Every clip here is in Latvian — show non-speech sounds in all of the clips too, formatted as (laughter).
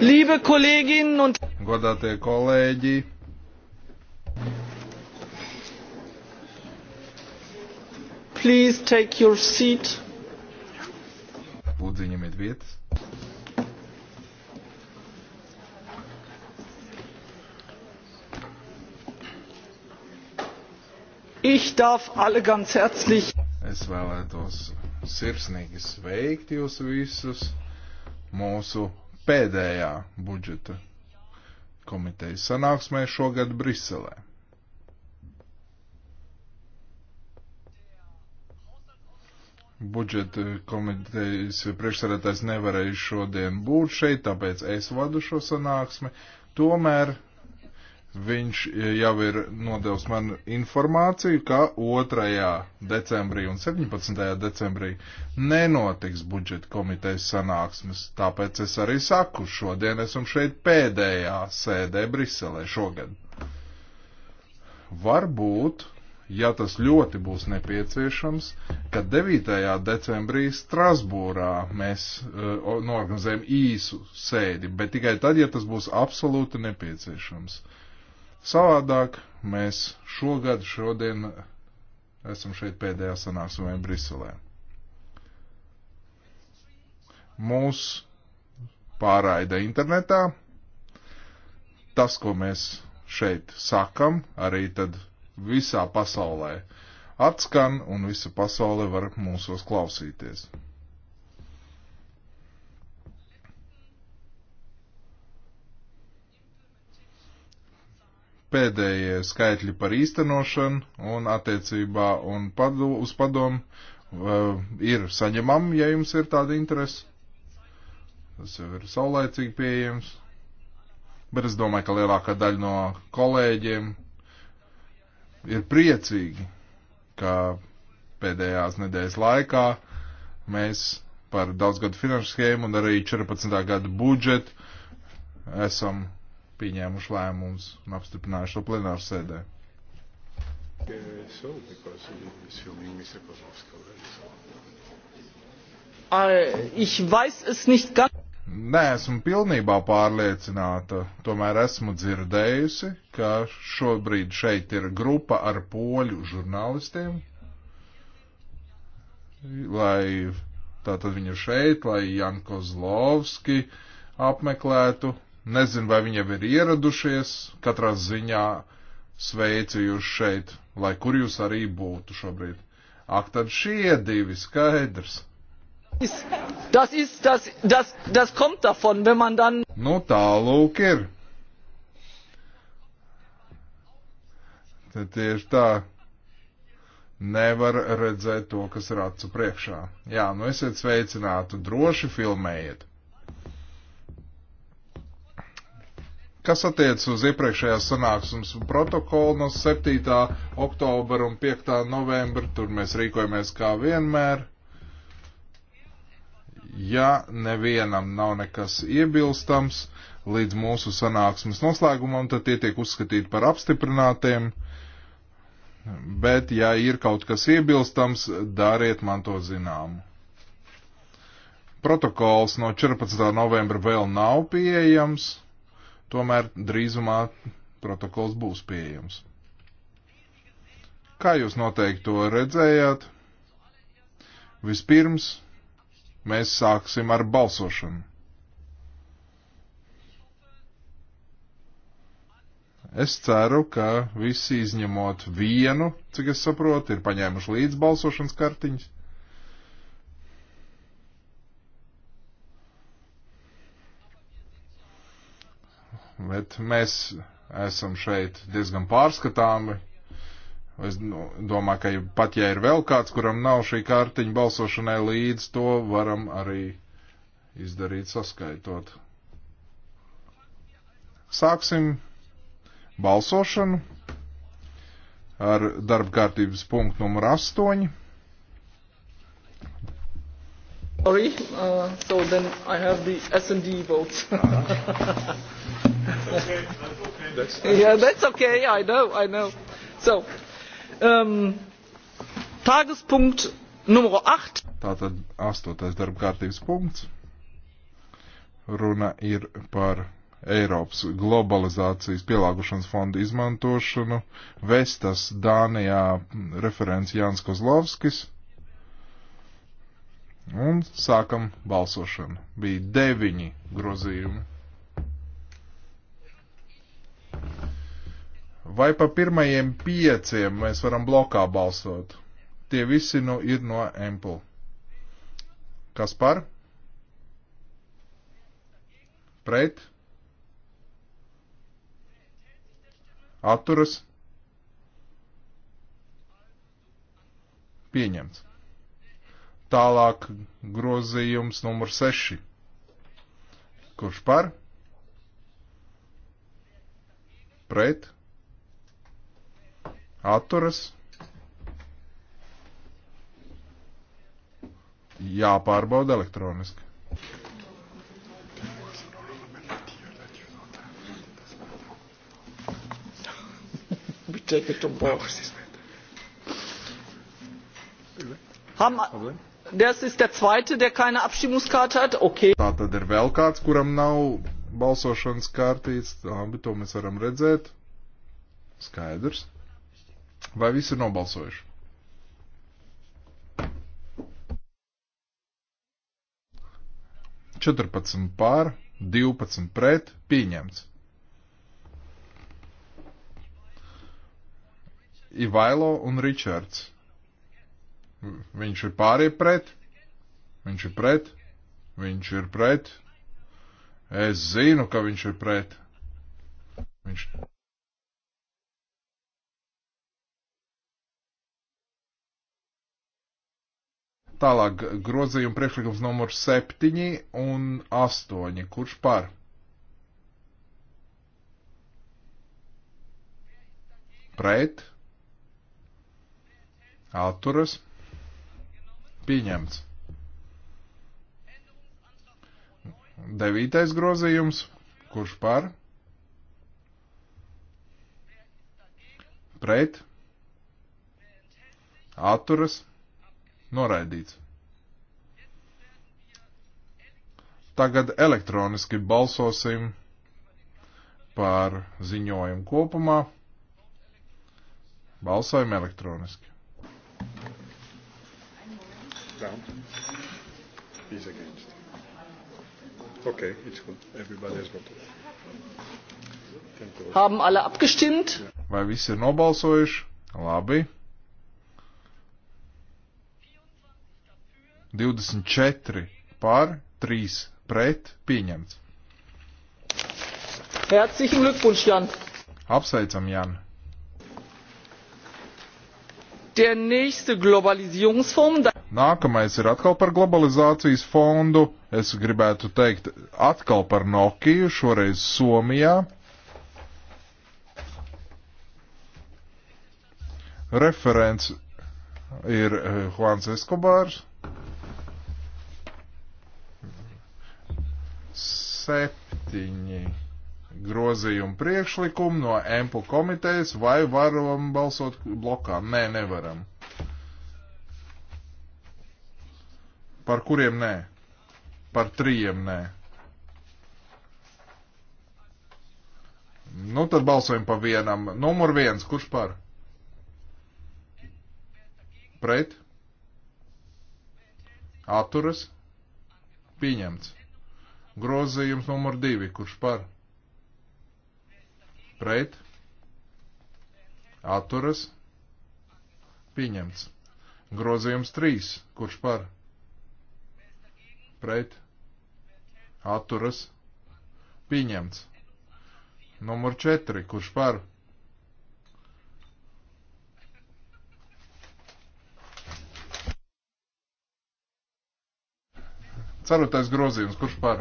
Liebe Kolleginnen un... und Godātie kolēģi! Please take your seat. Lūdzu, ņemiet vietas. Ich darf alle ganz herzlich. Es vēlētos sirsnīgi sveikt jūs visus mūsu pēdējā budžeta komitejas sanāksmē šogad Briselē. budžeta komitejas priekšsarētājs nevarēja šodien būt šeit, tāpēc es vadu šo sanāksmi. Tomēr viņš eh, jau ir nodevis man informāciju, ka 2. decembrī un 17. decembrī nenotiks budžeta komitejas sanāksmes. Tāpēc es arī saku, šodien esam šeit pēdējā sēdē Briselē šogad. Varbūt, ja tas ļoti būs nepieciešams, ka 9. decembrī Strasbūrā mēs uh, norganizējam īsu sēdi, bet tikai tad, ja tas būs absolūti nepieciešams. Uh, Savādāk mēs šogad, šodien esam šeit pēdējā sanāksmē Briselē. Mūs pārraida internetā. Tas, ko mēs šeit sakam, arī tad visā pasaulē atskan un visa pasaule var mūsos klausīties. pēdējie skaitļi par īstenošanu un attiecībā un padu, uz padomu uh, ir saņemam, ja jums ir tāda interese. Tas jau ir saulēcīgi pieejams. Bet es domāju, ka lielākā daļa no kolēģiem ir priecīgi, ka pēdējās nedēļas laikā mēs par daudzgadu finanšu schēmu un arī 14. gada budžetu esam pieņēmuši lēmumus un apstiprinājuši to plenāru sēdē. Nē, esmu pilnībā pārliecināta, tomēr esmu dzirdējusi, ka šobrīd šeit ir grupa ar poļu žurnālistiem, lai tātad viņu šeit, lai Janko Zlovski apmeklētu Nezinu, vai viņi jau ir ieradušies, katrā ziņā sveicu jūs šeit, lai kur jūs arī būtu šobrīd. Ak, tad šie divi skaidrs. Tas ir, tas, tas, tas kommt davon, wenn man dann. Nu, tālūk ir. Tad tieši tā. Nevar redzēt to, kas ir acu priekšā. Jā, nu esiet sveicināti, droši filmējiet. Kas attiecas uz iepriekšējās sanāksmes protokolu no 7. oktobra un 5. novembra, tur mēs rīkojamies kā vienmēr. Ja nevienam nav nekas iebilstams līdz mūsu sanāksmes noslēgumam, tad tie tiek uzskatīti par apstiprinātiem. Bet, ja ir kaut kas iebilstams, dariet man to zināmu. Protokols no 14. novembra vēl nav pieejams Tomēr drīzumā protokols būs pieejams. Kā jūs noteikti to redzējāt, vispirms mēs sāksim ar balsošanu. Es ceru, ka visi izņemot vienu, cik es saprotu, ir paņēmuši līdz balsošanas kartiņas. bet mēs esam šeit diezgan pārskatāmi. Es nu, domāju, ka pat ja ir vēl kāds, kuram nav šī kartiņa balsošanai līdz, to varam arī izdarīt saskaitot. Sāksim balsošanu ar darba kārtības punktu numur 8. Sorry, uh, so then I have the S&D votes. (laughs) that's (laughs) yeah, that's okay. I know, I know. So, um, Tagespunkt numur 8. Tātad astotais darba kārtības punkts. Runa ir par Eiropas globalizācijas pielāgošanas fonda izmantošanu. Vestas Dānijā referents Jānis Kozlovskis. Un sākam balsošanu. Bija deviņi grozījumi. Vai pa pirmajiem pieciem mēs varam blokā balsot? Tie visi nu ir no Empul. Kas par? Pret? Atturas? Pieņemts. Tālāk grozījums numur 6. Kurš par? Pret? atturas. Jāpārbauda elektroniski. check it on box. Haben, das ist der zweite, der keine Abstimmungskarte hat? Okay. Tā tad ir vēl kāds, kuram nav balsošanas kārtīts, labi, to mēs varam redzēt. Skaidrs. Vai visi ir nobalsojuši? Četrpadsmit pār, divpadsmit pret, pieņemts. Ivailo un Ričards. Viņš ir pārie pret, viņš ir pret, viņš ir pret. Es zinu, ka viņš ir pret. Viņš ir. Tālāk grozījuma priekšlikums numur 7 un 8. Kurš par? Pret? Atturas? Pieņemts. Devītais grozījums. Kurš par? Pret? Atturas? Noraidīts. Tagad elektroniski balsosim par ziņojumu kopumā. Balsojam elektroniski. Down. He's against. Okay, it's good. Everybody has got it. Haben alle abgestimmt? Vai visi ir nobalsojuši? Labi. 24 par, 3 pret, pieņemts. Herzlichen Glückwunsch, Jan! Apsveicam, Jan! Der nächste Globalisierungsfonds. Nākamais ir atkal par globalizācijas fondu. Es gribētu teikt atkal par Nokiju, šoreiz Somijā. Referents ir eh, Juans Eskobārs. septiņi grozījumu priekšlikumu no EMPU komitejas, vai varam balsot blokā? Nē, nevaram. Par kuriem nē? Par trījiem nē. Nu, tad balsojam pa vienam. Numur viens, kurš par? Pret? Atturas? Pieņemts. Grozījums numur divi, kurš par? Pret? Atturas? Pieņemts. Grozījums trīs, kurš par? Pret? Atturas? Pieņemts. Numur četri, kurš par? Pret? Ceturtais grozījums, kurš par?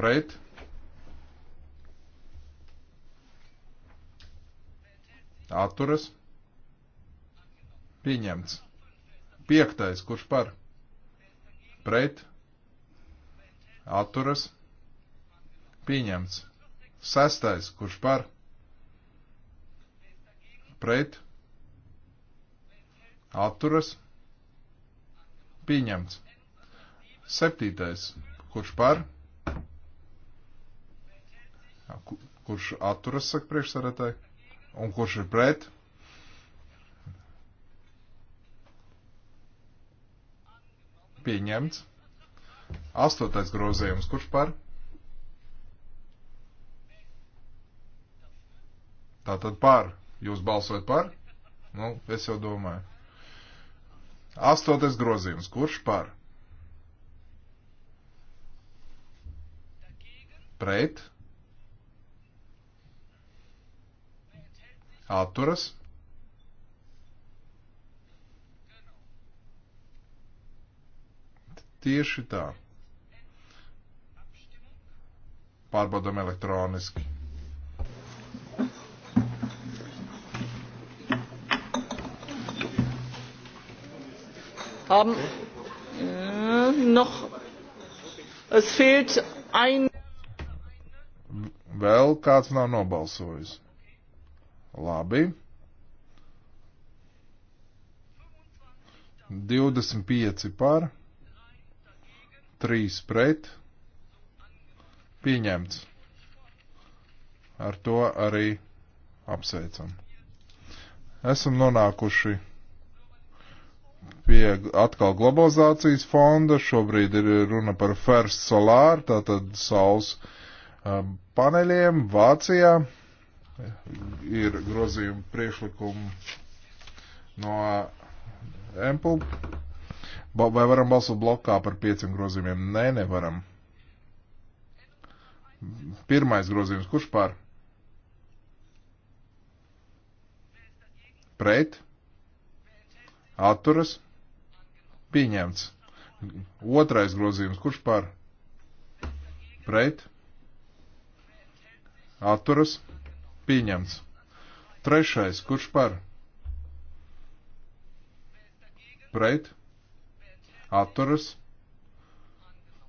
Pret? Atturas? Pieņemts. Piektais, kurš par? Pret? Atturas? Pieņemts. Sestais, kurš par? Pret? Atturas? Pieņemts Pieņemts. Septītais. Kurš par? Kurš atturas, saka priekšsarētāji? Un kurš ir pret? Pieņemts. Astotais grozījums. Kurš par? Tātad par. Jūs balsojat par? Nu, es jau domāju. Astotais grozījums. Kurš par? Pret. Atturas. Tieši tā. Pārbaudam elektroniski. haben äh, noch. Es fehlt ein. Vēl kāds nav nobalsojis. Labi. 25 par, 3 pret, pieņemts. Ar to arī apsveicam. Esam nonākuši pie atkal globalizācijas fonda. Šobrīd ir runa par First Solar, tātad saules um, paneļiem Vācijā. Ir grozījuma priekšlikumu no Ample. Vai varam balsot blokā par pieciem grozījumiem? Nē, nevaram. Pirmais grozījums, kurš pār? Pret? Atturas? Pieņemts. Otrais grozījums. Kurš par? Pret? Atturas? Pieņemts. Trešais. Kurš par? Pret? Atturas?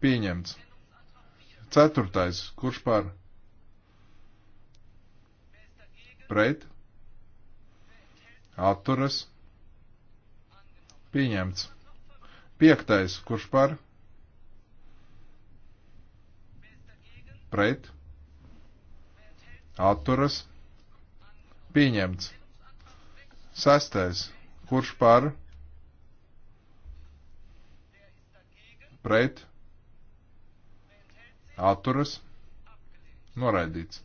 Pieņemts. Ceturtais. Kurš par? Pret? Atturas? Pieņemts. Piektais, kurš par? Pret. Atturas. Pieņemts. Sestais, kurš par? Pret. Atturas. Noraidīts.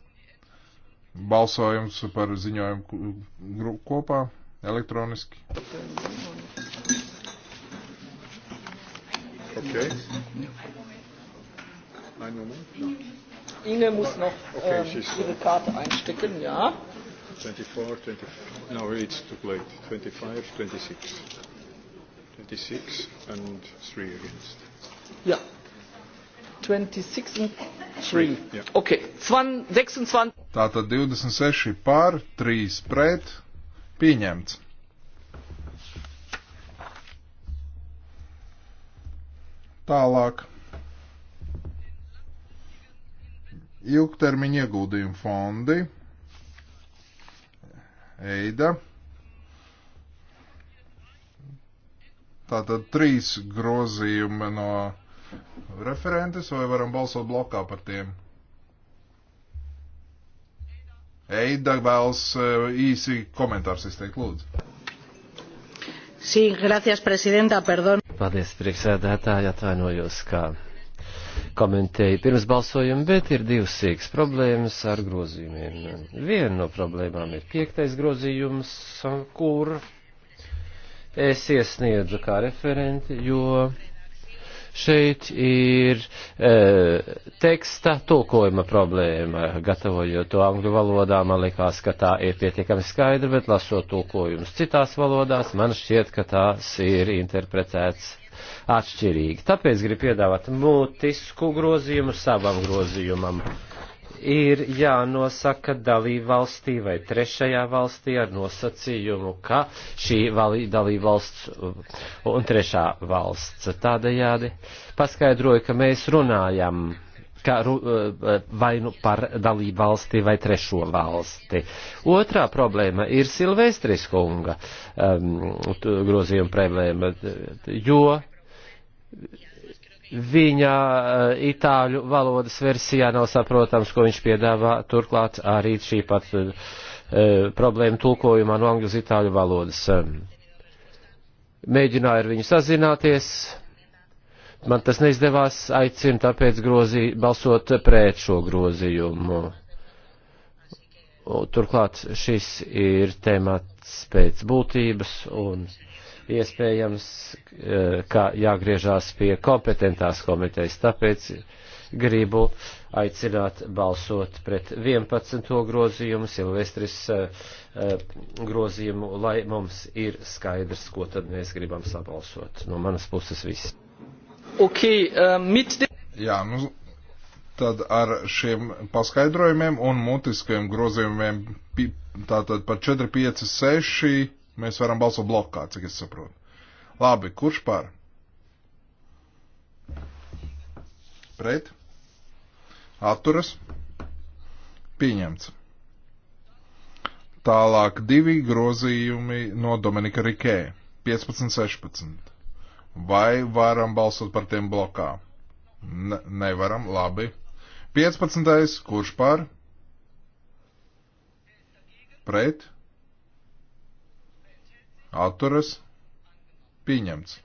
Balsojums par ziņojumu kopā elektroniski. Okay. Einen Moment. Ja. Ine muss noch okay, ähm, ihre Karte einstecken, ja. 24, 25, no, it's too late. 25, 26. 26 and 3 against. Ja. 26 and 3. Ja. Okay. 26. Tātad 26 pār, 3 pret, pieņemts. Tālāk. Ilgtermiņa ieguldījumu fondi. Eida. Tātad trīs grozījumi no referentes, vai varam balsot blokā par tiem? Eida vēlas eh, īsi komentārs izteikt, lūdzu. Sí, gracias, presidenta, perdón. Paldies, priekšsēdētāji, atvainojos, kā komentēju pirms balsojuma, bet ir divas sīkas problēmas ar grozījumiem. Viena no problēmām ir piektais grozījums, kur es iesniedzu kā referenti, jo Šeit ir e, teksta tulkojuma problēma. Gatavojot to angļu valodā, man likās, ka tā ir pietiekami skaidra, bet lasot tulkojumus citās valodās, man šķiet, ka tās ir interpretēts atšķirīgi. Tāpēc gribu piedāvāt mutisku grozījumu savam grozījumam ir jānosaka dalība valstī vai trešajā valstī ar nosacījumu, ka šī dalība valsts uh, un trešā valsts tādējādi paskaidroja, ka mēs runājam ka, uh, vai nu par dalību valsti vai trešo valsti. Otrā problēma ir Silvestris kunga um, grozījuma problēma, jo viņa eh, itāļu valodas versijā nav saprotams, ko viņš piedāvā. Turklāt arī šī pat uh, problēma tulkojumā no angļu uz itāļu valodas. Mēģināju ar viņu sazināties. Man tas neizdevās, aicinu tāpēc grozī, balsot pret šo grozījumu. Turklāt šis ir temats pēc būtības un iespējams, eh, ka jāgriežās pie kompetentās komitejas. Tāpēc gribu aicināt balsot pret 11. grozījumu, Silvestris eh, eh, grozījumu, lai mums ir skaidrs, ko tad mēs gribam sabalsot. No manas puses viss. Okay, uh, mit... Jā, nu, tad ar šiem paskaidrojumiem un mutiskajiem grozījumiem, tātad par 4, 5, 6, Mēs varam balsot blokā, cik es saprotu. Labi, kurš par? Pret? Atturas? Pieņemts. Tālāk divi grozījumi no Dominika Rikē. 15, 16. Vai varam balsot par tiem blokā? Ne, nevaram, labi. 15. kurš par? Pret? atturas, pieņemts.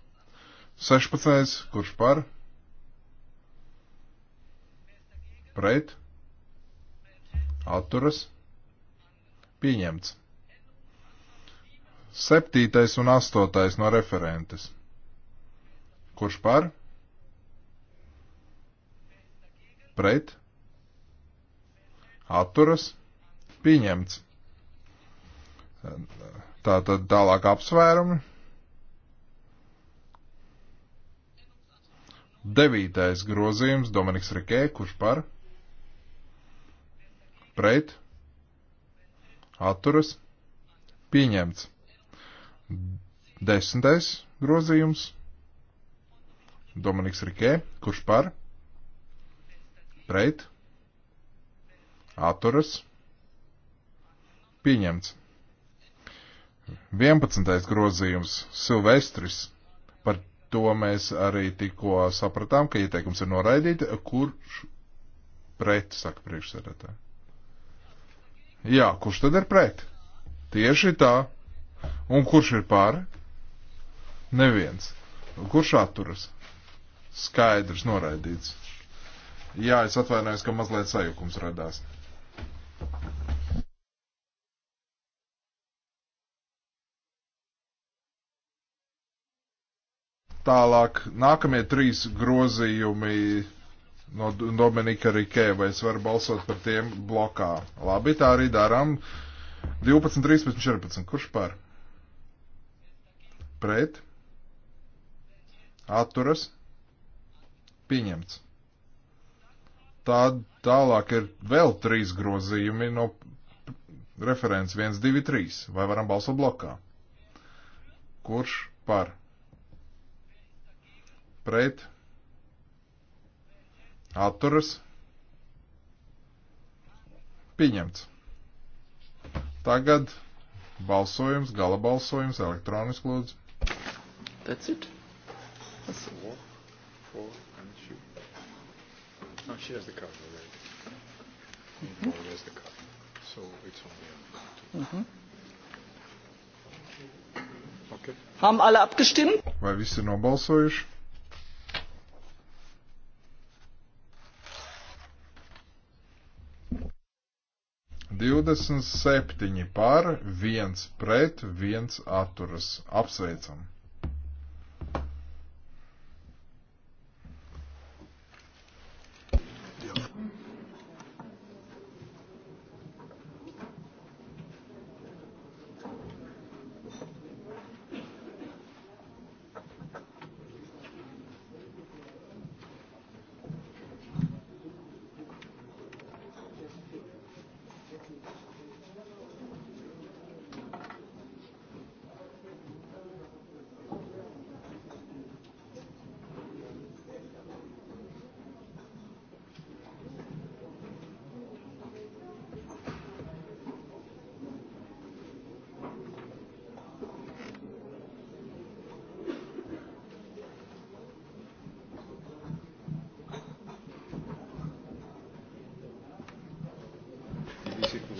16. kurš par, pret, atturas, pieņemts. 7. un 8. no referentes. Kurš par? Pret. Atturas. Pieņemts. Tā tad tālāk apsvērumi. Devītais grozījums Dominiks Rikē, kurš par? Pret? Atturas? Pieņemts. Desmitais grozījums Dominiks Rikē, kurš par? Pret? Atturas? Pieņemts. 11. grozījums Silvestris. Par to mēs arī tikko sapratām, ka ieteikums ir noraidīt, kurš pret, saka priekšsēdētāji. Jā, kurš tad ir pret? Tieši tā. Un kurš ir pāri? Neviens. Kurš atturas? Skaidrs, noraidīts. Jā, es atvainojos, ka mazliet sajukums radās. Tālāk, nākamie trīs grozījumi no Dominika Rikē, vai es varu balsot par tiem blokā? Labi, tā arī darām. 12, 13, 14. Kurš par? Pret? Atturas? Pieņemts. Tad tālāk ir vēl trīs grozījumi no referents 1, 2, 3. Vai varam balsot blokā? Kurš par? pret, atturas, pieņemts. Tagad balsojums, gala balsojums, elektroniski lūdzu. That's it. That's the war for and she. No, she has the card already. Mm -hmm. Always the card. So it's only on mm -hmm. Okay. Haben alle abgestimmt? Vai visi nobalsojuši? 27 par, 1 pret, 1 atturas. Apsveicam!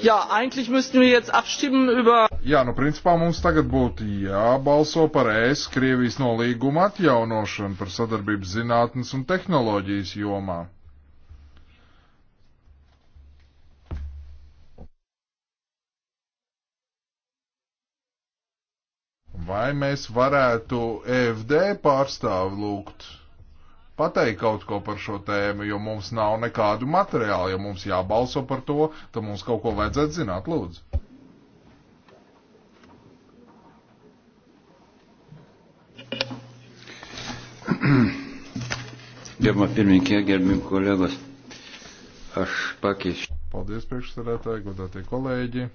Jā, eigentlich müssten wir jetzt abstimmen über. Jā, nu principā mums tagad būtu jābalso par ES Krievijas nolīgumu atjaunošanu par sadarbību zinātnes un tehnoloģijas jomā. Vai mēs varētu EFD pārstāvu lūgt? pateikt kaut ko par šo tēmu, jo mums nav nekādu materiālu. Ja mums jābalso par to, tad mums kaut ko vajadzētu zināt, lūdzu. (clears throat) Gerbiamā pirmininkė, gerbiami kolegos, aš pakeičiu. Paldies, priekšsēdētāji, godātie kolēģi.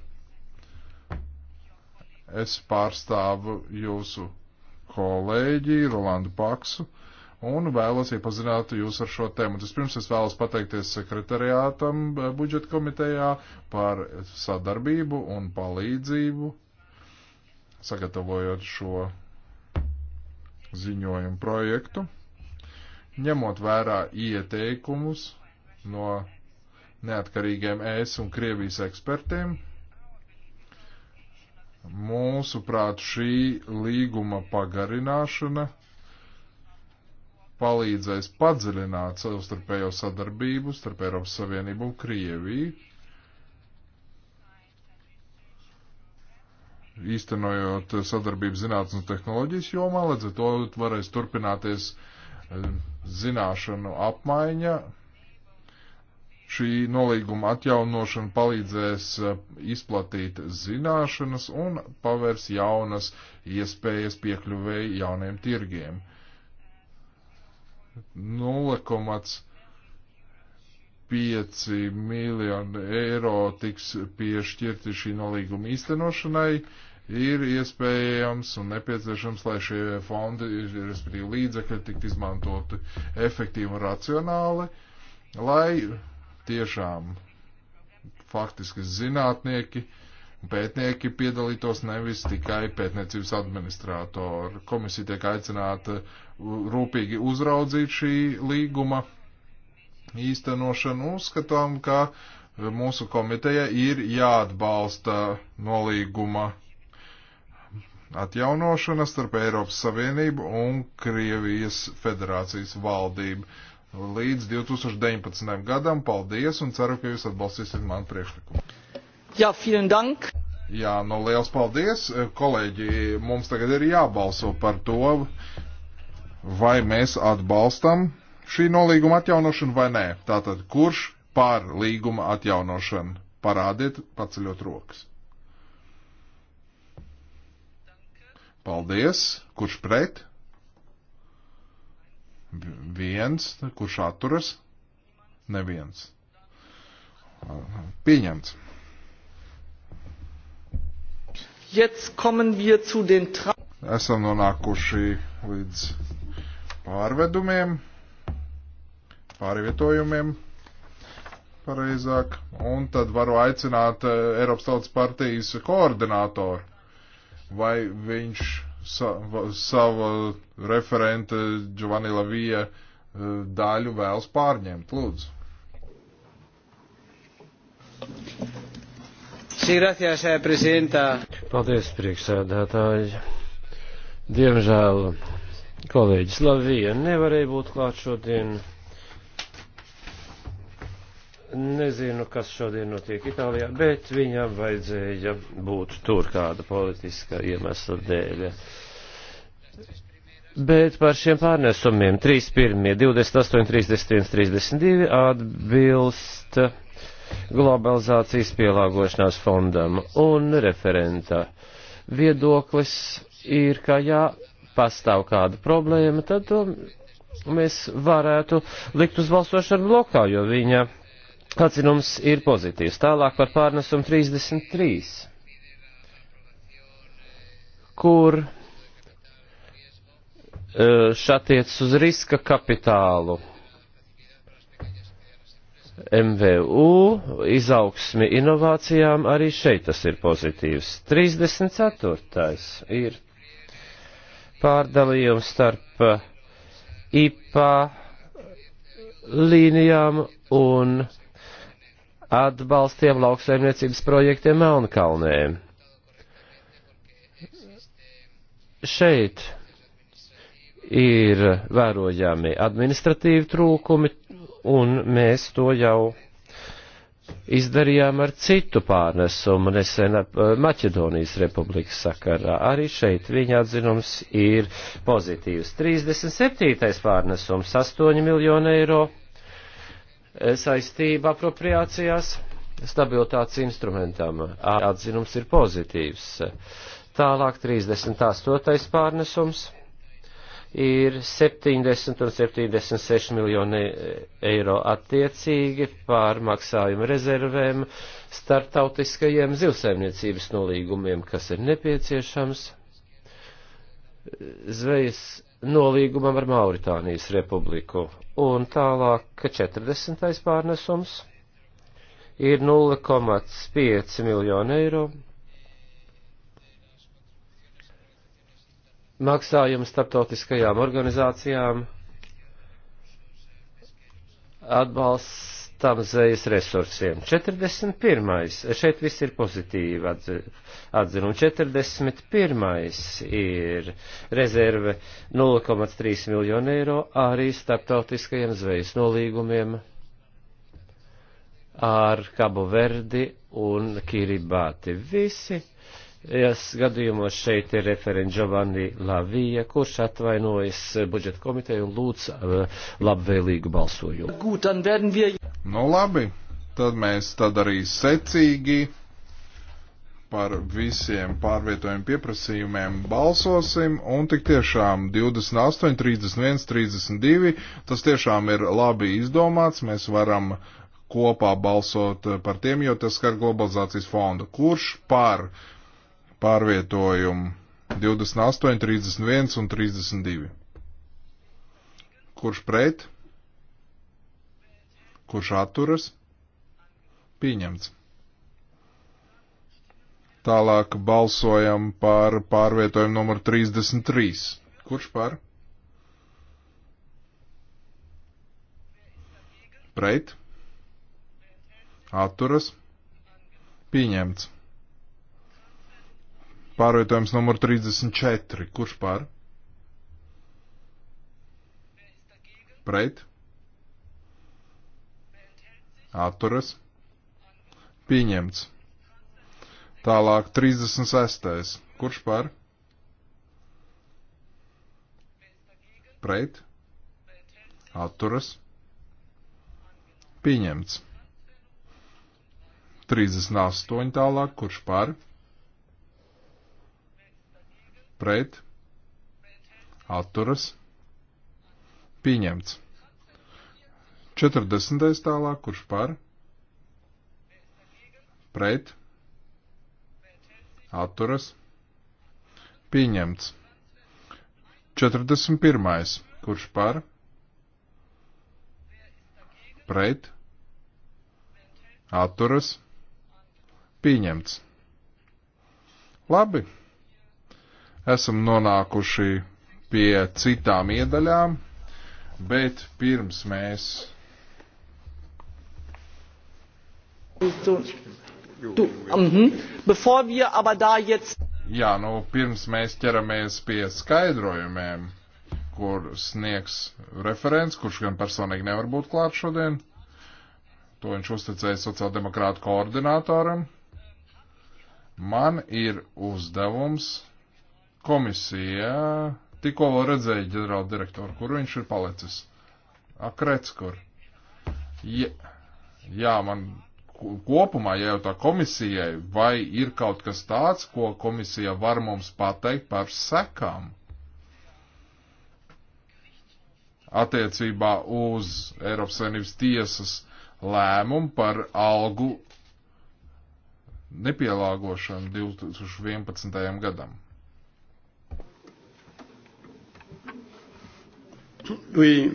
Es pārstāvu jūsu kolēģi Rolandu Paksu. Uh, un vēlos iepazināt jūs ar šo tēmu. Vispirms es vēlos pateikties sekretariātam eh, budžeta komitejā par sadarbību un palīdzību, sagatavojot šo ziņojumu projektu, ņemot vērā ieteikumus no neatkarīgiem ES un Krievijas ekspertiem. Mūsuprāt, šī līguma pagarināšana palīdzēs padziļināt savstarpējo sadarbību starp Eiropas Savienību un Krieviju, īstenojot sadarbību zinātnes un tehnoloģijas jomā, līdz ar to varēs turpināties eh, zināšanu apmaiņa. Šī nolīguma atjaunošana palīdzēs eh, izplatīt zināšanas un pavērs jaunas iespējas piekļuvēji jauniem tirgiem. 0,5 miljonu eiro tiks piešķirti šī nolīguma īstenošanai, ir iespējams un nepieciešams, lai šie fondi, respektīvi līdzekļi, tiktu izmantoti efektīvi un racionāli, lai tiešām faktiski zinātnieki uh, pētnieki piedalītos nevis tikai pētniecības administrātori. Komisija tiek aicināta rūpīgi uzraudzīt šī līguma īstenošanu. Uzskatām, ka mūsu komiteja ir jāatbalsta nolīguma atjaunošana starp Eiropas Savienību un Krievijas Federācijas valdību līdz 2019. gadam. Paldies un ceru, ka jūs atbalstīsiet manu priekšlikumu. Jā, vielen dank. Jā, nu liels paldies. Kolēģi, mums tagad ir jābalso par to, vai mēs atbalstam šī nolīguma atjaunošanu vai nē. Tātad, kurš par līguma atjaunošanu? Parādiet, paceļot rokas. Paldies. Kurš pret? Viens. Kurš atturas? Neviens. Pieņemts. Jetzt kommen wir zu den Esam nonākuši līdz pārvedumiem, pārvietojumiem pareizāk, un tad varu aicināt eh, Eiropas Tautas partijas koordinātoru, vai viņš sa savu referenta Giovanni Lavija eh, daļu vēlas pārņemt. Lūdzu. Sí, gracias, eh, prezidenta. Paldies, priekšsēdētāji. Diemžēl kolēģis Lavija nevarēja būt klāt šodien. Nezinu, kas šodien notiek Itālijā, bet viņam vajadzēja būt tur kāda politiska iemesla dēļ. Bet par šiem pārnesumiem 3, 1, 28, 31, 32 atbilst globalizācijas pielāgošanās fondam un referenta viedoklis ir, ka jā, pastāv kāda problēma, tad to mēs varētu likt uz balsošanu blokā, jo viņa atzinums ir pozitīvs. Tālāk par pārnesumu 33, kur eh, šatiec uz riska kapitālu MVU, izaugsmi inovācijām, arī šeit tas ir pozitīvs. 34. ir pārdalījums starp uh, IPA līnijām un atbalstiem lauksaimniecības projektiem Melnkalnē. Šeit ir vērojami administratīvi trūkumi, un mēs to jau izdarījām ar citu pārnesumu nesen eh, Maķedonijas republikas sakarā. Arī šeit viņa atzinums ir pozitīvs. 37. pārnesums - 8 miljonu eiro eh, saistība apropriācijās stabilitātes instrumentam. Atzinums ir pozitīvs. Tālāk 38. pārnesums ir 70 un 76 miljoni eiro attiecīgi pār maksājumu rezervēm starptautiskajiem zivsaimniecības nolīgumiem, kas ir nepieciešams zvejas nolīgumam ar Mauritānijas republiku. Un tālāk 40. pārnesums ir 0,5 miljonu eiro maksājumu starptautiskajām organizācijām, atbalstam zvejas resursiem. 41. šeit viss ir pozitīvi atzinu. 41. ir rezerve 0,3 miljonu eiro arī starptautiskajiem zvejas nolīgumiem ar Kabu Verdi un Kiribāti. Visi Es gadījumos šeit ir referents Giovanni Lavija, kurš atvainojas budžeta komiteju un lūdz eh, labvēlīgu balsojumu. Nu labi, tad mēs tad arī secīgi par visiem pārvietojumu pieprasījumiem balsosim, un tik tiešām 28, 31, 32, tas tiešām ir labi izdomāts, mēs varam kopā balsot par tiem, jo tas skar globalizācijas fondu. Kurš par pārvietojumu 28, 31 un 32. Kurš pret? Kurš atturas? Pieņemts. Tālāk balsojam par pārvietojumu numur 33. Kurš par? Pret? Atturas? Pieņemts. Pārvietojums numur 34. Kurš pār? Pret? Atturas? Pieņemts. Tālāk 36. Kurš pār? Pret? Atturas? Pieņemts. 38 tālāk, kurš par? pret, atturas, pieņemts. 40. tālāk, kurš par, pret, atturas, pieņemts. 41. kurš par, pret, atturas, pieņemts. Labi. Esam nonākuši pie citām iedaļām, bet pirms mēs. Mhm. Jā, nu pirms mēs ķeramies pie skaidrojumiem, kur sniegs referents, kurš gan personīgi nevar būt klāt šodien. To viņš uzticēja sociāldemokrātu koordinātoram. Man ir uzdevums komisija tikko vēl redzēja ģenerāla direktoru, kur viņš ir palicis. Akrets, kur. Ja, jā, man kopumā, ja jau tā komisijai, vai ir kaut kas tāds, ko komisija var mums pateikt par sekām attiecībā uz Eiropas Savienības tiesas lēmumu par algu nepielāgošanu 2011. gadam. Oui,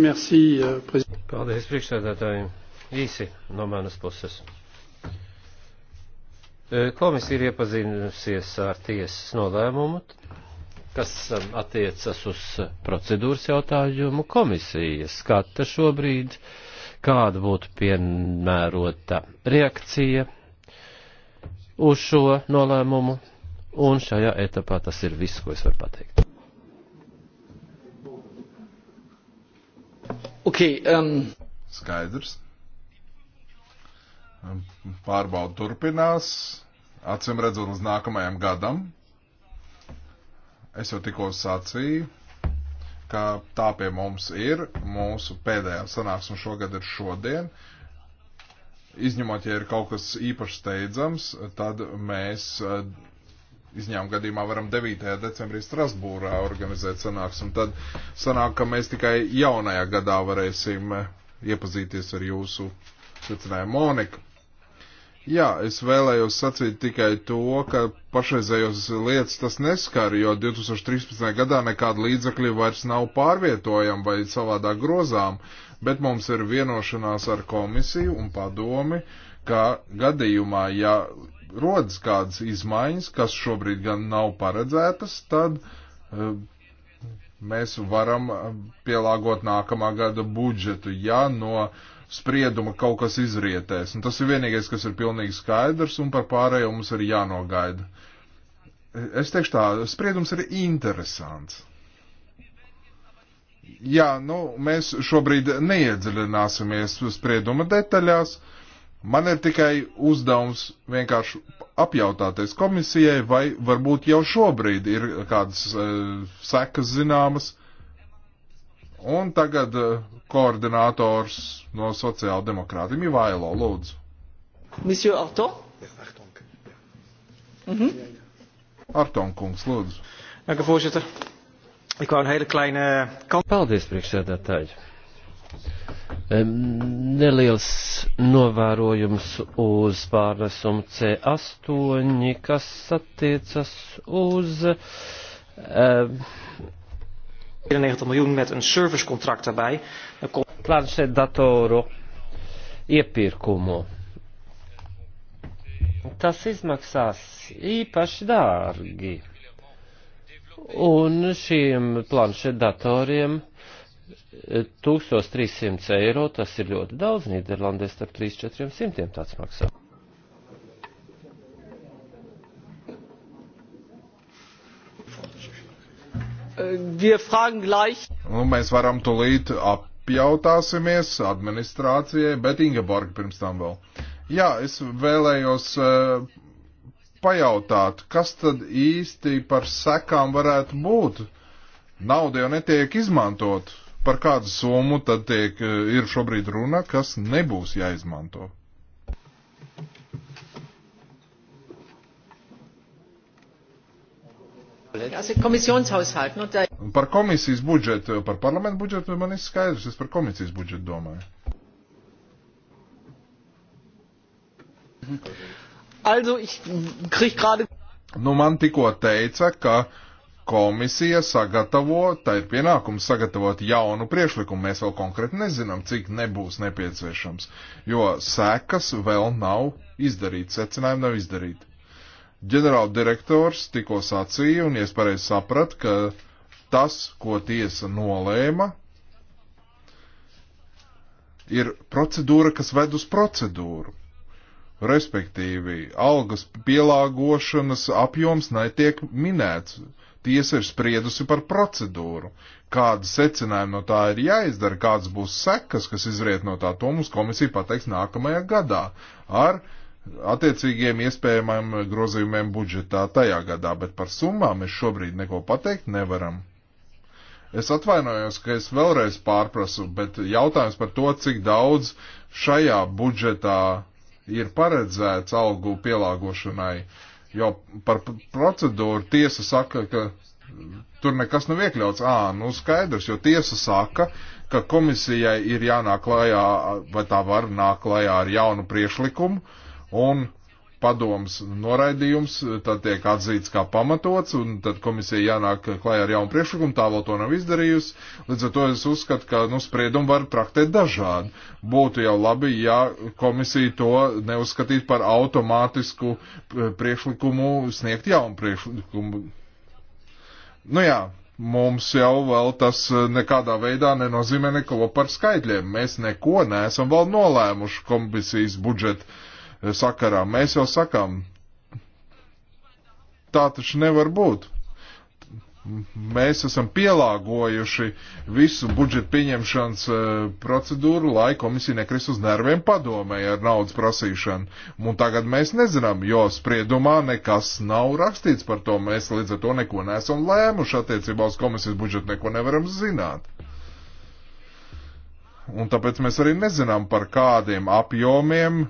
merci, euh, prezident. Paldies, priekšsēdētāji. Īsi no manas puses. Komisija ir iepazinusies ar tiesas nolēmumu, kas um, attiecas uz procedūras jautājumu komisijas. Skata šobrīd, kāda būtu piemērota reakcija uz šo nolēmumu, un šajā etapā tas ir viss, ko es varu pateikt. Okay, um... Skaidrs. Um, pārbauda turpinās. Acim redzot uz nākamajam gadam. Es jau tikko sacīju, ka tā pie mums ir. Mūsu pēdējā sanāksme šogad ir šodien. Izņemot, ja ir kaut kas īpaši steidzams, tad mēs uh, izņēmuma gadījumā varam 9. decembrī Strasbūrā organizēt sanāksmi. Tad sanāk, ka mēs tikai jaunajā gadā varēsim eh, iepazīties ar jūsu secinājumu Moniku. Jā, es vēlējos sacīt tikai to, ka pašreizējos lietas tas neskar, jo 2013. gadā nekāda līdzakļa vairs nav pārvietojama vai savādāk grozām, bet mums ir vienošanās ar komisiju un padomi, ka gadījumā, ja rodas kādas izmaiņas, kas šobrīd gan nav paredzētas, tad eh, mēs varam eh, pielāgot nākamā gada budžetu, ja no sprieduma kaut kas izrietēs. Un tas ir vienīgais, kas ir pilnīgi skaidrs, un par pārējo mums ir jānogaida. Es teikšu tā, spriedums ir interesants. Jā, nu, mēs šobrīd neiedziļināsimies sprieduma detaļās. Uh, Man ir tikai uzdevums vienkārši apjautāties komisijai, vai varbūt jau šobrīd ir kādas uh, sekas zināmas. Un tagad uh, koordinators no sociāldemokrātiem Ivailo, lūdzu. Monsieur Arton? Mm -hmm. Arton kungs, lūdzu. Dank u voorzitter. Ik wou een hele kleine eh, kant. Paldies, priekšsēdētāji neliels novērojums uz pārnesumu C8, kas attiecas uz. Um, 94 miljoen met een servicecontract daarbij. Planšetdatoru iepirkumu. Tas izmaksās īpaši dārgi. Un šiem planšetdatoriem datoriem 1300 eiro, tas ir ļoti daudz, Nīderlandē starp 3-400 tāds maksā. Nu, mēs varam tūlīt apjautāsimies administrācijai, bet Ingeborg pirms tam vēl. Jā, es vēlējos uh, pajautāt, kas tad īsti par sekām varētu būt? Nauda jau netiek izmantot, par kādu summu tad tiek, eh, ir šobrīd runa, kas nebūs jāizmanto? Par komisijas budžetu, par parlamentu budžetu man ir skaidrs, es par komisijas budžetu domāju. Also, ich krieg gerade. Nu, man tikko teica, ka uh, komisija sagatavo, tā ir pienākums sagatavot jaunu priekšlikumu. Mēs vēl konkrēti nezinām, cik nebūs nepieciešams, jo sekas vēl nav izdarītas, secinājumi nav izdarīti. Ģenerāldirektors tikko sacīja, un es pareizi sapratu, ka tas, ko tiesa nolēma, ir procedūra, kas ved uz procedūru respektīvi algas pielāgošanas apjoms netiek minēts. Tiesa ir spriedusi par procedūru. Kāda secinājuma no tā ir jāizdara, kādas būs sekas, kas izriet no tā, to mums komisija pateiks nākamajā gadā ar attiecīgiem iespējamiem grozījumiem budžetā tajā gadā, bet par summām mēs šobrīd neko pateikt nevaram. Es atvainojos, ka es vēlreiz pārprasu, bet jautājums par to, cik daudz šajā budžetā ir paredzēts algu pielāgošanai, uh, Jo par procedūru tiesa saka, ka tur nekas nav iekļauts. Ā, nu skaidrs, jo tiesa saka, ka komisijai ir jānāk klājā, vai tā var nāk klājā ar jaunu priešlikumu, un padoms noraidījums, tad tiek atzīts kā pamatots, un tad komisija jānāk klajā ar jaunu priekšlikumu, tā vēl to nav izdarījusi. Līdz ar to es uzskatu, ka nu, spriedumu var traktēt dažādi. Būtu jau labi, ja komisija to neuzskatītu par automātisku priekšlikumu sniegt jaunu priekšlikumu. Nu jā, mums jau vēl tas nekādā veidā nenozīmē neko par skaitļiem. Mēs neko neesam vēl nolēmuši komisijas budžetu sakarā. Mēs jau sakām, tā taču nevar būt. Mēs esam pielāgojuši visu budžetu pieņemšanas e, procedūru, lai komisija nekris uz nerviem padomēja ar naudas prasīšanu. Un tagad mēs nezinām, jo spriedumā nekas nav rakstīts par to. Mēs līdz ar to neko nesam lēmuši attiecībā uz komisijas budžetu, neko nevaram zināt un tāpēc mēs arī nezinām par kādiem apjomiem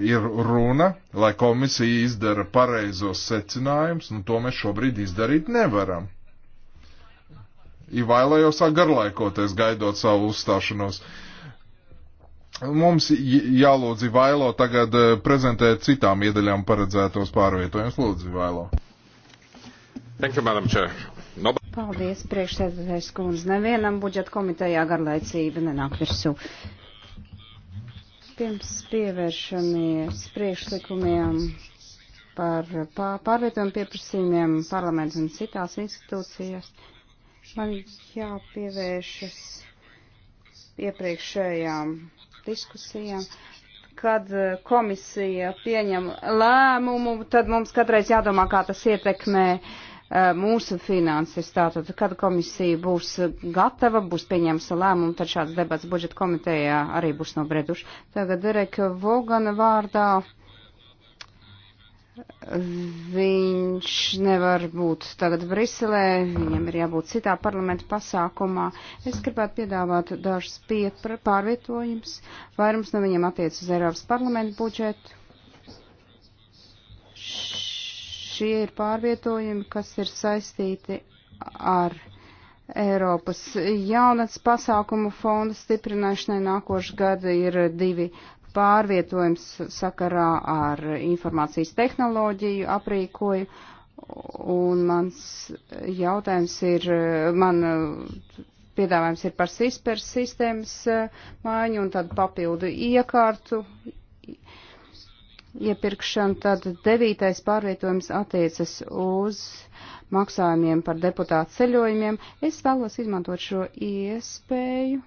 ir runa, lai komisija izdara pareizos secinājumus, un to mēs šobrīd izdarīt nevaram. Ivaila jau sāk garlaikoties, gaidot savu uzstāšanos. Mums jālūdz Ivailo tagad eh, prezentēt citām iedaļām paredzētos pārvietojumus. Lūdzu, Ivailo. Thank you, Madam Chair. No... Paldies, priekšsēdētājs kundze. Nevienam budžeta komitejā garlaicība nenāk virsū. Uh, Pirms pievēršamies priekšlikumiem par pārvietojumu pieprasījumiem parlaments un citās institūcijas, man jāpievēršas iepriekšējām diskusijām. Kad komisija pieņem lēmumu, tad mums katreiz jādomā, kā tas ietekmē uh, Eh, mūsu finanses. Tātad, kad komisija būs gatava, būs pieņemsa lēmumu, tad šāds debats budžeta komitejā arī būs nobreduši. Tagad Dereka Vogana vārdā. Viņš nevar būt tagad Briselē, viņam ir jābūt citā parlamenta pasākumā. Es gribētu piedāvāt dažus pārvietojumus. Vairums no viņiem attiec uz Eiropas parlamentu budžetu Šie ir pārvietojumi, kas ir saistīti ar Eiropas jaunatnes pasākumu fonda stiprināšanai nākošu gadu ir divi pārvietojums sakarā ar informācijas tehnoloģiju aprīkoju. Un mans jautājums ir, man piedāvājums ir par SISPER sistēmas eh, mājiņu un tad papildu iekārtu. Uh, iepirkšanu, tad devītais pārvietojums attiecas uz maksājumiem par deputātu ceļojumiem. Es vēlos izmantot šo iespēju,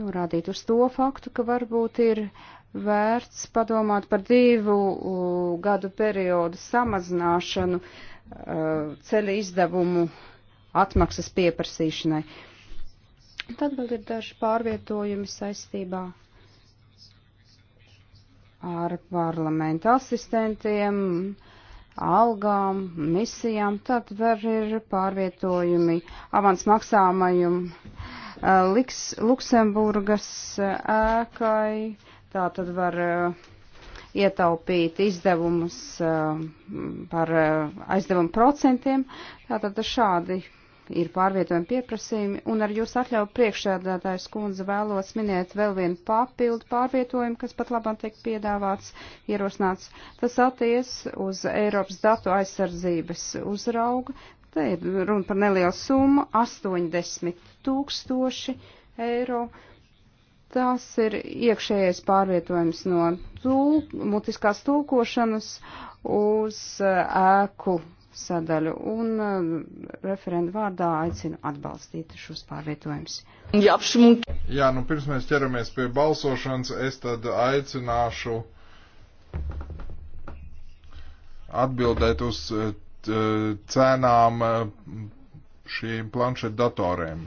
norādīt uz to faktu, ka varbūt ir vērts padomāt par divu uh, gadu periodu samazināšanu uh, ceļa izdevumu atmaksas pieprasīšanai. Tad vēl ir daži pārvietojumi saistībā ar parlamenta asistentiem, algām, misijām, tad var ir pārvietojumi, avans maksāmajumi, eh, liks Luksemburgas eh, ēkai, tā tad var eh, ietaupīt izdevumus par aizdevumu procentiem, tātad šādi ir pārvietojumi pieprasījumi, un ar jūs atļauju priekšsēdētājs kundze vēlos minēt vēl vienu papildu pārvietojumu, kas pat labāk tiek piedāvāts, ierosināts. Tas attiec uz Eiropas datu aizsardzības uzraugu. Te ir runa par nelielu summu - 80 tūkstoši eiro. Tas ir iekšējais pārvietojums no tūl, mutiskās tulkošanas uz eh, ēku sadaļu un eh, referendu vārdā aicinu atbalstīt šos pārvietojumus. Jā, nu pirms mēs ķeramies pie balsošanas, es tad aicināšu atbildēt uz eh, cenām eh, šīm planšetu datoriem.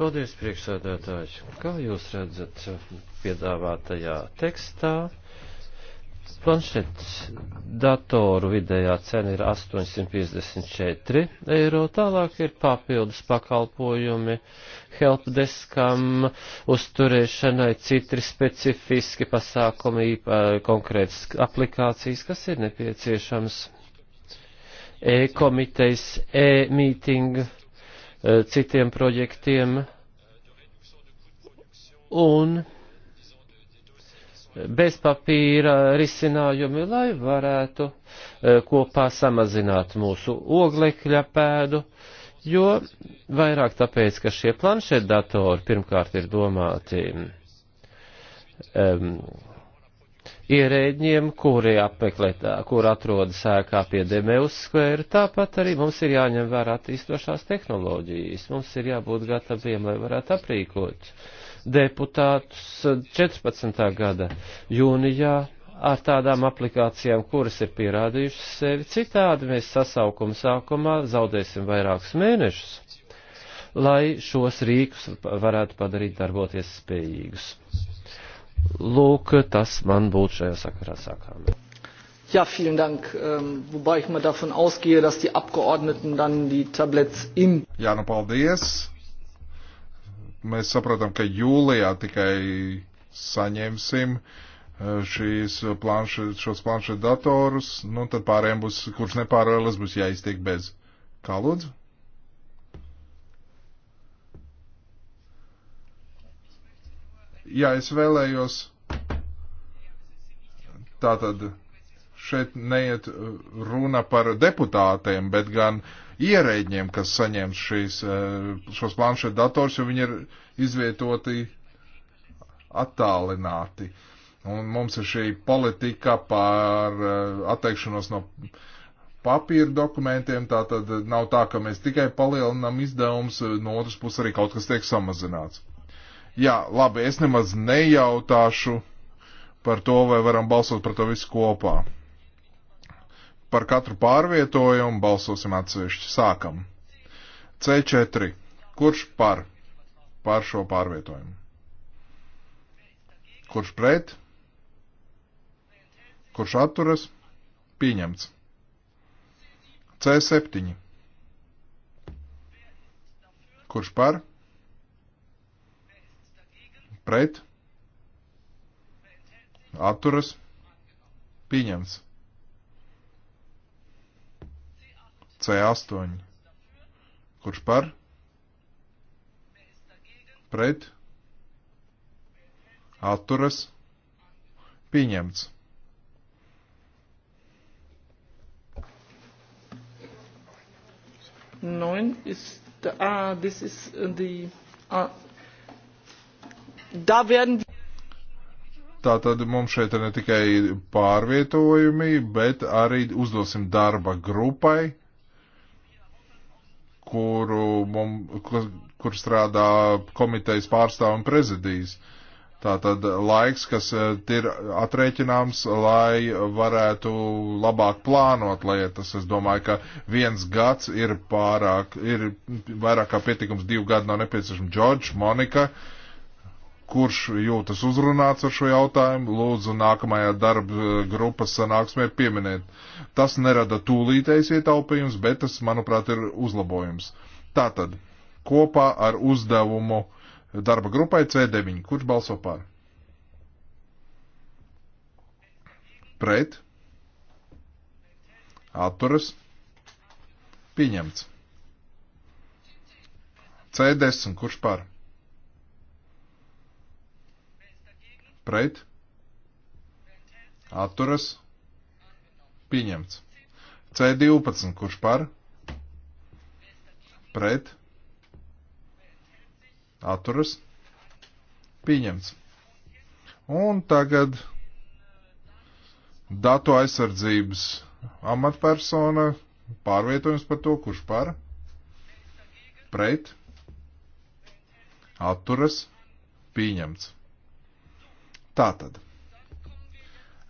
Paldies, priekšsēdētājs. Kā jūs redzat piedāvātajā tekstā? Planšets datoru vidējā cena ir 854 eiro, tālāk ir papildus pakalpojumi helpdeskam, uzturēšanai, citri specifiski pasākumi, konkrētas aplikācijas, kas ir nepieciešams e-komitejas, e-mīting, e, citiem projektiem. Un bez papīra risinājumi, lai varētu eh, kopā samazināt mūsu oglekļa pēdu, jo vairāk tāpēc, ka šie planšetdatori pirmkārt ir domāti um, ierēģiem, kuri apmeklē, kur atrodas ēkā pie Demeus skvēra, tāpat arī mums ir jāņem vērā attīstošās tehnoloģijas, mums ir jābūt gataviem, lai varētu aprīkot uh, deputātus 14. gada jūnijā ar tādām aplikācijām, kuras ir pierādījušas sevi. Citādi mēs sasaukuma sākumā zaudēsim vairākus mēnešus, lai šos rīkus varētu padarīt darboties spējīgus. Lūk, tas man būtu šajā sakarā sākām. Ja, vielen Dank. Ähm, wobei ich mal davon ausgehe, dass die Abgeordneten dann die Tablets im. Ja, nu, paldies. Mēs saprotam, ka jūlijā tikai saņemsim eh, šīs planše, šos planšetu datorus, nu tad pārējiem būs, kurš nepārvēlas, būs jāiztiek bez. Kā lūdzu? Jā, es vēlējos. Tātad šeit neiet eh, runa par deputātiem, bet gan uh, ierēģiem, kas saņems šīs, eh, šos planšetu dators, jo viņi ir izvietoti attālināti. Un mums ir šī politika par eh, atteikšanos no papīra dokumentiem, tā tad nav tā, ka mēs tikai palielinām izdevumus, no otras puses arī kaut kas tiek samazināts. Jā, labi, es nemaz nejautāšu par to, vai varam balsot par to visu kopā. Par katru pārvietojumu balsosim atsevišķi. Sākam. C4. Kurš par? Par šo pārvietojumu. Kurš pret? Kurš atturas? Pieņemts. C7. Kurš par? Pret? Atturas? Pieņemts. C8. Kurš par? Pret? Atturas? Pieņemts. Neun ist, ah, this is the, ah, da werden wir. Tā tad mums šeit ir ne tikai pārvietojumi, bet arī uzdosim darba grupai kuru, mum, kur strādā komitejas pārstāv un prezidijas. Tātad laiks, kas e, ir atrēķināms, lai varētu labāk plānot lietas. Es domāju, ka viens gads ir pārāk, ir vairāk kā pietikums, divi gadi nav nepieciešami. Džordž, Monika, uh, kurš jūtas uzrunāts ar šo jautājumu, lūdzu nākamajā darba eh, grupas sanāksmē pieminēt. Tas nerada tūlītējs ietaupījums, bet tas, manuprāt, ir uzlabojums. Tātad, kopā ar uzdevumu darba grupai C9, kurš balso par? Pret? Atturas? Pieņemts. C10, kurš par? pret, atturas, pieņemts. C12, kurš par, pret, atturas, pieņemts. Un tagad datu aizsardzības amatpersona pārvietojums par to, kurš par, pret, atturas, pieņemts. Tātad,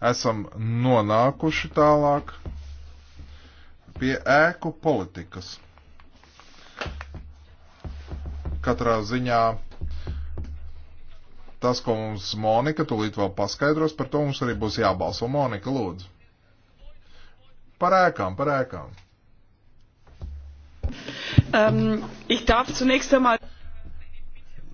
esam nonākuši tālāk pie ēku politikas. Katrā ziņā tas, ko mums Monika tūlīt vēl paskaidros, par to mums arī būs jābalso. Monika, lūdzu. Par ēkām, par ēkām. Um, ich darf zunächst einmal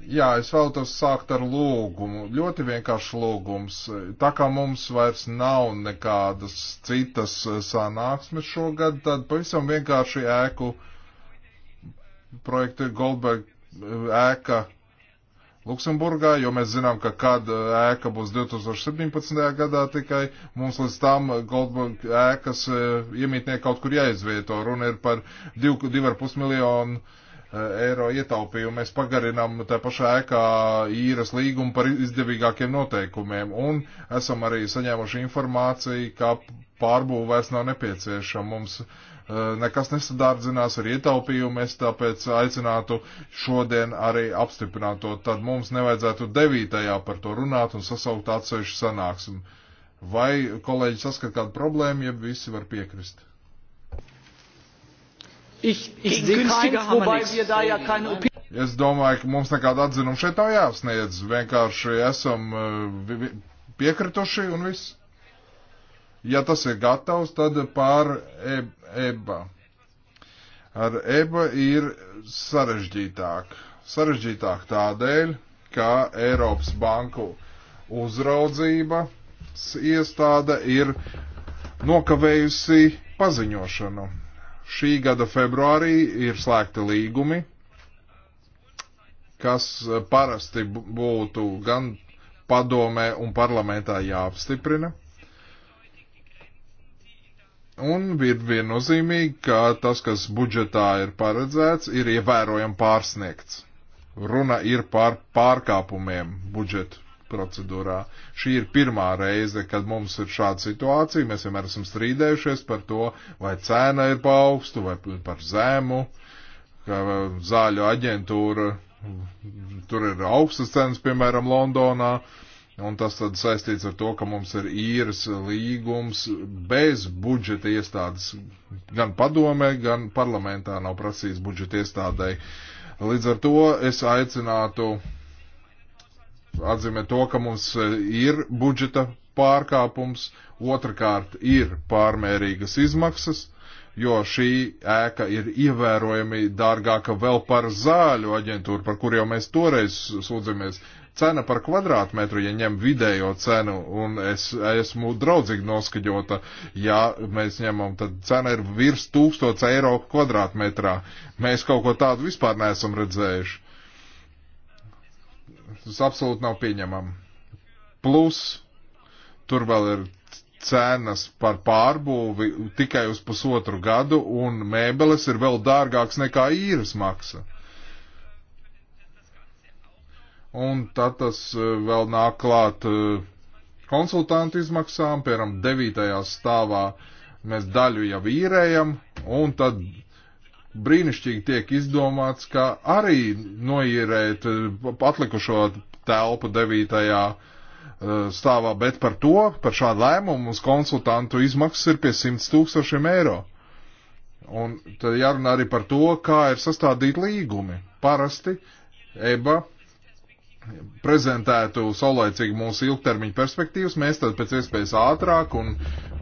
Jā, es vēlos sākt ar lūgumu. Ļoti vienkārši lūgums. Tā kā mums vairs nav nekādas citas sanāksmes šogad, tad pavisam vienkārši ēku projektu Goldberg ēka Luksemburgā, jo mēs zinām, ka kad ēka būs 2017. gadā tikai, mums līdz tam Goldberg ēkas iemītnieki kaut kur jāizvieto. Runa ir par 2,5 miljonu E, eiro ietaupījumu mēs pagarinām tā pašā ēkā īras līgumu par izdevīgākiem noteikumiem. Un esam arī saņēmuši informāciju, ka pārbūve vairs nav nepieciešama. Mums e, nekas nesadārdzinās ar ietaupījumu, es tāpēc aicinātu šodien arī apstiprināt to. Tad mums nevajadzētu devītajā par to runāt un sasaukt atsevišķu sanāksmu. Vai kolēģi saskat kādu problēmu, ja visi var piekrist? Ich, ich sehe keins, wobei wir da ja keine äh, Opinion. Es domāju, ka mums nekāda atzinuma šeit nav jāsniedz. Vienkārši esam äh, piekrituši un viss. Ja tas ir gatavs, tad pār EBA. Ar EBA ir sarežģītāk. Sarežģītāk tādēļ, ka Eiropas banku uzraudzība iestāde ir nokavējusi paziņošanu Šī gada februārī ir slēgti līgumi, kas eh, parasti būtu gan padomē un parlamentā jāapstiprina. Un ir viennozīmīgi, ka tas, kas budžetā ir paredzēts, ir ievērojami pārsniegts. Runa ir par pārkāpumiem budžetu procedūrā. Šī ir pirmā reize, kad mums ir šāda situācija. Mēs vienmēr esam strīdējušies par to, vai cena ir pa augstu vai par zemu, ka zāļu aģentūra, tur ir augstas cenas, piemēram, Londonā. Un tas tad saistīts ar to, ka mums ir īres līgums bez budžeta iestādes. Gan padomē, gan parlamentā nav prasījis budžeta iestādēji. Līdz ar to es aicinātu uh, atzīmē to, ka mums e, ir budžeta pārkāpums, otrkārt ir pārmērīgas izmaksas, jo šī ēka ir ievērojami dārgāka vēl par zāļu aģentūru, par kur jau mēs toreiz sūdzamies. Cena par kvadrātmetru, ja ņem vidējo cenu, un es esmu draudzīgi noskaņota, ja mēs ņemam, tad cena ir virs 1000 eiro kvadrātmetrā. Mēs kaut ko tādu vispār neesam redzējuši. Tas absolūti nav pieņemam. Plus, tur vēl ir cenas par pārbūvi tikai uz pusotru gadu, un mēbeles ir vēl dārgāks nekā īres maksa. Un tad tas eh, vēl nāk klāt eh, konsultantu izmaksām, piemēram, devītajā stāvā mēs daļu jau īrējam, un tad brīnišķīgi tiek izdomāts, kā arī noīrēt eh, atlikušo telpu devītajā eh, stāvā, bet par to, par šādu lēmumu uz konsultantu izmaksas ir pie 100 tūkstošiem eiro. Un tad jārunā arī par to, kā ir sastādīti līgumi. Parasti EBA prezentētu saulēcīgi mūsu ilgtermiņa perspektīvas, mēs tad pēc iespējas ātrāk un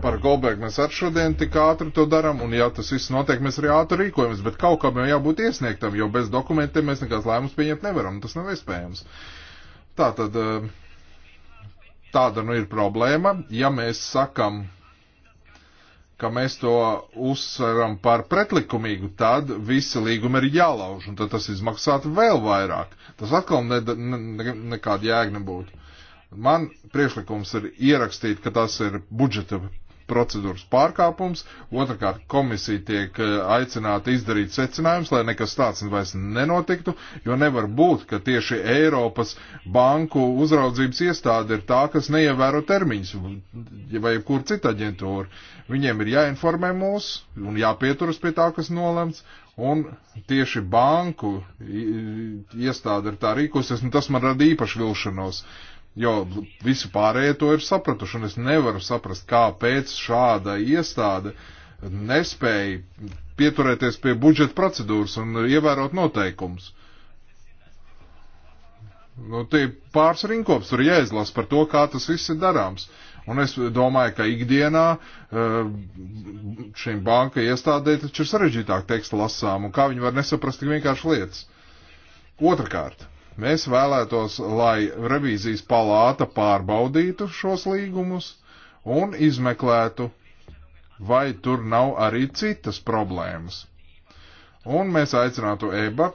par Goldberg mēs ar šodien tik ātri to daram, un ja tas viss notiek, mēs arī ātri rīkojamies, bet kaut kam jau jābūt iesniegtam, jo bez dokumentiem mēs nekāds lēmums pieņemt nevaram, tas nav iespējams. Tā tad eh, tāda nu ir problēma, ja mēs sakam ka mēs to uzsveram par pretlikumīgu, tad visi līgumi ir jālauž, un tad tas izmaksātu vēl vairāk. Tas atkal ne, ne, nekāda jēga nebūtu. Man priekšlikums ir ierakstīt, ka tas ir budžeta procedūras pārkāpums, otrkārt komisija tiek eh, aicināta izdarīt secinājumus, lai nekas tāds vairs nenotiktu, jo nevar būt, ka tieši Eiropas banku uzraudzības iestāde ir tā, kas neievēro termiņus vai jebkur cita aģentūra. Viņiem ir jāinformē mūs un jāpieturas pie tā, kas nolemts. Un tieši banku iestāde ir tā rīkosies, un tas man rada īpašu vilšanos. Uh, Jo visi pārējie to ir sapratuši, un es nevaru saprast, kāpēc šāda iestāde nespēja pieturēties pie budžeta procedūras un ievērot noteikumus. Nu, tie pāris rinkops tur jāizlas par to, kā tas viss ir darāms. Un es domāju, ka ikdienā eh, šīm banka iestādē taču ir sarežģītāk teksta lasām, un kā viņi var nesaprast tik vienkārši lietas. Otrakārt, Mēs vēlētos, lai revīzijas palāta pārbaudītu šos līgumus un izmeklētu, vai tur nav arī citas problēmas. Un mēs aicinātu EBA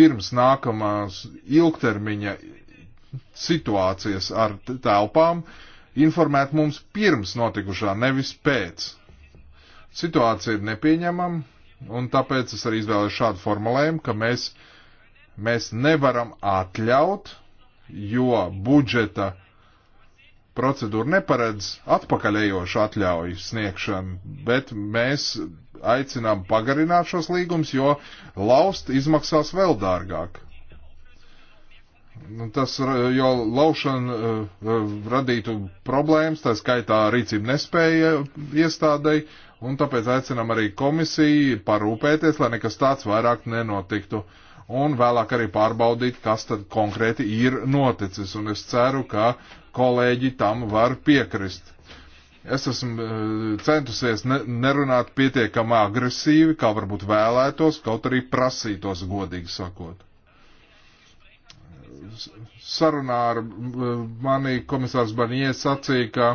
pirms nākamās ilgtermiņa situācijas ar telpām informēt mums pirms notikušā, nevis pēc. Situācija ir nepieņemama un tāpēc es arī izvēlēju šādu formulējumu, ka mēs, mēs nevaram atļaut, jo budžeta procedūra neparedz atpakaļējošu atļauju sniegšanu, bet mēs aicinām pagarināt šos līgumus, jo laust izmaksās vēl dārgāk. Nu, tas jau laušana uh, uh, radītu problēmas, tā skaitā rīcība nespēja iestādēji, Un tāpēc aicinam arī komisiju parūpēties, lai nekas tāds vairāk nenotiktu. Un vēlāk arī pārbaudīt, kas tad konkrēti ir noticis. Un es ceru, ka kolēģi tam var piekrist. Es esmu e, centusies ne, nerunāt pietiekami agresīvi, kā varbūt vēlētos, kaut arī prasītos, godīgi sakot. Sarunā ar e, mani komisārs Banijē sacīja, ka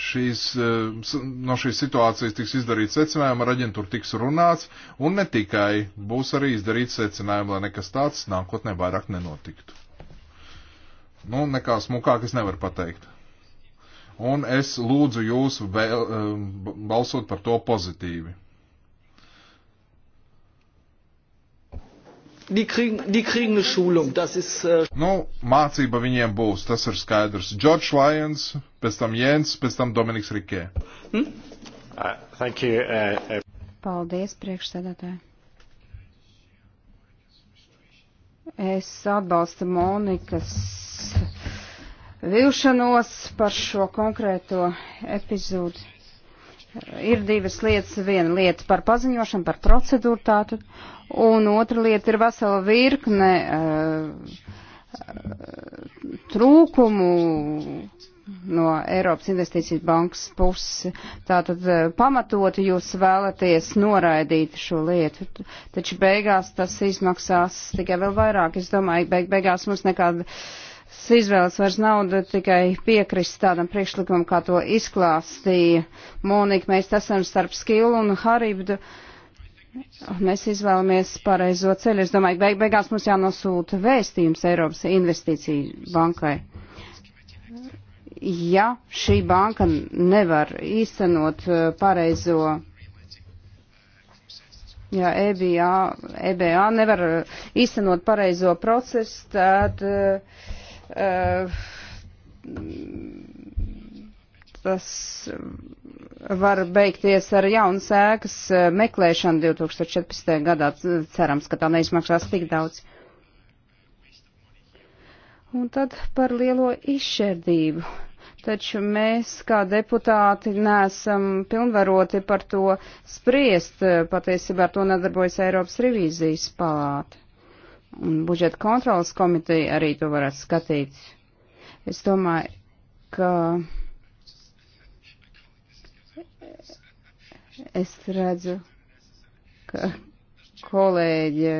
šīs, eh, no šīs situācijas tiks izdarīts secinājumi, ar aģentūru tiks runāts, un ne tikai būs arī izdarīts secinājumi, lai nekas tāds nākotnē vairāk nenotiktu. Nu, nekā smukāk es nevaru pateikt. Un es lūdzu jūs vēl, eh, balsot par to pozitīvi. Die kriegen, die kriegen eine Schulung, das ist... Uh... Nu, mācība viņiem būs, tas ir skaidrs. George Lyons, pēc tam Jēns, pēc tam Dominiks Rikē. Hmm? Uh, thank you, uh, uh... Paldies, priekšsēdētāji. Es atbalstu Monikas vilšanos par šo konkrēto epizodu. Ir divas lietas. Viena lieta par paziņošanu, par procedūru tātu, un otra lieta ir vesela virkne uh, uh trūkumu, no Eiropas investīcijas bankas puses. Tātad eh, pamatoti jūs vēlaties noraidīt šo lietu, taču beigās tas izmaksās tikai vēl vairāk. Es domāju, beig beigās mums nekāda izvēles vairs nav tikai piekrist tādam priekšlikumam, kā to izklāstīja Monika. Mēs esam starp Skilu un Haribdu. Mēs izvēlamies pareizo ceļu. Es domāju, beig beigās mums jānosūta vēstījums Eiropas investīciju bankai ja šī banka nevar īstenot uh, pareizo, ja EBA, EBA nevar uh, īstenot pareizo procesu, tad uh, uh, tas var beigties ar jaunas ēkas meklēšanu 2014. gadā. Cerams, ka tā neizmaksās tik daudz. Un tad par lielo izšķērdību taču mēs kā deputāti neesam pilnvaroti par to spriest. Patiesībā ar to nedarbojas Eiropas revīzijas palāta. Un budžeta kontrolas komiteja arī to varētu skatīt. Es domāju, ka. Es redzu, ka kolēģi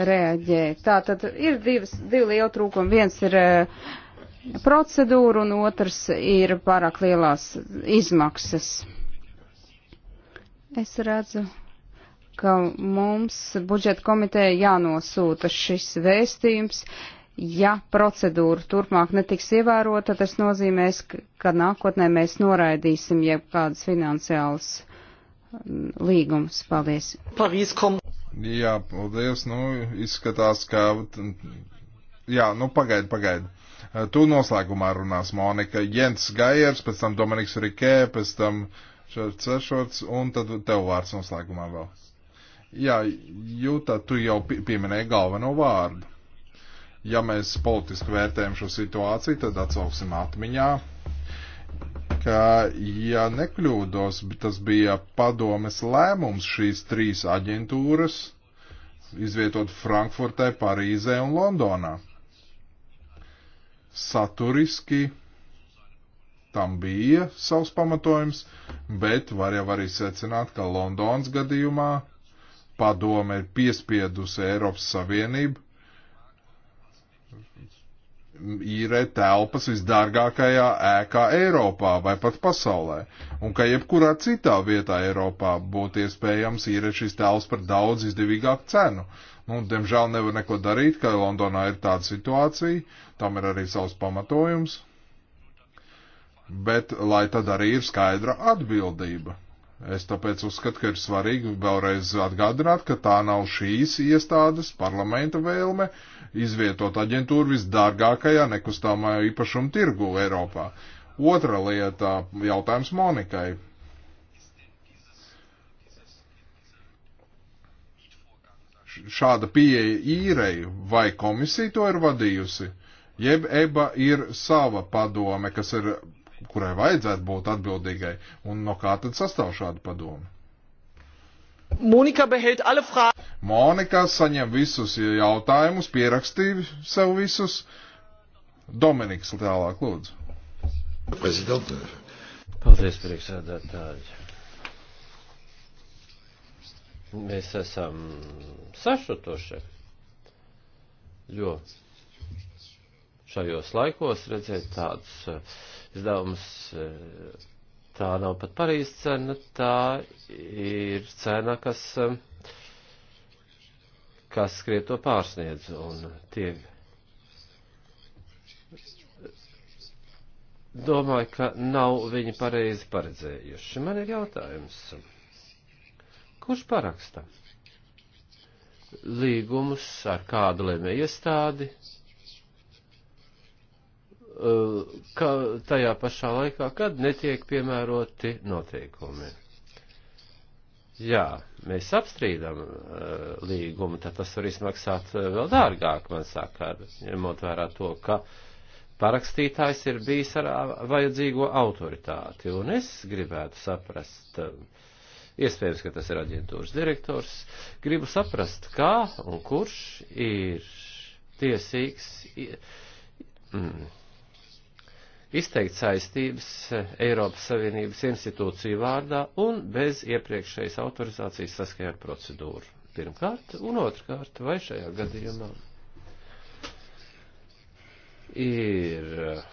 reaģē. Tā tad ir divas, divi lieli trūkumi. Viens ir uh, procedūru, un otrs ir pārāk lielās izmaksas. Es redzu, ka mums budžeta komiteja jānosūta šis vēstījums. Ja procedūra turpmāk netiks ievērota, tas nozīmēs, ka nākotnē mēs noraidīsim jebkādas finansiālas mm, līgumus. Paldies. Parīz kom. Jā, paldies. Nu, izskatās, ka. Jā, nu pagaidi, pagaidi. Eh, tu noslēgumā runās Monika Jens Gajers, pēc tam Dominiks Rikē, pēc tam Šarts Sešots, un tad tev vārds noslēgumā vēl. Jā, Jūta, tu jau pieminēji galveno vārdu. Ja mēs politiski vērtējam šo situāciju, tad atsauksim atmiņā, ka, ja nekļūdos, tas bija padomes lēmums šīs trīs aģentūras izvietot Frankfurtē, Parīzē un Londonā saturiski tam bija savs pamatojums, bet var jau arī secināt, ka Londonas gadījumā padome ir piespiedusi Eiropas Savienību īrē telpas visdārgākajā ēkā Eiropā vai pat pasaulē, un ka jebkurā citā vietā Eiropā būtu iespējams īrēt šīs telpas par daudz izdevīgāku cenu. Nu, diemžēl nevar neko darīt, ka Londonā ir tāda situācija, tam ir arī savs pamatojums, bet lai tad arī ir skaidra atbildība Es tāpēc uzskatu, ka ir svarīgi vēlreiz atgādināt, ka tā nav šīs iestādes parlamenta vēlme izvietot aģentūru visdārgākajā nekustamā īpašuma tirgu Eiropā. Otra lieta - jautājums Monikai. Šāda pieeja īrei vai komisija to ir vadījusi? Jeb eba ir sava padome, kas ir kurai vajadzētu būt atbildīgai, un no kā tad sastāv šāda padoma? Monika behält alle Fragen. Monika saņem visus jautājumus, pierakstīja sev visus. Dominiks tālāk lūdzu. Prezidenta. Paldies, priekšsēdētāji. Mēs esam sašutuši, jo šajos laikos redzēt tādus izdevums. Eh, tā nav pat Parīzes cena, tā ir cena, kas, eh, kas skrieto pārsniedz un tiek domāju, ka nav viņi pareizi paredzējuši. Man ir jautājums, kurš paraksta līgumus ar kādu lemējiestādi, Eh, ka tajā pašā laikā, kad netiek piemēroti noteikumi. Jā, mēs apstrīdam uh, līgumu, tad tas var izmaksāt eh, vēl dārgāk, man saka, ņemot vērā to, ka parakstītājs ir bijis ar vajadzīgo autoritāti, un es gribētu saprast, iespējams, ka tas ir aģentūras direktors, gribu saprast, kā un kurš ir tiesīgs. Mm, izteikt saistības eh, Eiropas Savienības institūciju vārdā un bez iepriekšējas autorizācijas saskaņā ar procedūru. Pirmkārt, un otrkārt, vai šajā gadījumā ir eh,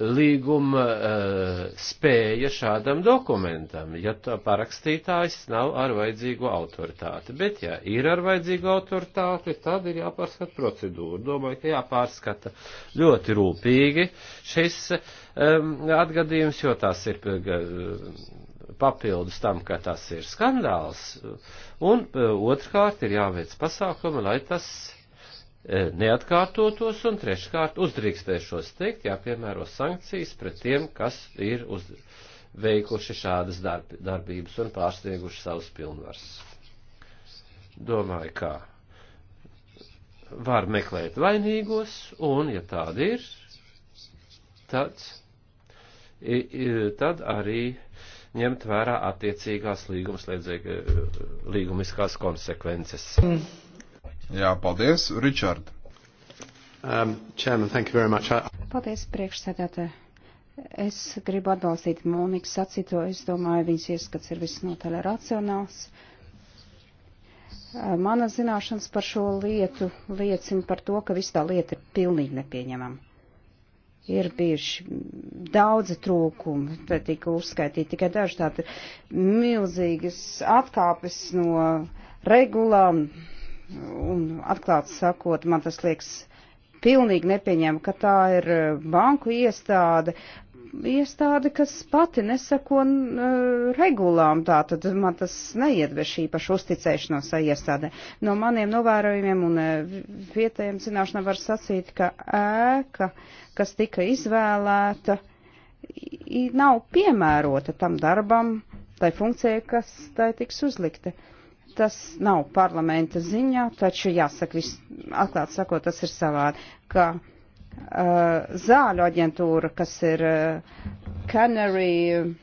līguma eh, spēja šādam dokumentam, ja tā parakstītājs nav ar vajadzīgo autoritāti. Bet, ja ir ar vajadzīgu autoritāti, tad ir jāpārskata procedūra. Domāju, ka jāpārskata ļoti rūpīgi šis um, atgadījums, jo tas ir eh, papildus tam, ka tas ir skandāls. Un eh, otrkārt ir jāveic pasākumi, lai tas E, neatkārtotos, un treškārt uzdrīkstēšos teikt, jāpiemēro sankcijas pret tiem, kas ir uz, veikuši šādas darb, darbības un pārsnieguši savus pilnvars. Domāju, kā var meklēt vainīgos, un, ja tādi ir, tad, tad arī ņemt vērā attiecīgās e, līgumiskās konsekvences. Mm. Jā, paldies. Richard. Um, chairman, thank you very much. I... Paldies, priekšsēdētāji. Es gribu atbalstīt Monikas sacīto. Es domāju, viņas ieskats ir visnotaļ racionāls. Uh, mana zināšanas par šo lietu liecina par to, ka viss tā lieta ir pilnīgi nepieņemama. Ir bijuši daudzi trūkumi, bet tika uzskaitīti tikai daži tādi milzīgas atkāpes no regulām, Un atklāt sakot, man tas liekas pilnīgi nepieņem, ka tā ir e, banku iestāde, iestāde, kas pati nesako e, regulām, tā tad man tas neiedveš īpaši uzticēšanos ar iestādē. No maniem novērojumiem un e, vietējiem zināšanām var sacīt, ka ēka, kas tika izvēlēta, nav piemērota tam darbam, tai funkcijai, kas tai tiks uzlikta. Uh, Tas nav parlamenta ziņā, taču jāsaka, vis, atklāt sakot, tas ir savādi, ka uh, zāļu aģentūra, kas ir uh, Canary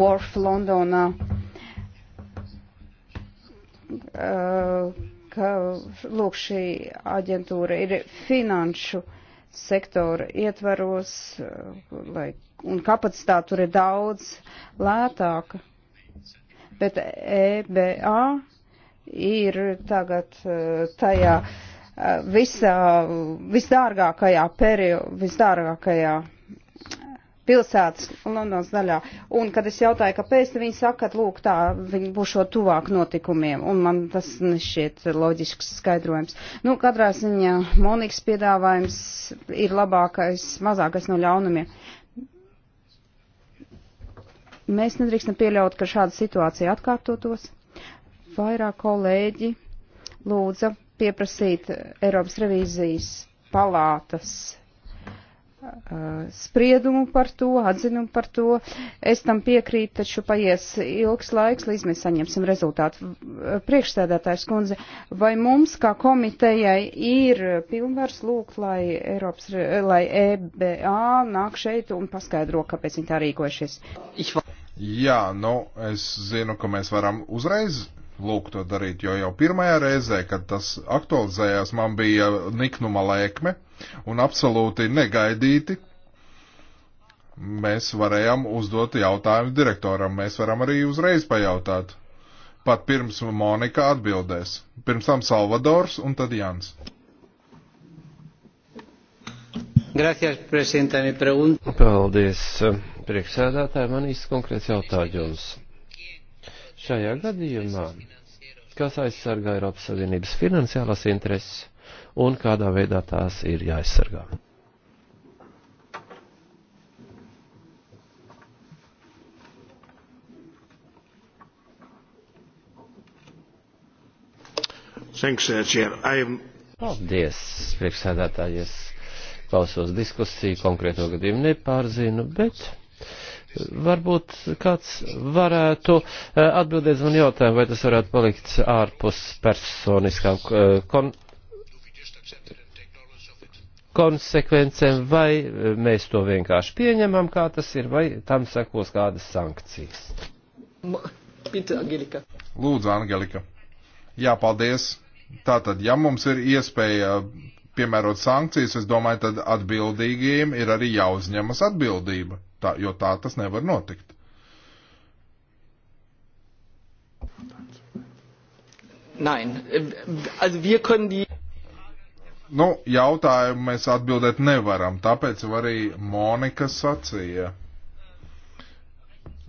Wharf Londonā, uh, ka lūk šī aģentūra ir finanšu sektora ietvaros, uh, lai, un kapacitāte tur ir daudz lētāka bet EBA ir tagad eh, tajā eh, visā, visdārgākajā periodā, visdārgākajā pilsētas Londonas daļā. Un, kad es jautāju, kāpēc, viņi saka, ka, lūk, tā, viņi būs šo tuvāk notikumiem, un man tas nešķiet loģisks skaidrojums. Nu, katrā ziņā Monikas piedāvājums ir labākais, mazākais no ļaunumiem. Mēs nedrīkstam pieļaut, ka šāda situācija atkārtotos. Vairāk kolēģi lūdza pieprasīt Eiropas revīzijas palātas Eh, spriedumu par to, atzinumu par to. Es tam piekrītu, taču paies ilgs laiks, līdz mēs saņemsim rezultātu. Eh, Priekšstādātājs kundze, vai mums kā komitejai ir pilnvars lūgt, lai, Eiropas, lai EBA nāk šeit un paskaidro, kāpēc viņi tā rīkojušies? Jā, nu, es zinu, ka mēs varam uzreiz lūk to darīt, jo jau pirmajā reizē, kad tas aktualizējās, man bija niknuma lēkme un absolūti negaidīti mēs varējām uzdot jautājumu direktoram. Mēs varam arī uzreiz pajautāt. Pat pirms Monika atbildēs. Pirms tam Salvadors un tad Jans. Gracias, Paldies, priekšsēdētāji. Man īsts konkrēts jautājums šajā gadījumā, kas aizsargā Eiropas Savienības finansiālās intereses un kādā veidā tās ir jāaizsargā. Uh, Paldies, priekšsēdētājies. Klausos diskusiju, konkrēto gadījumu nepārzinu, bet Varbūt kāds varētu eh, atbildēt man jautājumu, vai tas varētu palikt ārpus personiskām eh, kon konsekvencēm, vai eh, mēs to vienkārši pieņemam, kā tas ir, vai tam sekos kādas sankcijas. Pita, Angelika. Lūdzu, Angelika. Jā, paldies. Tātad, ja mums ir iespēja piemērot sankcijas, es domāju, tad atbildīgajiem ir arī jāuzņemas atbildība tā, jo tā tas nevar notikt. Nein, also wir können die. Nu, jautājumu mēs atbildēt nevaram, tāpēc arī Monika sacīja,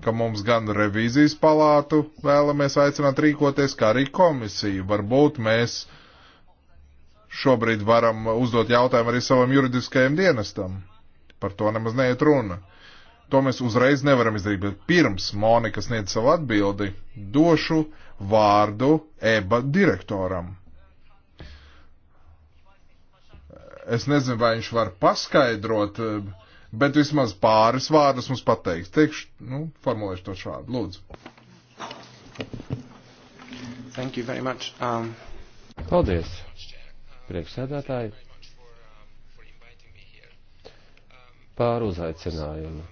ka mums gan revīzijas palātu vēlamies aicināt rīkoties, kā arī komisiju. Varbūt mēs šobrīd varam uzdot jautājumu arī savam juridiskajam dienestam. Par to nemaz neiet runa. To mēs uzreiz nevaram izdarīt, bet pirms Monika sniedz savu atbildi, došu vārdu EBA direktoram. Es nezinu, vai viņš var paskaidrot, bet vismaz pāris vārdus mums pateiks. Teikšu, nu, formulēšu to šādu. Lūdzu. Thank you very much. Um... Paldies, priekšsēdētāji, par uzaicinājumu.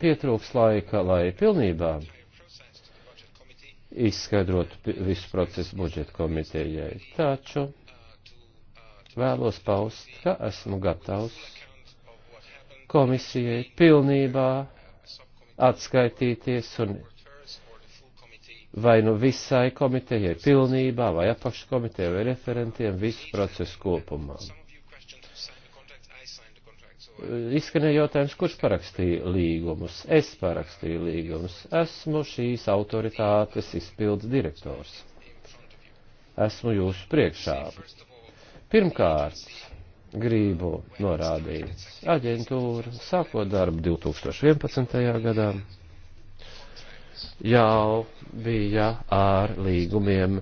pietrūks laika, lai pilnībā izskaidrotu visu procesu budžeta komitejai. Taču vēlos paust, ka esmu gatavs komisijai pilnībā atskaitīties un vai nu visai komitejai pilnībā, vai apakškomitejai, vai referentiem visu procesu kopumā izskanēja jautājums, kurš parakstīja līgumus. Es parakstīju līgumus. Esmu šīs autoritātes izpildes direktors. Esmu jūsu priekšā. Pirmkārt, gribu norādīt, aģentūra sākot darbu 2011. gadā jau bija ar līgumiem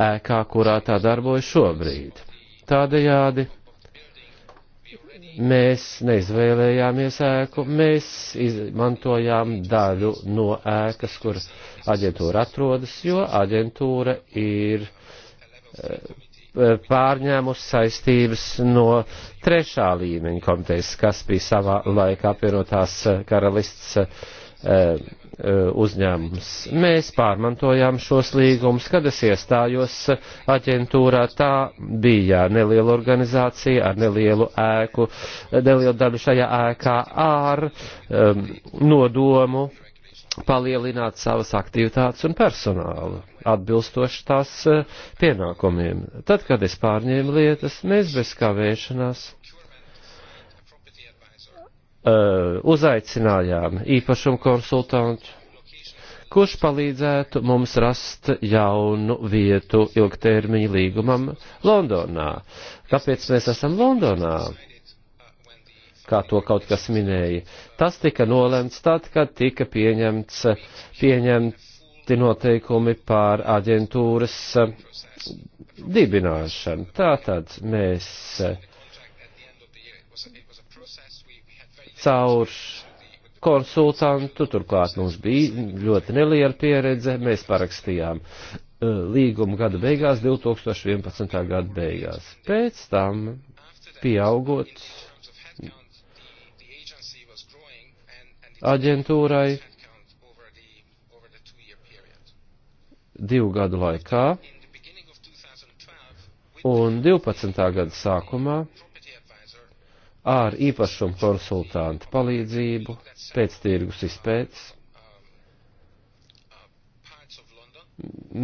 ēkā, kurā tā darbojas šobrīd. Tādējādi Mēs neizvēlējāmies ēku, mēs izmantojām daļu no ēkas, kur aģentūra atrodas, jo aģentūra ir eh, pārņēmusi saistības no trešā līmeņa komitejas, kas bija savā laikā apvienotās karalists eh, E, uzņēmums. Mēs pārmantojām šos līgumus, kad es iestājos aģentūrā. Tā bija neliela organizācija ar nelielu ēku, nelielu dabu šajā ēkā ar um, nodomu palielināt savas aktivitātes un personālu atbilstoši tās e, pienākumiem. Tad, kad es pārņēmu lietas, mēs bez kavēšanās Eh, uzaicinājām īpašumu konsultantu, kurš palīdzētu mums rast jaunu vietu ilgtermiņa līgumam Londonā. Kāpēc mēs esam Londonā? Kā to kaut kas minēja. Tas tika nolemts tad, kad tika pieņemts, pieņemti noteikumi pār aģentūras eh, dibināšanu. Tātad mēs caur konsultantu, turklāt mums bija ļoti neliela pieredze, mēs parakstījām eh, līgumu gada beigās, 2011. gada beigās. Pēc tam, pieaugot aģentūrai divu gadu laikā, un 12. gada sākumā ar īpašumu konsultantu palīdzību pēc tirgus izpētes,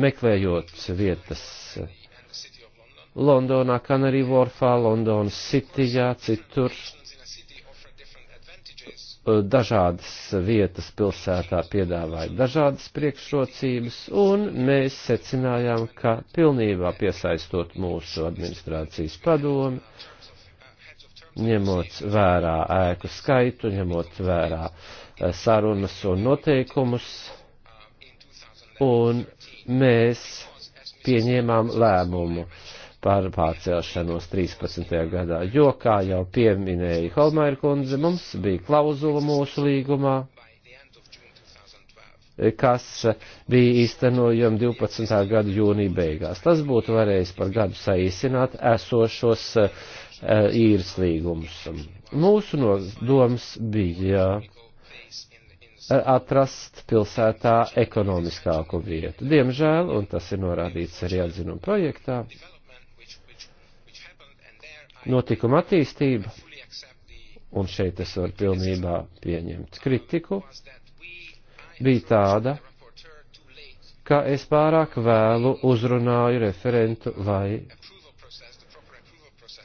meklējot vietas Londonā, Canary Wharfā, Londonas Cityjā, citur. Dažādas vietas pilsētā piedāvāja dažādas priekšrocības, un mēs secinājām, ka pilnībā piesaistot mūsu administrācijas padomu, ņemot vērā ēku skaitu, ņemot vērā e, sarunas un noteikumus, un mēs pieņēmām lēmumu par pārcelšanos 13. gadā, jo, kā jau pieminēja Holmaira kundze, mums bija klauzula mūsu līgumā, kas bija īstenojama 12. gada jūnija beigās. Tas būtu varējis par gadu saīsināt esošos e, īres līgumus. Mūsu nodoms bija atrast pilsētā ekonomiskāku vietu. Diemžēl, un tas ir norādīts arī atzinuma projektā, notikuma attīstība, un šeit es varu pilnībā pieņemt kritiku, bija tāda, ka es pārāk vēlu uzrunāju referentu vai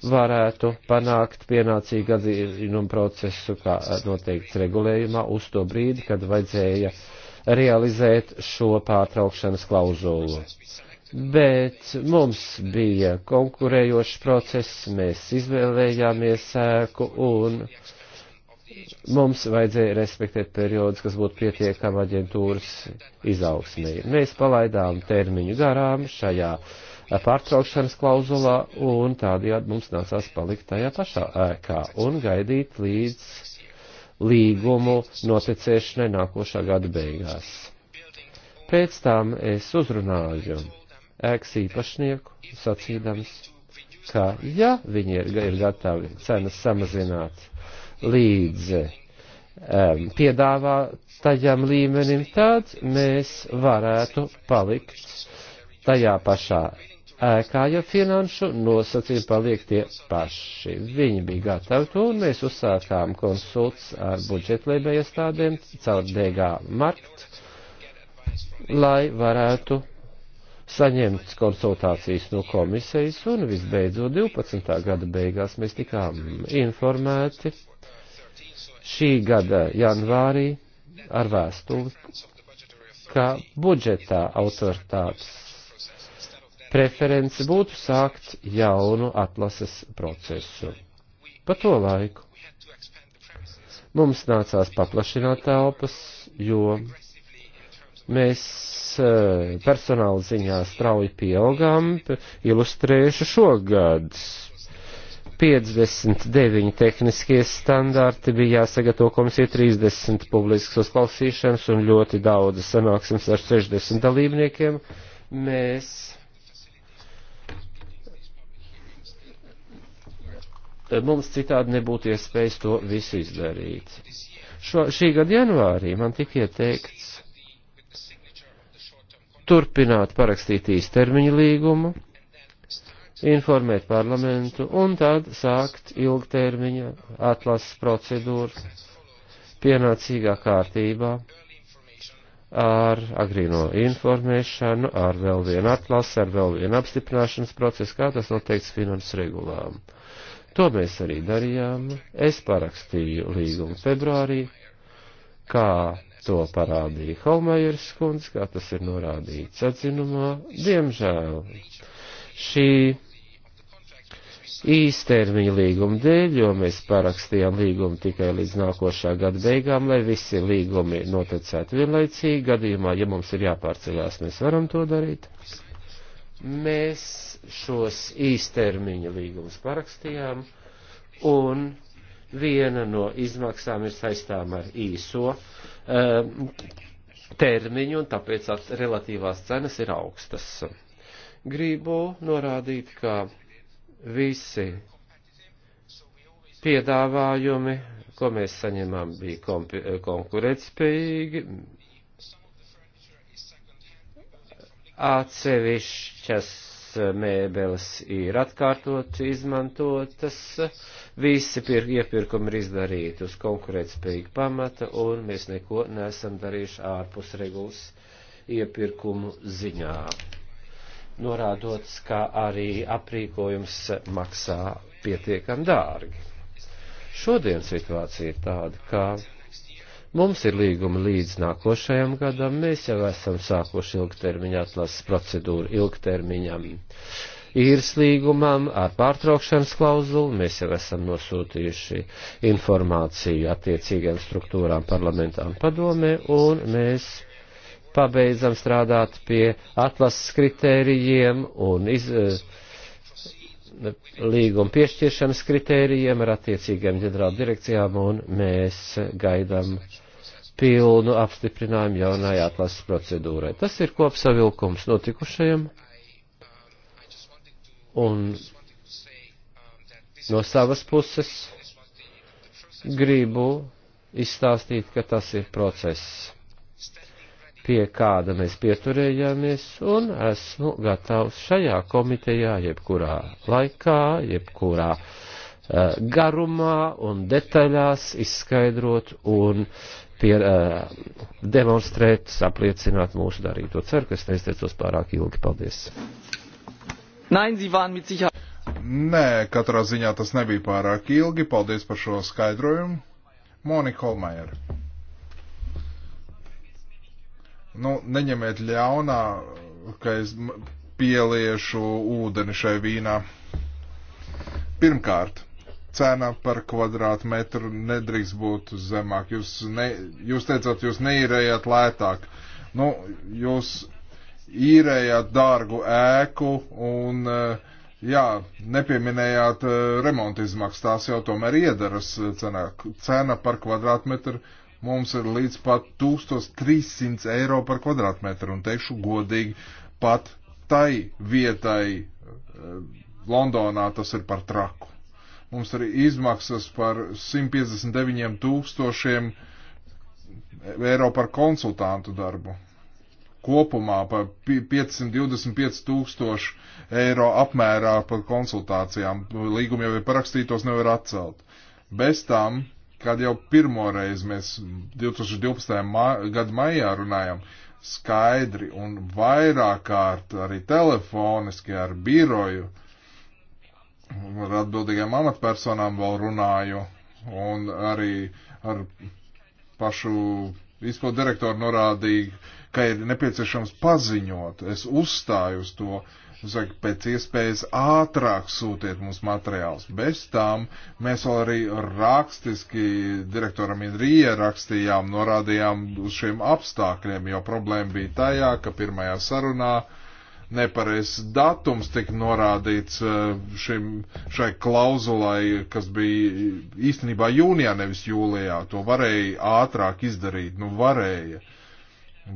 varētu panākt pienācīgu atzīšanu procesu, kā noteikts regulējumā, uz to brīdi, kad vajadzēja realizēt šo pārtraukšanas klauzulu. Bet mums bija konkurējošs process, mēs izvēlējāmies sēku un mums vajadzēja respektēt periodus, kas būtu pietiekama aģentūras izaugsmē. Mēs palaidām termiņu garām šajā uh, pārtraukšanas klauzulā, un tādējādi mums nācās palikt tajā pašā ēkā un gaidīt līdz līgumu noticēšanai nākošā gada beigās. Pēc tam es uzrunāju ēkas īpašnieku, sacīdams, ka ja viņi ir, ir gatavi cenas samazināt līdz um, piedāvātajam līmenim, tad mēs varētu palikt tajā pašā ēkā, ja finanšu nosacījumi paliek tie paši. Viņi bija gatavi to, un mēs uzsākām konsults ar budžetlēbē iestādēm caur DG Markt, lai varētu saņemt konsultācijas no komisijas, un visbeidzot 12. gada beigās mēs tikām informēti šī gada janvārī ar vēstuli, ka budžetā autoritātes preference būtu sākt jaunu atlases procesu. Pa to laiku mums nācās paplašināt telpas, jo mēs eh, personāla ziņā strauji pieaugām, ilustrējuši šogad. 59 tehniskie standarti bija jāsagato komisija 30 publiskas uzklausīšanas un ļoti daudz sanāksmes ar 60 dalībniekiem. Mēs mums citādi nebūtu iespējas to visu izdarīt. Šo, šī gada janvārī man tika ieteikts turpināt parakstīt īstermiņu līgumu, informēt parlamentu un tad sākt ilgtermiņa atlases procedūru pienācīgā kārtībā ar agrīno informēšanu, ar vēl vienu atlasi, ar vēl vienu apstiprināšanas procesu, kā tas noteikts finanses regulām. To mēs arī darījām. Es parakstīju līgumu februārī, kā to parādīja Holmajers kundze, kā tas ir norādīts atzinumā. Diemžēl šī īstermiņa līguma dēļ, jo mēs parakstījām līgumu tikai līdz nākošā gada beigām, lai visi līgumi noticētu vienlaicīgi. Gadījumā, ja mums ir jāpārceļās, mēs varam to darīt. Mēs šos īstermiņa līgumus parakstījām, un viena no izmaksām ir saistām ar īso um, termiņu, un tāpēc relatīvās cenas ir augstas. Gribu norādīt, ka visi piedāvājumi, ko mēs saņemam, bija konkurētspējīgi. Atsevišķas mēbeles ir atkārtot izmantotas, visi pir, iepirkumi ir izdarīti uz konkurētspējīga pamata, un mēs neko neesam darījuši ārpus regulas iepirkumu ziņā, norādot, ka arī aprīkojums maksā pietiekam dārgi. Šodien situācija ir tāda, ka Mums ir līguma līdz nākošajam gadam, mēs jau esam sākuši ilgtermiņa atlases procedūru ilgtermiņam. Īres līgumam ar pārtraukšanas klauzulu mēs jau esam nosūtījuši informāciju attiecīgajām struktūrām parlamentām padomē un mēs pabeidzam strādāt pie atlases kritērijiem un iz, eh, līguma piešķiršanas kritērijiem ar attiecīgajām ģenerāldirekcijām un mēs gaidām pilnu apstiprinājumu jaunai atlases procedūrai. Tas ir kopsavilkums notikušajam. Un no savas puses gribu izstāstīt, ka tas ir process, pie kāda mēs pieturējāmies, un esmu gatavs šajā komitejā, jebkurā laikā, jebkurā uh, garumā un detaļās izskaidrot un uh, pie, uh, eh, demonstrēt, apliecināt mūsu darīto. Ceru, ka es neizteicos pārāk ilgi. Paldies! Nein, Sie waren mit Sicherheit. Nē, katrā ziņā tas nebija pārāk ilgi. Paldies par šo skaidrojumu. Monika Holmajer. Nu, neņemiet ļaunā, ka es pieliešu ūdeni šai vīnā. Pirmkārt, cena par kvadrātmetru nedrīkst būt zemāk. Jūs, ne, jūs teicāt, jūs neīrējāt lētāk. Nu, jūs īrējāt dārgu ēku un, eh, jā, nepieminējāt eh, remonta izmaksas. Tās jau tomēr iedaras cenā. Cena par kvadrātmetru mums ir līdz pat 1300 eiro par kvadrātmetru. Un teikšu godīgi, pat tai vietai eh, Londonā tas ir par traku. Mums arī izmaksas par 159 tūkstošiem eiro par konsultantu darbu. Kopumā par 525 tūkstošu eiro apmērā par konsultācijām. Līgumi jau ir parakstītos, nevar atcelt. Bez tam, kad jau pirmoreiz mēs 2012. Ma gada maijā runājam, skaidri un vairāk kārt arī telefoniski ar biroju uh, ar atbildīgām amatpersonām vēl runāju un arī ar pašu izpildu direktoru norādīju, ka ir nepieciešams paziņot. Es uzstāju uz to, saku, pēc iespējas ātrāk sūtiet mums materiāls. Bez tām mēs vēl arī rakstiski direktoram Indrija rakstījām, norādījām uz šiem apstākļiem, jo problēma bija tajā, ka pirmajā sarunā uh, nepareizs datums tika norādīts eh, šim, šai klauzulai, kas bija īstenībā jūnijā, nevis jūlijā. To varēja ātrāk izdarīt, nu varēja.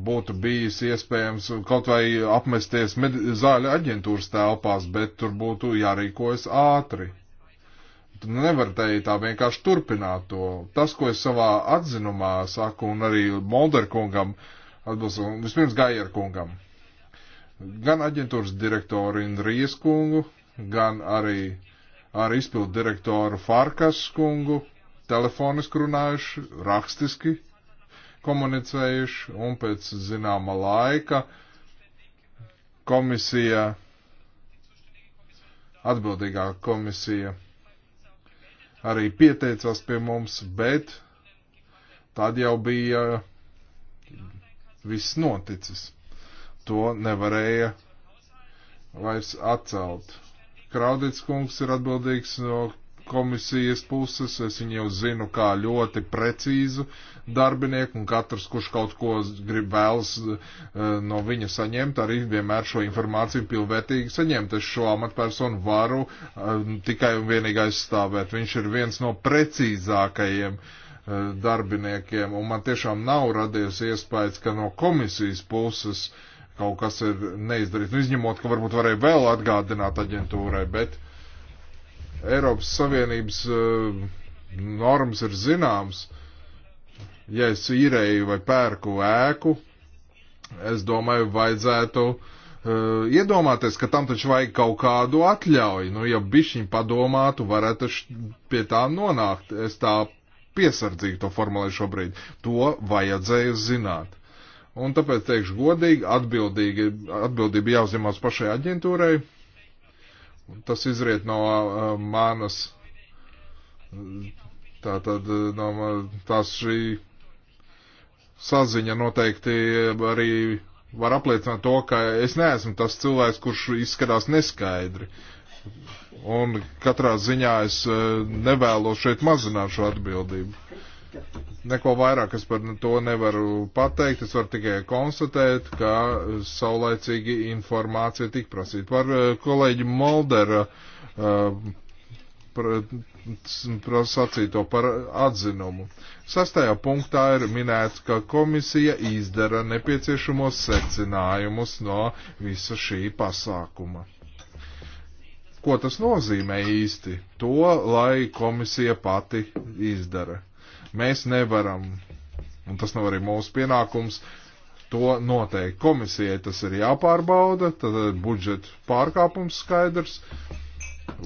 Būtu bijis iespējams kaut vai apmesties zāļu aģentūras telpās, bet tur būtu jārīkojas ātri. Tu nevar teikt tā vienkārši turpināt to. Tas, ko es savā atzinumā saku, un arī Molderkungam, atbilst, vispirms Gajerkungam, gan aģentūras direktoru Indrijas kungu, gan arī ar izpildu direktoru Farkas kungu telefoniski runājuši, rakstiski komunicējuši un pēc zināma laika komisija, atbildīgā komisija arī pieteicās pie mums, bet tad jau bija viss noticis to nevarēja vairs atcelt. Kraudits kungs ir atbildīgs no komisijas puses, es viņu jau zinu kā ļoti precīzu darbinieku, un katrs, kurš kaut ko grib vēlas eh, no viņa saņemt, arī vienmēr šo informāciju pilnvērtīgi saņemt. Es šo amatpersonu varu eh, tikai un vienīgi aizstāvēt. Viņš ir viens no precīzākajiem eh, darbiniekiem, un man tiešām nav radies iespējas, ka no komisijas puses uh, kaut kas ir neizdarīts. Nu, izņemot, ka varbūt varēja vēl atgādināt aģentūrai, bet Eiropas Savienības uh, normas ir zināmas. Ja es īrēju vai pērku ēku, es domāju, vajadzētu uh, iedomāties, ka tam taču vajag kaut kādu atļauju. Nu, ja bišķiņ padomātu, varētu pie tā nonākt. Es tā piesardzīgi to formulēju šobrīd. To vajadzēja zināt. Un tāpēc teikšu godīgi, atbildīgi, atbildība jāuzņemās pašai aģentūrai. Tas izriet no uh, manas, tā tad uh, no tās šī saziņa noteikti arī var apliecināt to, ka es neesmu tas cilvēks, kurš izskatās neskaidri. Un katrā ziņā es uh, nevēlos šeit mazināt šo atbildību. Neko vairāk es par to nevaru pateikt, es varu tikai konstatēt, ka saulaicīgi informācija tik prasīta. Par eh, kolēģi Moldera eh, sacīto par atzinumu. Sastajā punktā ir minēts, ka komisija izdara nepieciešamos secinājumus no visa šī pasākuma. Ko tas nozīmē īsti? To, lai komisija pati izdara. Mēs nevaram, un tas nav arī mūsu pienākums, to noteikt. Komisijai tas ir jāpārbauda, tad budžeta pārkāpums skaidrs,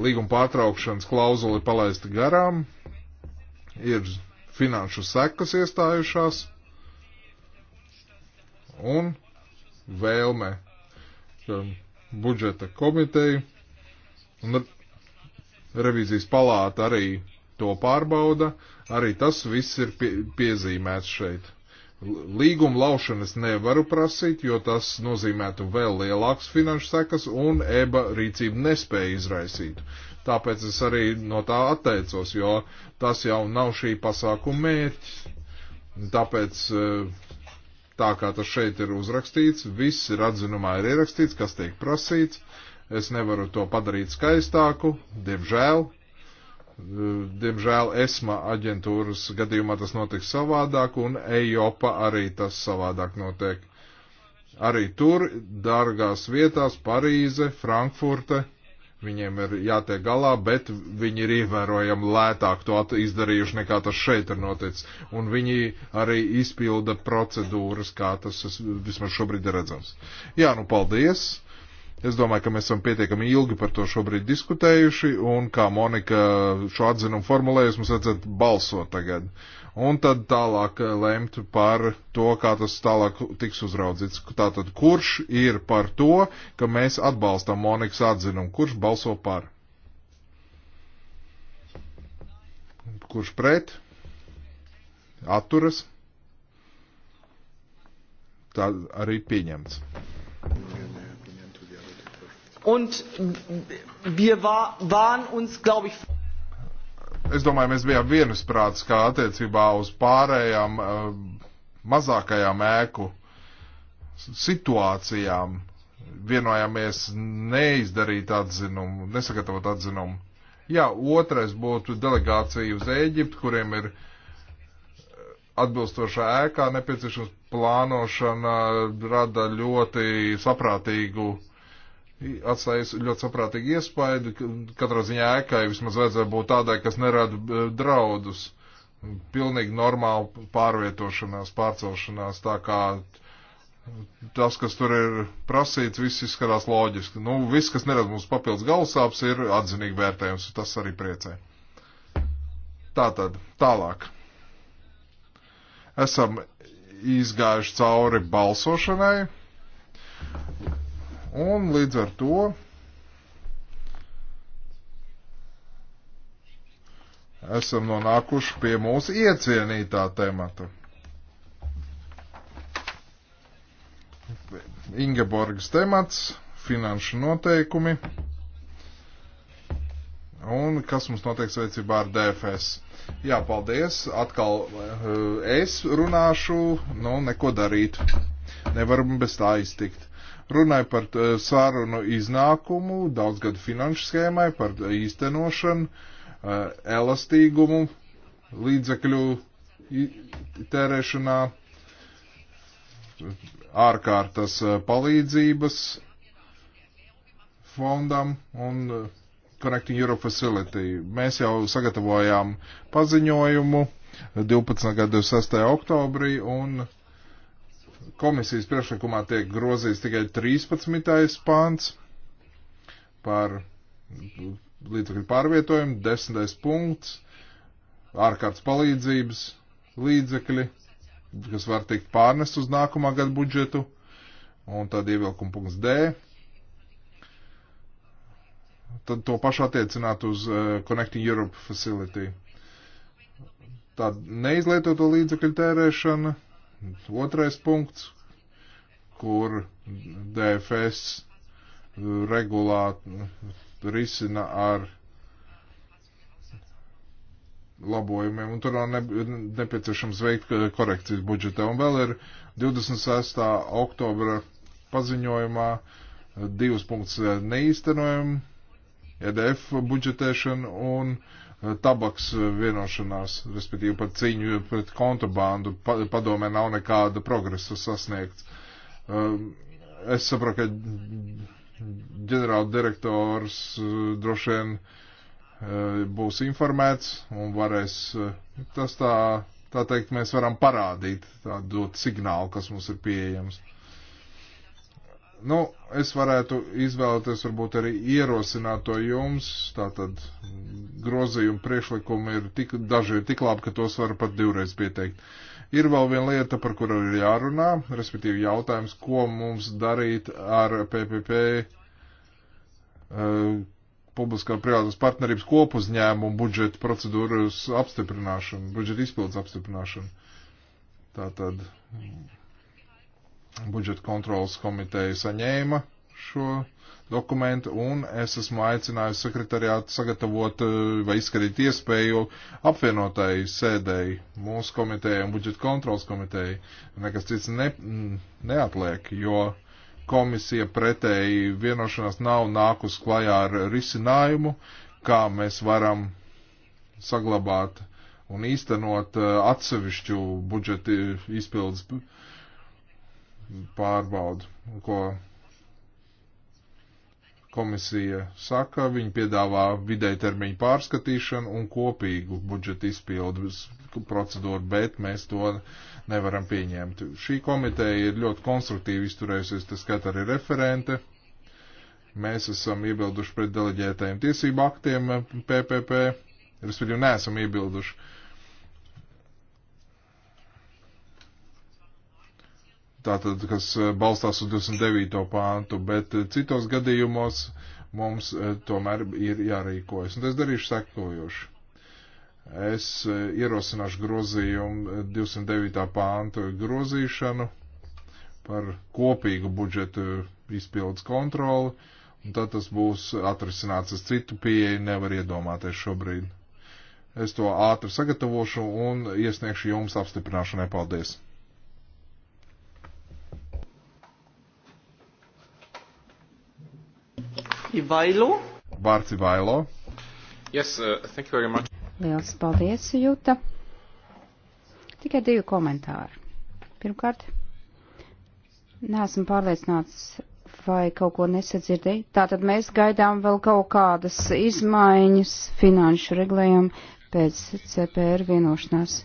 līguma pārtraukšanas klauzuli palaista garām, ir finanšu sekas iestājušās un vēlme um, budžeta komiteju un revīzijas palāta arī to pārbauda. Uh, Arī tas viss ir pie, piezīmēts šeit. Līguma laušanas nevaru prasīt, jo tas nozīmētu vēl lielākas finanšu sekas un EBA rīcību nespēja izraisīt. Tāpēc es arī no tā atteicos, jo tas jau nav šī pasākuma mērķis. Tāpēc eh, tā kā tas šeit ir uzrakstīts, viss ir atzinumā ir ierakstīts, kas tiek prasīts. Es nevaru to padarīt skaistāku, diemžēl, Diemžēl ESMA aģentūras gadījumā tas notiek savādāk, un EIOPA arī tas savādāk notiek. Arī tur, dārgās vietās, Parīze, Frankfurte, viņiem ir jātiek galā, bet viņi ir ievērojami lētāk to izdarījuši nekā tas šeit ir noticis. Un viņi arī izpilda procedūras, kā tas vismaz šobrīd ir redzams. Jā, nu paldies! Es domāju, ka mēs esam pietiekami ilgi par to šobrīd diskutējuši, un kā Monika šo atzinumu formulējusi, mums vajadzētu balsot tagad. Un tad tālāk eh, lemt par to, kā tas tālāk tiks uzraudzīts. Tātad, kurš ir par to, ka mēs atbalstam Monikas atzinumu, kurš balso par? Kurš pret? Atturas? Tā arī pieņemts. Amen. Und wir war, waren uns, glaube ich, Es domāju, mēs bijām vienisprāts, kā attiecībā uz pārējām eh, mazākajām ēku situācijām vienojāmies neizdarīt atzinumu, nesagatavot atzinumu. Jā, otrais būtu delegācija uz Ēģiptu, kuriem ir atbilstošā ēkā nepieciešams plānošana, rada ļoti saprātīgu uh, atstājis ļoti saprātīgu iespaidu. Katrā ziņā ēkai vismaz vajadzēja būt tādai, kas nerada e, draudus. Pilnīgi normāla pārvietošanās, pārcelšanās, tā kā tas, kas tur ir prasīts, viss izskatās loģiski. Nu, viss, kas nerada mums papildus galvasāps, ir atzinīgi vērtējums, tas arī priecē. Tātad, tālāk. Esam izgājuši cauri balsošanai Un līdz ar to esam nonākuši pie mūsu iecienītā temata. Ingeborgas temats, finanšu noteikumi un kas mums notiek saistībā ar DFS. Jā, paldies. Atkal eh, es runāšu, nu, neko darīt. Nevaram bez tā iztikt. Runāja par eh, sārunu iznākumu, daudzgadu finanšu schēmai, par eh, īstenošanu, eh, elastīgumu, līdzekļu tērēšanā, ārkārtas palīdzības fondam un Connecting Europe Facility. Mēs jau sagatavojām paziņojumu 12. gada 6. oktobrī un Komisijas priekšlikumā tiek grozīts tikai 13. pāns par līdzekļu pārvietojumu, 10. punkts, ārkārtas palīdzības līdzekļi, kas var tikt pārnest uz nākamā gada budžetu, un tad ievilkuma punkts D. Tad to pašu attiecināt uz uh, Connecting Europe Facility. Tāda neizlietoto līdzekļu tērēšana Otrais punkts, kur DFS regulā risina ar labojumiem, un tur nav ne, nepieciešams veikt korekcijas budžetā. Un vēl ir 26. oktobra paziņojumā eh, divas punkts eh, neīstenojumu, EDF budžetēšana un uh, tabaks vienošanās, respektīvi par cīņu pret kontrabandu, padomē nav nekāda progresa sasniegts. Um, es saprotu, ka ģenerāla direktors uh, droši vien uh, būs informēts un varēs, uh, tas tā, tā teikt, mēs varam parādīt, tā dot signālu, kas mums ir pieejams. Nu, es varētu izvēlēties varbūt arī ierosināt to jums, tātad grozījumu priekšlikumi ir tik, daži ir tik labi, ka tos var pat divreiz pieteikt. Ir vēl viena lieta, par kuru ir jārunā, respektīvi jautājums, ko mums darīt ar PPP uh, eh, publiskā privātas partnerības kopuzņēmumu budžeta procedūras apstiprināšanu, budžeta izpildes apstiprināšanu. Tātad. Mm budžeta kontrolas komiteja saņēma šo dokumentu, un es esmu aicinājusi sekretariātu sagatavot eh, vai izskatīt iespēju apvienotai sēdēji mūsu komitejai un budžeta kontrolas komitejai. Nekas cits ne, neatliek, jo komisija pretēji vienošanās nav nākus klajā ar risinājumu, kā mēs varam saglabāt un īstenot eh, atsevišķu budžeta izpildes pārbaudu, ko komisija saka. Viņi piedāvā vidēji termiņu pārskatīšanu un kopīgu budžeta izpildes procedūru, bet mēs to nevaram pieņemt. Šī komiteja ir ļoti konstruktīvi izturējusies, tas skat arī referente. Mēs esam iebilduši pret deleģētajiem tiesību aktiem PPP, respektīvi neesam iebilduši. Uh, tātad, kas eh, balstās uz 29. pāntu, bet eh, citos gadījumos mums eh, tomēr ir jārīkojas. Un es darīšu sekojoši. Es ierosināšu grozījumu 209. pāntu grozīšanu par kopīgu budžetu izpildes kontroli, un tad tas būs atrisināts. Es citu pieeju nevar iedomāties šobrīd. Es to ātri sagatavošu un iesniegšu jums apstiprināšanai. Paldies! Ivailo. Vārds Ivailo. Yes, uh, thank you very much. Liels paldies, Jūta. Tikai divi komentāri. Pirmkārt, neesmu pārliecināts, vai kaut ko nesadzirdēju. Tātad mēs gaidām vēl kaut kādas izmaiņas finanšu regulējumu pēc CPR vienošanās.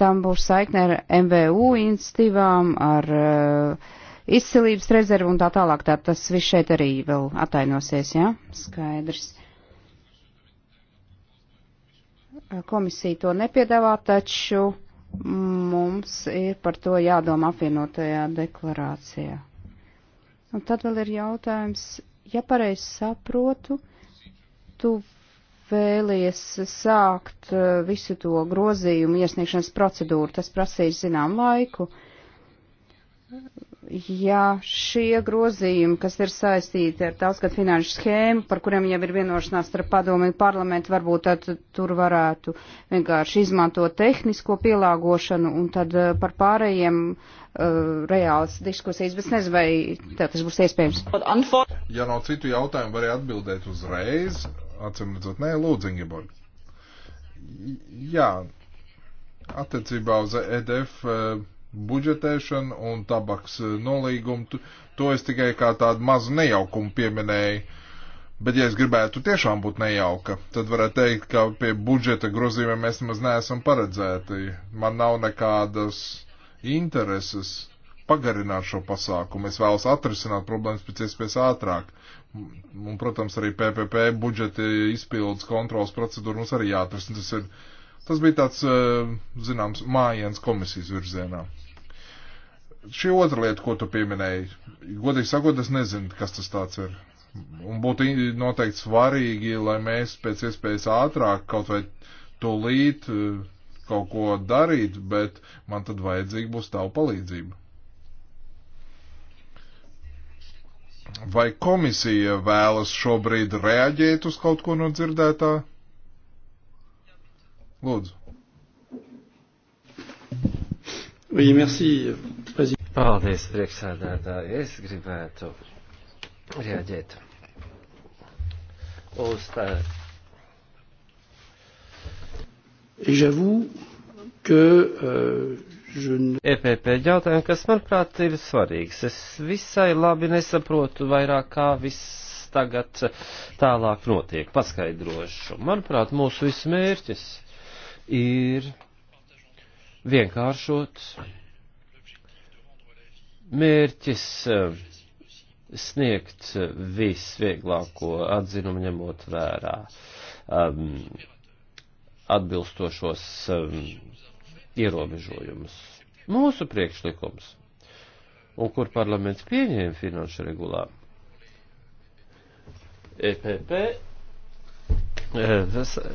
Tam būs saikne ar MVU institīvām, ar uh, izcilības rezervu un tā tālāk. Tā tas viss šeit arī vēl atainosies, jā? Ja? Skaidrs. Komisija to nepiedāvā, taču mums ir par to jādomā apvienotajā deklarācijā. Un tad vēl ir jautājums, ja pareizi saprotu, tu vēlies sākt eh, visu to grozījumu iesniegšanas procedūru, tas prasīs zinām laiku ja šie grozījumi, kas ir saistīti ar daudzgad finanšu schēmu, par kuriem jau ir vienošanās ar padomu un parlamentu, varbūt tad tur varētu vienkārši izmantot tehnisko pielāgošanu un tad eh, par pārējiem uh, reāls diskusijas, bet nezinu, vai tā tas būs iespējams. Ja nav citu jautājumu, varēja atbildēt uzreiz, atsimredzot, nē, lūdzu, Ingeborg. Jā, attiecībā uz EDF. Uh, eh, budžetēšanu un tabaks eh, nolīgumu. To es tikai kā tādu mazu nejaukumu pieminēju. Bet, ja es gribētu tiešām būt nejauka, tad varētu teikt, ka pie budžeta grozījumiem mēs maz neesam paredzēti. Man nav nekādas intereses pagarināt šo pasākumu. Es vēlos atrisināt problēmas pēc iespējas ātrāk. Un, protams, arī PPP budžeta izpildes kontrolas procedūra mums arī jāatrisina. Tas, ir, tas bija tāds, eh, zināms, mājiens komisijas virzienā. Šī otra lieta, ko tu pieminēji, godīgi sakot, es nezinu, kas tas tāds ir. Un būtu noteikti svarīgi, lai mēs pēc iespējas ātrāk kaut vai tūlīt eh, kaut ko darītu, bet man tad vajadzīga būs tava palīdzība. Vai komisija vēlas šobrīd reaģēt uz kaut ko no dzirdētā? Lūdzu. Oui, merci. Paldies, priekšsēdētāji. Es gribētu rieģēt uz tā. J'avoue que euh, je ne... EPP jautājumi, kas manuprāt ir svarīgs. Es visai labi nesaprotu vairāk, kā viss tagad tālāk notiek. Paskaidrošu. Manuprāt, mūsu viss mērķis ir vienkāršot mērķis eh, sniegt visvieglāko atzinumu ņemot vērā um, atbilstošos um, ierobežojumus. Mūsu priekšlikums, un kur parlaments pieņēma finanšu regulā, EPP, tas eh,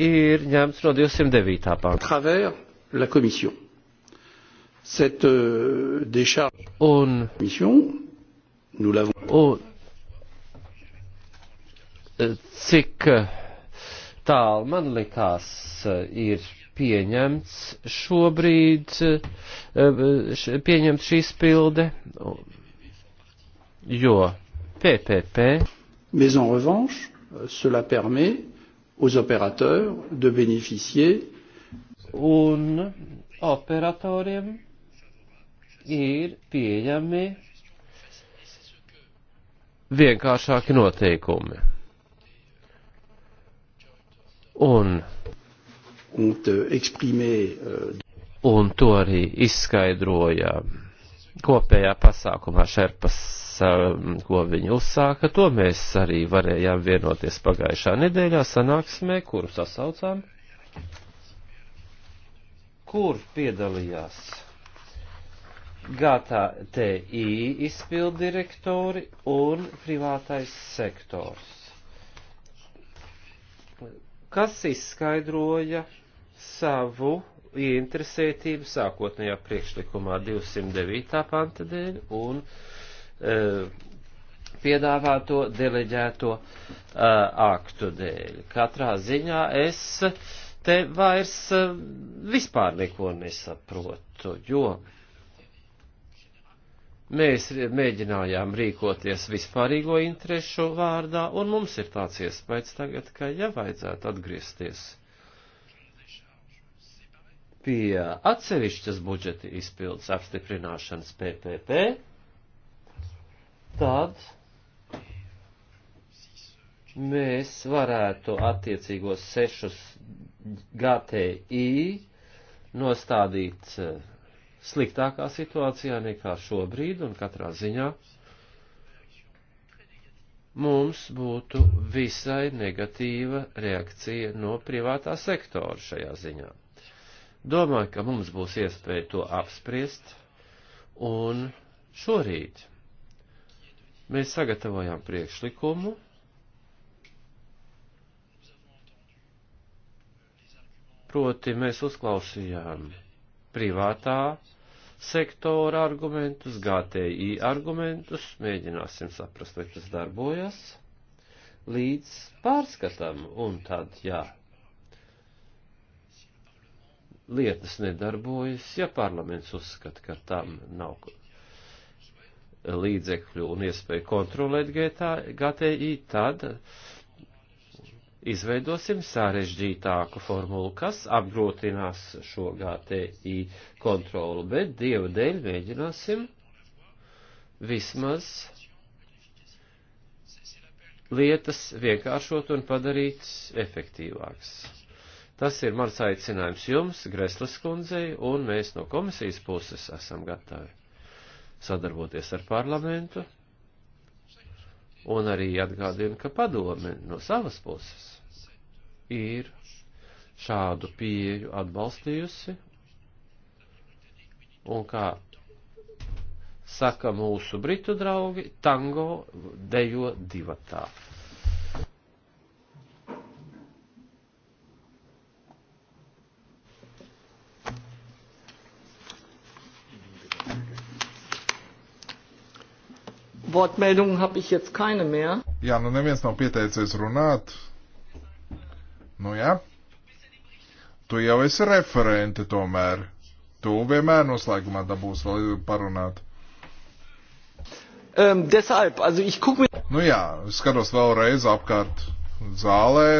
ir ņemts no 209. pānta. Cette euh, décharge un, mission, nous l'avons. Un, cik tālu man likās eh, ir pieņemts šobrīd, eh, pieņemts šī spilde, jo PPP. Mais en revanche, cela permet aux opérateurs de bénéficier. Un operatoriem ir pieejami vienkāršāki noteikumi. Un, uh, un to arī izskaidroja kopējā pasākumā šerpas, um, ko viņi uzsāka. To mēs arī varējām vienoties pagājušā nedēļā sanāksmē, kuru sasaucām, kur piedalījās GTI izpildirektori un privātais sektors, kas izskaidroja savu ieinteresētību sākotnējā priekšlikumā 209. panta dēļ un e, piedāvāto deleģēto e, aktu dēļ. Katrā ziņā es te vairs e, vispār neko nesaprotu, jo. Mēs mēģinājām rīkoties vispārīgo interešu vārdā, un mums ir tāds iespējas tagad, ka ja vajadzētu atgriezties pie atsevišķas budžeta izpildes apstiprināšanas PPP, tad mēs varētu attiecīgos sešus GTI nostādīt sliktākā situācijā nekā šobrīd, un katrā ziņā mums būtu visai negatīva reakcija no privātā sektora šajā ziņā. Domāju, ka mums būs iespēja to apspriest, un šorīt mēs sagatavojām priekšlikumu, proti mēs uzklausījām privātā sektora argumentus, GTI argumentus, mēģināsim saprast, vai tas darbojas, līdz pārskatam, un tad, jā, lietas nedarbojas, ja parlaments uzskata, ka tam nav līdzekļu un iespēju kontrolēt GTI, tad izveidosim sarežģītāku formulu, kas apgrūtinās šo GTI kontrolu, bet Dieva dēļ mēģināsim vismaz lietas vienkāršot un padarīt efektīvāks. Tas ir mans aicinājums jums, Greslas kundzei, un mēs no komisijas puses esam gatavi sadarboties ar parlamentu, un arī atgādinu, ka padome no savas puses ir šādu pieeju atbalstījusi, un kā saka mūsu britu draugi, tango dejo divatā. Wortmeldungen habe ich jetzt keine mehr. Ja, nu neviens nav pieteicies runāt. Nu jā, tu jau esi referente tomēr. Tu vienmēr noslēgumā dabūs vēl parunāt. Um, deshalb, also ich guck mir... Nu jā, skatos vēlreiz apkārt zālē,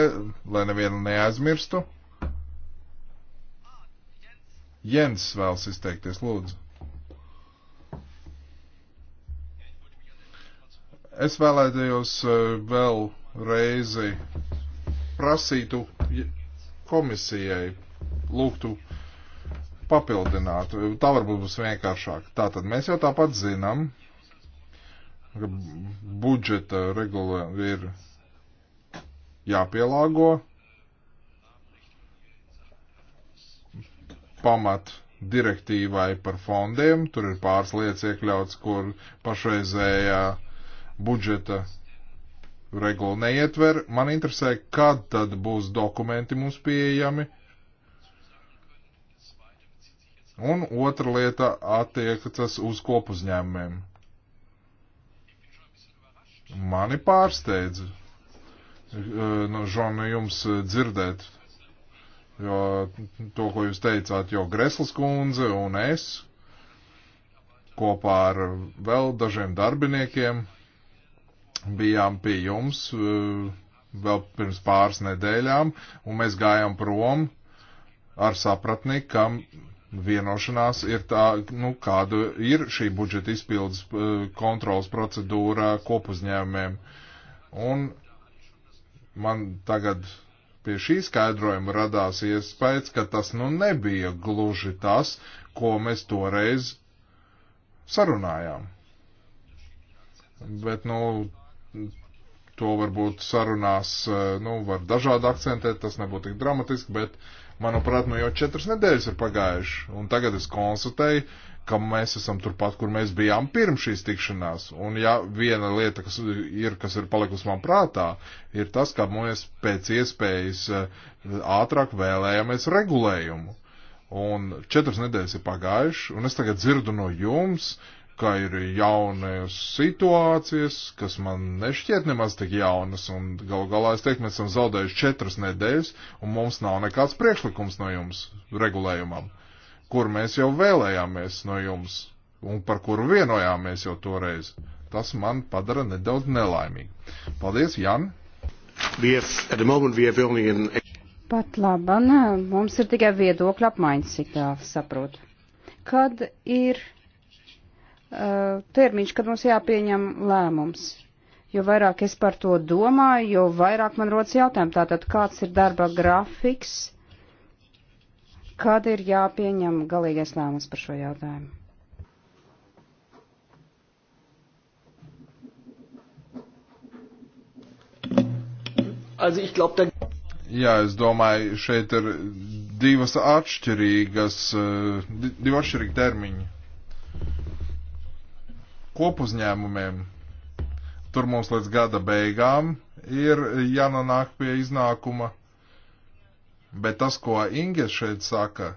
lai nevienu neaizmirstu. Jens vēlas izteikties, lūdzu. Es vēlētos äh, vēl reizi prasītu komisijai, lūgtu papildināt. Tā varbūt būs vienkāršāk. Tātad mēs jau tāpat zinām, ka budžeta regula ir jāpielāgo pamat direktīvai par fondiem. Tur ir pāris lietas iekļauts, kur pašreizējā budžeta regula neietver. Man interesē, kad tad būs dokumenti mums pieejami. Un otra lieta attiecas uz kopuzņēmumiem. Mani pārsteidz, eh, no nu, Žona, nu, jums eh, dzirdēt, jo to, ko jūs teicāt, jo Gresls kundze un es kopā ar eh, vēl dažiem darbiniekiem bijām pie jums eh, vēl pirms pāris nedēļām, un mēs gājām prom ar sapratni, ka vienošanās ir tā, nu, kāda ir šī budžeta izpildes eh, kontrolas procedūra kopuzņēmumiem. Un man tagad pie šī skaidrojuma radās iespējas, ka tas nu nebija gluži tas, ko mēs toreiz sarunājām. Bet, nu, To varbūt sarunās, eh, nu, var dažādi akcentēt, tas nebūtu tik dramatiski, bet, manuprāt, nu jau četras nedēļas ir pagājuši, un tagad es konstatēju, ka mēs esam turpat, kur mēs bijām pirms šīs tikšanās. Un ja viena lieta, kas ir, kas ir palikusi man prātā, ir tas, ka mēs pēc iespējas eh, ātrāk vēlējamies regulējumu. Un četras nedēļas ir pagājušas, un es tagad dzirdu no jums, uh, ka ir jaunas situācijas, kas man nešķiet nemaz tik jaunas, un gal galā es teiktu, mēs esam zaudējuši četras nedēļas, un mums nav nekāds priekšlikums no jums regulējumam, kur mēs jau vēlējāmies no jums, un par kuru vienojāmies jau toreiz. Tas man padara nedaudz nelaimīgi. Paldies, Jan! In... Pat labi, mums ir tikai viedokļa apmaiņas, cik tā saprotu. Kad ir Uh, termiņš, kad mums jāpieņem lēmums. Jo vairāk es par to domāju, jo vairāk man rodas jautājumi. Tātad, kāds ir darba grafiks, kad ir jāpieņem galīgais lēmums par šo jautājumu? Also ich glaube, da Jā, es domāju, šeit ir divas atšķirīgas, uh, divi atšķirīgi termiņi kopuzņēmumiem. Tur mums līdz gada beigām ir jānonāk pie iznākuma. Bet tas, ko Inge šeit saka,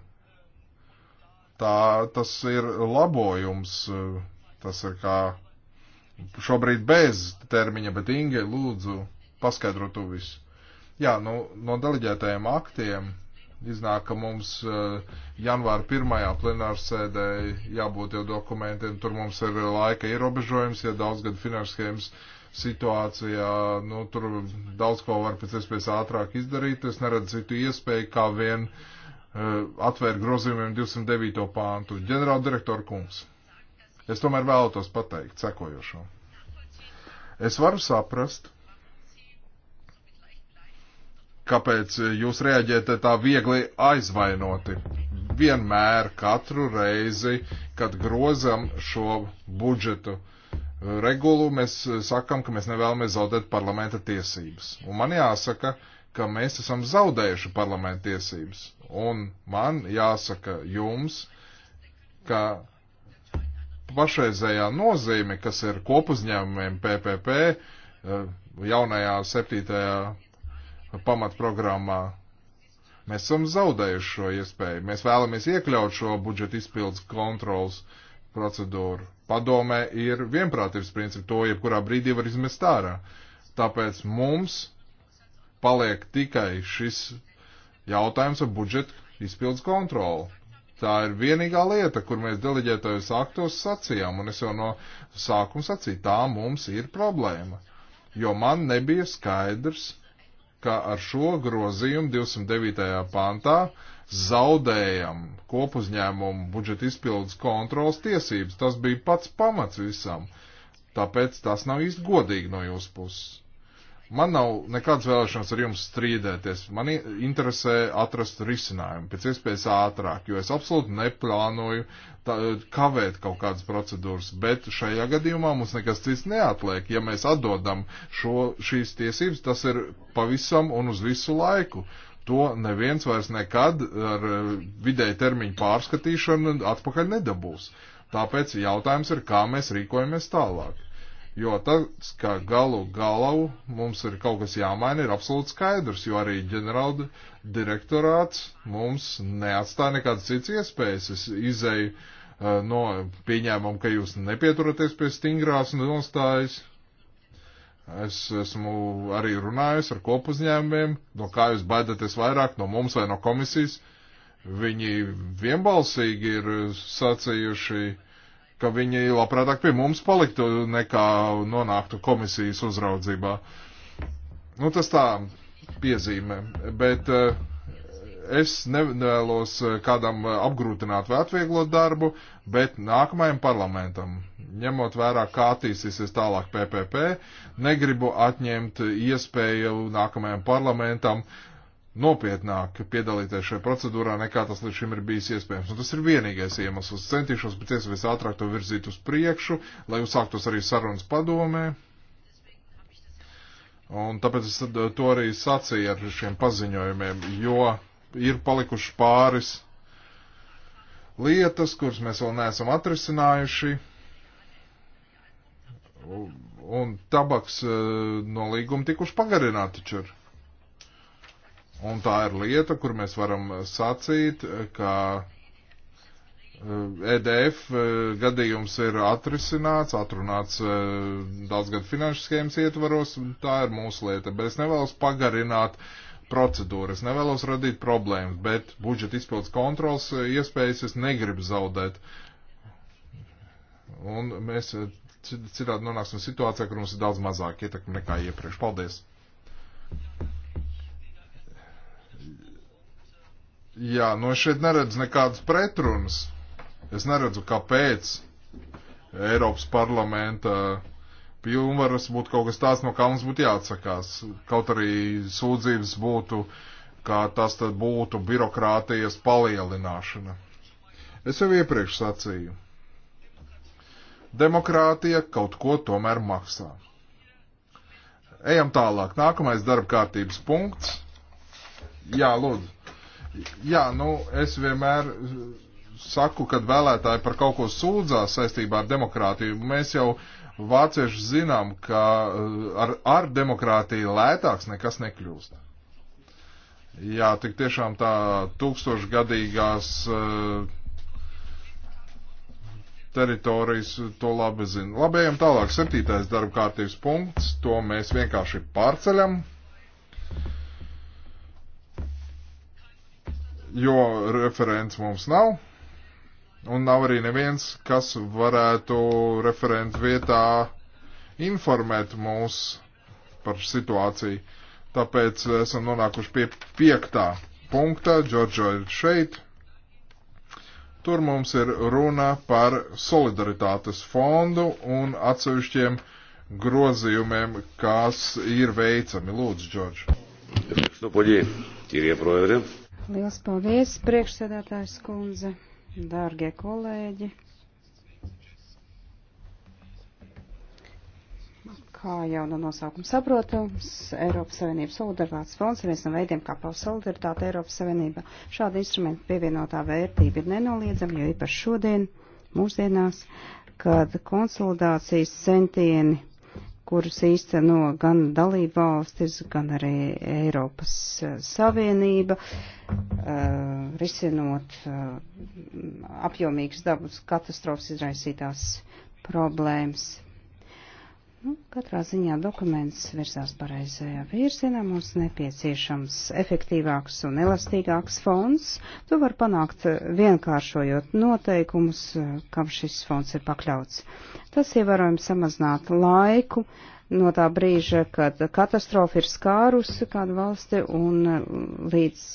tā, tas ir labojums. Tas ir kā šobrīd bez termiņa, bet Inge, lūdzu, paskaidro to visu. Jā, nu, no deleģētajiem aktiem Iznāk, ka mums eh, janvāra pirmajā plenārsēdē jābūt jau dokumentiem, tur mums ir laika ierobežojums, ja daudzgad finanskējums situācijā, nu, tur daudz ko var pēc iespējas ātrāk izdarīt. Es neredzu citu iespēju, kā vien uh, atvērt grozījumiem 209. pāntu. Ģenerāldirektora kungs, es tomēr vēlētos pateikt sekojošo. Es varu saprast, kāpēc eh, jūs reaģējat tā viegli aizvainoti. Vienmēr, katru reizi, kad grozam šo budžetu eh, regulu, mēs eh, sakam, ka mēs nevēlamies zaudēt parlamenta tiesības. Un man jāsaka, ka mēs esam zaudējuši parlamenta tiesības. Un man jāsaka jums, ka pašreizējā nozīme, kas ir kopuzņēmumiem PPP, jaunajā septītajā pamatprogrammā. Mēs esam zaudējuši šo iespēju. Mēs vēlamies iekļaut šo budžeta izpildes kontrols procedūru. Padomē ir vienprātības princips, to jebkurā brīdī var izmest ārā. Tāpēc mums paliek tikai šis jautājums ar budžeta izpildes kontroli. Tā ir vienīgā lieta, kur mēs deleģētājus aktos sacījām, un es jau no sākuma sacīju, tā mums ir problēma. Jo man nebija skaidrs, ka ar šo grozījumu 209. pantā zaudējam kopuzņēmumu budžeta izpildes kontrolas tiesības. Tas bija pats pamats visam. Tāpēc tas nav īsti godīgi no jūsu puses. Man nav nekādas vēlēšanas ar jums strīdēties. Man interesē atrast risinājumu pēc iespējas ātrāk, jo es absolūti neplānoju tā, kavēt kaut kādas procedūras, bet šajā gadījumā mums nekas cits neatliek. Ja mēs atdodam šo, šīs tiesības, tas ir pavisam un uz visu laiku. To neviens vairs nekad ar eh, vidēju termiņu pārskatīšanu atpakaļ nedabūs. Tāpēc jautājums ir, kā mēs rīkojamies tālāk. Jo tas, ka galu galau mums ir kaut kas jāmaina, ir absolūti skaidrs, jo arī ģenerāla direktorāts mums neatstāja nekādas citas iespējas. Es izēju uh, no pieņēmuma, ka jūs nepieturaties pie stingrās nostājas. Es esmu arī runājis ar kopuzņēmumiem, no kā jūs baidaties vairāk, no mums vai no komisijas. Viņi vienbalsīgi ir sacījuši, uh, ka viņi labprātāk pie mums paliktu nekā nonāktu komisijas uzraudzībā. Nu, tas tā piezīme, bet eh, es nevēlos eh, kādam eh, apgrūtināt vai atvieglot darbu, bet nākamajam parlamentam, ņemot vērā, kā attīstīsies tālāk PPP, negribu atņemt iespēju nākamajam parlamentam uh, nopietnāk piedalīties šajā procedūrā, nekā tas līdz šim ir bijis iespējams. Un tas ir vienīgais iemesls. Centīšos pēc iespējas ātrāk to virzīt uz priekšu, lai uzsāktos arī sarunas padomē. Un tāpēc es to arī sacīju ar šiem paziņojumiem, jo ir palikuši pāris lietas, kuras mēs vēl neesam atrisinājuši. Un tabaks eh, no līguma tikuši pagarināti taču ir. Un tā ir lieta, kur mēs varam eh, sacīt, eh, ka EDF eh, e gadījums ir atrisināts, atrunāts daudzgad finanšu schēmas ietvaros, tā ir mūsu lieta, bet es nevēlos pagarināt procedūru, es nevēlos radīt problēmas, bet budžeta izpildes kontrols iespējas es negribu zaudēt. Un mēs citādi nonāksim situācijā, kur mums ir daudz mazāk ietekmi nekā iepriekš. Paldies! Jā, no nu, šeit neredz nekādas pretrunas. Es neredzu, kāpēc Eiropas parlamenta pilnvaras būtu kaut kas tāds, no kā mums būtu jāatsakās. Kaut arī sūdzības būtu, kā tas tad būtu birokrātijas palielināšana. Es jau iepriekš sacīju. Demokrātija kaut ko tomēr maksā. Ejam tālāk. Nākamais darba kārtības punkts. Jā, lūdzu. Jā, nu es vienmēr saku, kad vēlētāji par kaut ko sūdzās saistībā ar demokrātiju. Mēs jau vācieši zinām, ka eh, ar, ar demokrātiju lētāks nekas nekļūst. Jā, tik tiešām tā tūkstošgadīgās eh, teritorijas to labi zina. Labi, ejam tālāk. Septītais darba kārtības punkts. To mēs vienkārši pārceļam. jo referents mums nav, un nav arī neviens, kas varētu referentu vietā informēt mūs par situāciju. Tāpēc esam nonākuši pie piektā punktā, Džordžo ir šeit. Tur mums ir runa par solidaritātes fondu un atsevišķiem grozījumiem, kas ir veicami. Lūdzu, Džordž. Ευχαριστώ πολύ, κύριε Πρόεδρε. Liels paldies, priekšsēdētājs kundze, dārgie kolēģi. kā jau no nosaukuma saprotams, Eiropas Savienības solidaritātes fonds ir viens no veidiem, kā paust solidaritāti Eiropas Savienībā. Šāda instrumenta pievienotā vērtība ir nenoliedzama, jo īpaši šodien, mūsdienās, kad konsolidācijas centieni kurus īsteno gan dalību valstis, gan arī Eiropas eh, Savienība, eh, risinot eh, apjomīgas dabas katastrofas izraisītās problēmas. Nu, katrā ziņā dokuments virzās pareizajā virzienā. Mums nepieciešams efektīvāks un elastīgāks fonds. To var panākt eh, vienkāršojot noteikumus, eh, kam šis fonds ir pakļauts. Tas ievērojami samazinātu laiku no tā brīža, kad katastrofa ir skārusi kādu valsti un eh, līdz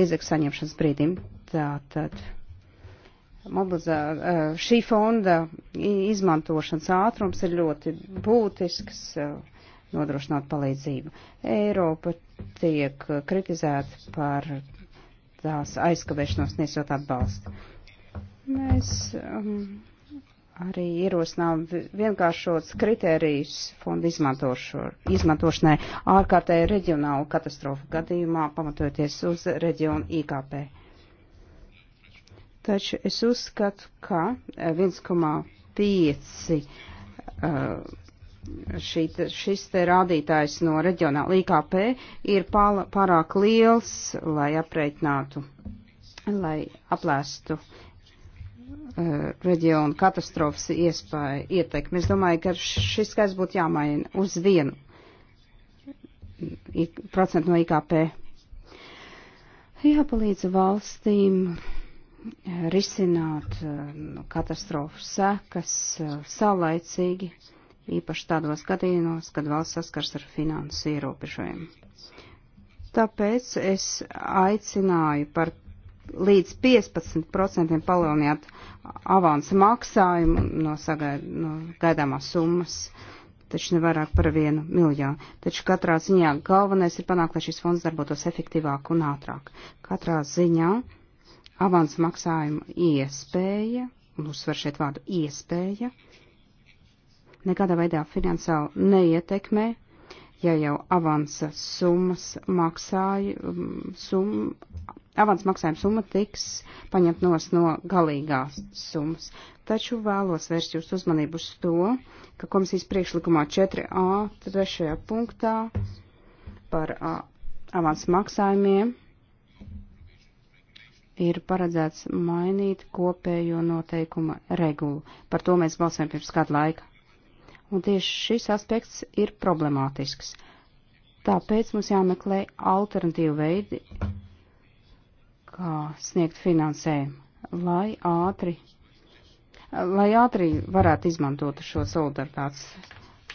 līdzekļu saņemšanas brīdim. Tātad mobilizē, šī fonda izmantošanas ātrums ir ļoti būtisks nodrošināt palīdzību. Eiropa tiek kritizēta par tās aizkavēšanos nesot atbalstu. Mēs um, arī ierosinām vienkāršots kritērijus fonda izmantošanai ārkārtēji reģionālu katastrofu gadījumā, pamatojoties uz reģionu IKP. Taču es uzskatu, ka 1,5 eh, eh, šis te rādītājs no reģionāla IKP ir pārāk liels, lai apreitinātu, lai aplēstu eh, reģionu katastrofas iespēju ietekmi. Es domāju, ka šis skaits būtu jāmaina uz vienu procentu no IKP. Jāpalīdz valstīm risināt eh, katastrofu sekas eh, saulaicīgi, īpaši tādos gadījumos, kad valsts saskars ar finansu ierobežojumu. Tāpēc es aicināju par līdz 15% palielināt avansa maksājumu no, sagaid, no gaidāmās summas, taču ne vairāk par vienu miljonu. Taču katrā ziņā galvenais ir panākt, lai šis fonds darbotos efektīvāk un ātrāk. Katrā ziņā avans maksājuma iespēja, un uzsver šeit vārdu iespēja, nekādā veidā finansiāli neietekmē, ja jau avansa summas maksāja, um, sum, avans maksājuma summa tiks paņemt nos no galīgās summas. Taču vēlos vērst jūsu uzmanību uz to, ka komisijas priekšlikumā 4a trešajā punktā par uh, avans maksājumiem ir paredzēts mainīt kopējo noteikuma regulu. Par to mēs balsojam pirms kādu laiku. Un tieši šis aspekts ir problemātisks. Tāpēc mums jāmeklē alternatīvu veidi, kā sniegt finansējumu, lai ātri, lai ātri varētu izmantot šo solidaritātes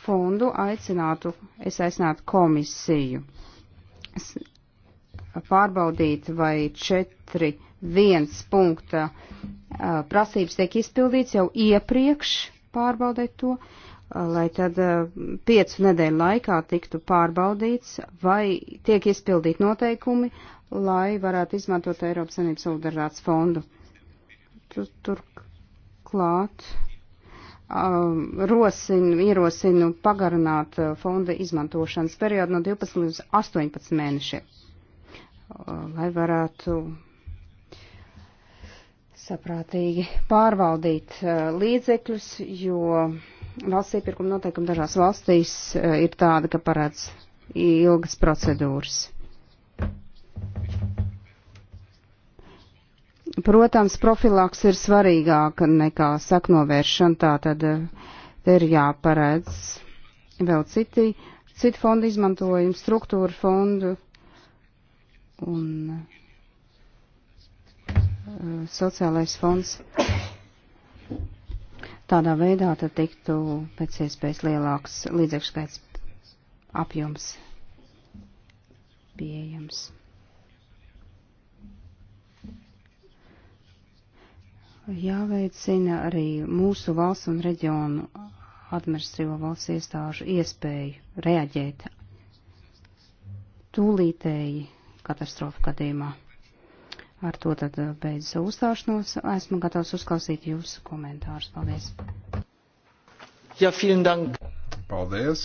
fondu, aicinātu, es aicinātu komisiju pārbaudīt, vai četri viens punkta prasības tiek izpildīts jau iepriekš pārbaudēt to, lai tad piecu nedēļu laikā tiktu pārbaudīts, vai tiek izpildīt noteikumi, lai varētu izmantot Eiropas Savienības solidaritātes fondu. Tur, turklāt um, rosinu, ierosinu pagarināt fonda izmantošanas periodu no 12 līdz 18 mēnešiem, lai varētu saprātīgi pārvaldīt uh, līdzekļus, jo valsts iepirkuma noteikumi dažās valstīs uh, ir tāda, ka parāds ilgas procedūras. Protams, profilaks ir svarīgāka nekā saknovēršana, tā tad uh, te ir jāparedz vēl citi, citu fondu izmantojumu, struktūru fondu un Eh, sociālais fonds. Tādā veidā tad tiktu pēc iespējas lielāks līdzekļu skaits apjoms pieejams. Jāveicina arī mūsu valsts un reģionu administrīvo valsts iestāžu iespēju reaģēt tūlītēji katastrofu gadījumā. Ar to tad eh, beidz savu uzstāšanos. Esmu gatavs uzklausīt jūsu komentārus. Paldies. Jā, ja, vielen dank. Paldies.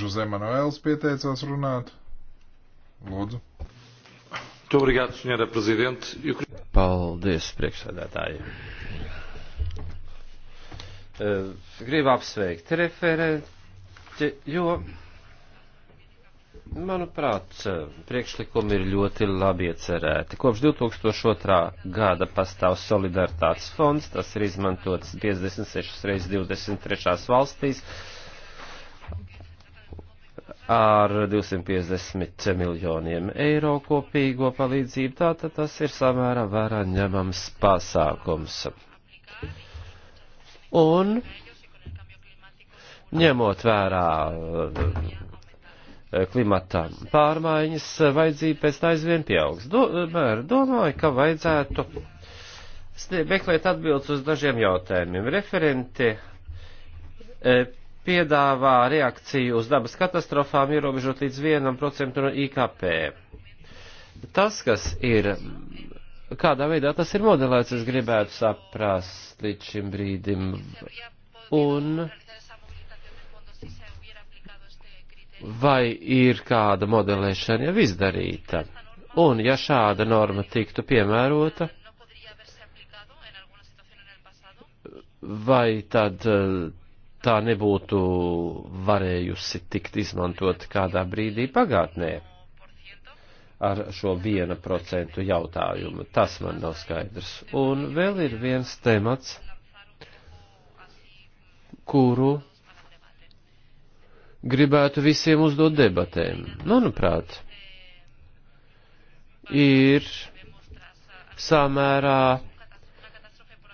Žuze Manuēls pieteicās runāt. Lūdzu. Obrigado, senhora Presidente. Eu... Paldies, priekšsēdētāji. Eh, gribu apsveikt referenti, jo Manuprāt, priekšlikumi ir ļoti labi iecerēti. Kopš 2002. gada pastāv solidaritātes fonds, tas ir izmantots 56 reizes 23 valstīs ar 250 miljoniem eiro kopīgo palīdzību. Tātad tas ir samērā vērā ņemams pasākums. Un ņemot vērā klimata pārmaiņas eh, vajadzība pēc tā aizvien pieaugs. Domēr, eh, domāju, ka vajadzētu meklēt atbildes uz dažiem jautājumiem. Referenti eh, piedāvā reakciju uz dabas katastrofām ierobežot līdz 1% no IKP. Tas, kas ir, kādā veidā tas ir modelēts, es gribētu saprast līdz šim brīdim. Un vai ir kāda modelēšana jau izdarīta. Un ja šāda norma tiktu piemērota, vai tad eh, tā nebūtu varējusi tikt izmantot kādā brīdī pagātnē ar šo viena procentu jautājumu. Tas man nav skaidrs. Un vēl ir viens temats, kuru gribētu visiem uzdot debatēm. Manuprāt, ir samērā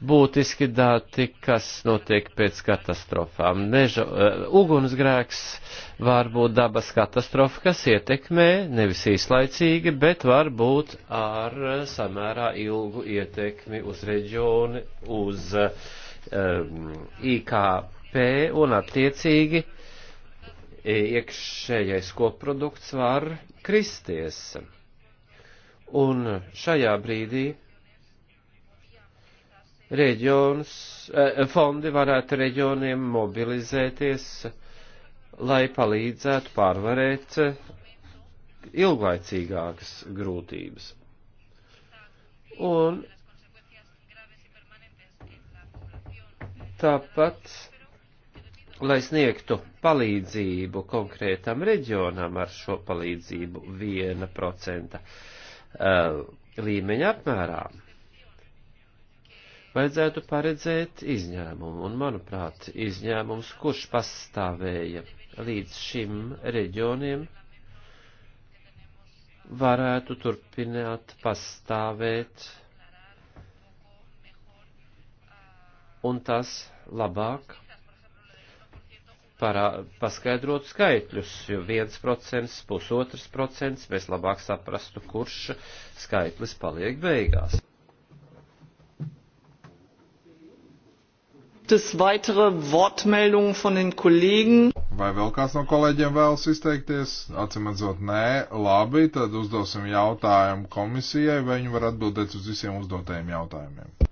būtiski dati, kas notiek pēc katastrofām. Meža, uh, eh, ugunsgrēks var būt dabas katastrofa, kas ietekmē nevis īslaicīgi, bet var būt ar uh, samērā ilgu ietekmi uz reģioni, uz um, eh, IKP un attiecīgi uh, iekšējais koprodukts var kristies. Un šajā brīdī reģions, eh, fondi varētu reģioniem mobilizēties, lai palīdzētu pārvarēt ilglaicīgākas grūtības. Un tāpat lai sniegtu palīdzību konkrētam reģionam ar šo palīdzību 1% uh, līmeņa apmērā. Vajadzētu paredzēt izņēmumu, un, manuprāt, izņēmums, kurš pastāvēja līdz šim reģioniem, varētu turpināt pastāvēt, un tas labāk parā, paskaidrotu skaitļus, jo viens procents, pusotrs procents, mēs labāk saprastu, kurš skaitlis paliek beigās. Vai vēl kāds no kolēģiem vēlas izteikties? Atcīmredzot, nē, labi, tad uzdosim jautājumu komisijai, vai viņi var atbildēt uz visiem uzdotajiem jautājumiem.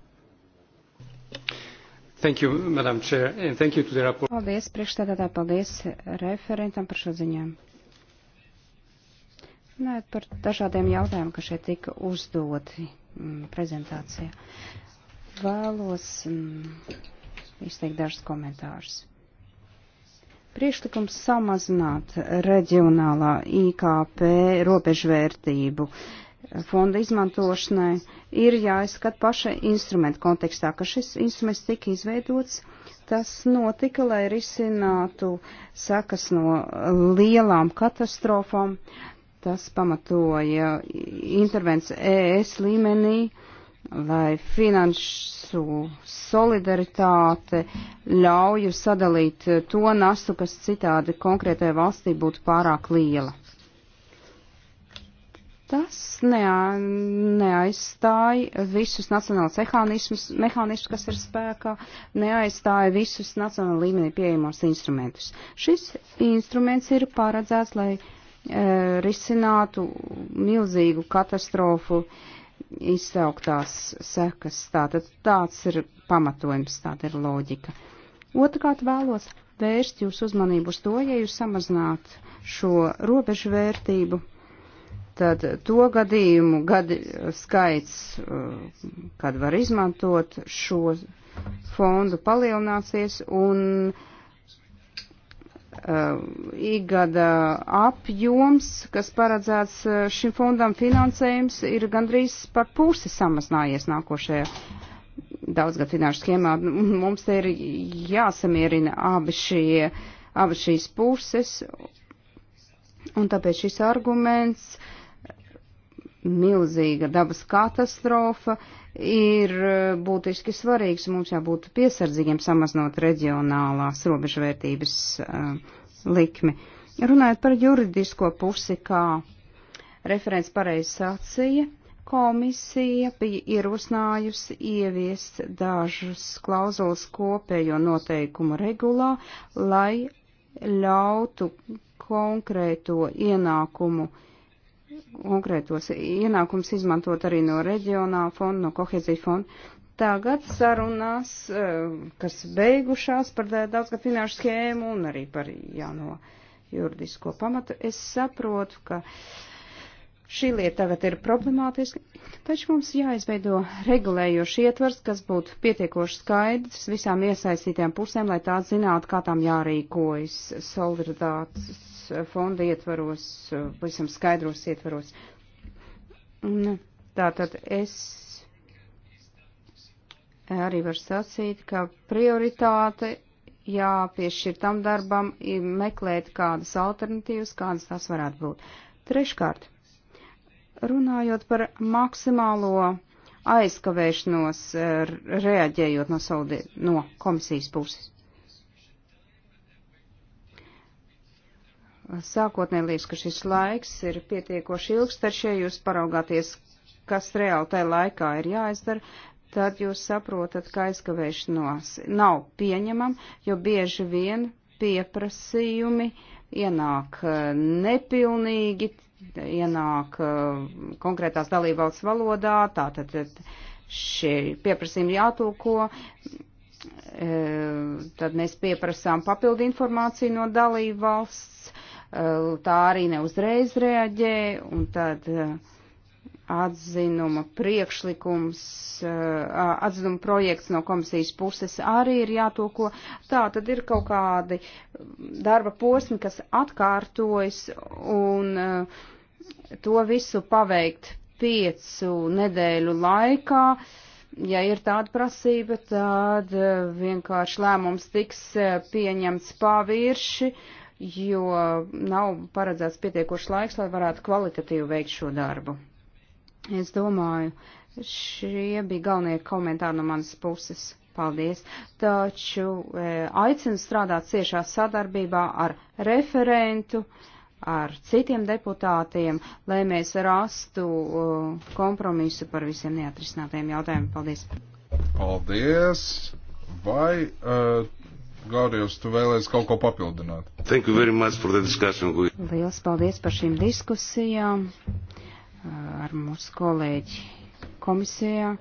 Thank you, Madam Chair, and thank you to the rapport. Paldies, priekšstādātā, paldies referentam par šo ziņām. Runājot par dažādiem jautājumiem, kas šeit tika uzdoti m, mm, prezentācijā, vēlos m, mm, izteikt dažus komentārus. Priekšlikums samazināt reģionālā IKP robežvērtību. Uh, fonda izmantošanai, ir jāizskat paša instrumenta kontekstā, ka šis instruments tika izveidots. Tas notika, lai risinātu sekas no lielām katastrofām. Tas pamatoja intervences ES līmenī, lai finanšu solidaritāte ļauju sadalīt to nastu, kas citādi konkrētai valstī būtu pārāk liela. Tas nea, neaizstāja visus nacionālus mehānismus, mehānismus, kas ir spēkā, neaizstāja visus nacionāla līmenī pieejamos instrumentus. Šis instruments ir paredzēts, lai e, risinātu milzīgu katastrofu izsauktās sekas. Tātad tāds ir pamatojums, tāda ir loģika. Otrkārt vēlos vērst jūsu uzmanību uz to, ja jūs samazināt šo robežu vērtību tad to gadījumu gadi, skaits, uh, kad var izmantot šo fondu, palielināsies un uh, ikgada apjoms, kas paredzēts uh, šim fondam finansējums, ir gandrīz par pusi samazinājies nākošajā daudzgad finanšu schēmā. Nu, mums te ir jāsamierina abi, šie, abi šīs puses, un tāpēc šis arguments uh, milzīga dabas katastrofa ir e, būtiski svarīgs. Mums jābūt piesardzīgiem samaznot reģionālās robežvērtības uh, likmi. Runājot par juridisko pusi, kā referents pareizi sacīja, komisija bija ierosinājusi ieviest dažas klauzulas kopējo noteikumu regulā, lai ļautu konkrēto ienākumu uh, konkrētos ienākums izmantot arī no reģionā fonda, no kohezija fonda. Tagad sarunās, eh, kas beigušās par daudzgad finanšu schēmu un arī par jauno juridisko pamatu, es saprotu, ka šī lieta tagad ir problemātiska, taču mums jāizveido regulējoši ietvers, kas būtu pietiekoši skaidrs visām iesaistītām pusēm, lai tā zinātu, kā tām jārīkojas solidaritātes fonda ietvaros, pavisam skaidros ietvaros. Un, tātad es arī varu sacīt, ka prioritāte jāpiešķir tam darbam, meklēt kādas alternatīvas, kādas tās varētu būt. Treškārt, runājot par maksimālo aizkavēšanos, eh, reaģējot no, saudi, no komisijas puses. sākotnēji liekas, ka šis laiks ir pietiekoši ilgs, taču, ja jūs paraugāties, kas reāli tajā laikā ir jāizdara, tad jūs saprotat, ka aizkavēšanos nav pieņemam, jo bieži vien pieprasījumi ienāk eh, nepilnīgi, ienāk eh, konkrētās dalībvalsts valodā, tātad eh, šie pieprasījumi jātulko, tad mēs pieprasām papildu informāciju no dalībvalsts Eh, tā arī neuzreiz reaģē, un tad eh, atzinuma priekšlikums, eh, atzinuma projekts no komisijas puses arī ir jātoko. Tā tad ir kaut kādi darba posmi, kas atkārtojas, un to visu paveikt piecu nedēļu laikā. Ja ir tāda prasība, tad vienkārši lēmums tiks pieņemts pavirši. Uh, jo nav paredzēts pietiekošs laiks, lai varētu kvalitatīvi veikt šo darbu. Es domāju, šie bija galvenie komentāri no manas puses. Paldies! Taču e, aicinu strādāt ciešā sadarbībā ar referentu, ar citiem deputātiem, lai mēs rastu e, kompromisu par visiem neatrisinātajiem jautājumiem. Paldies! Paldies! Vai uh, Gaurijos, tu vēlēsi kaut ko papildināt. Thank you very much for the discussion. Liels paldies par šīm diskusijām eh, ar mūsu kolēģi komisijā.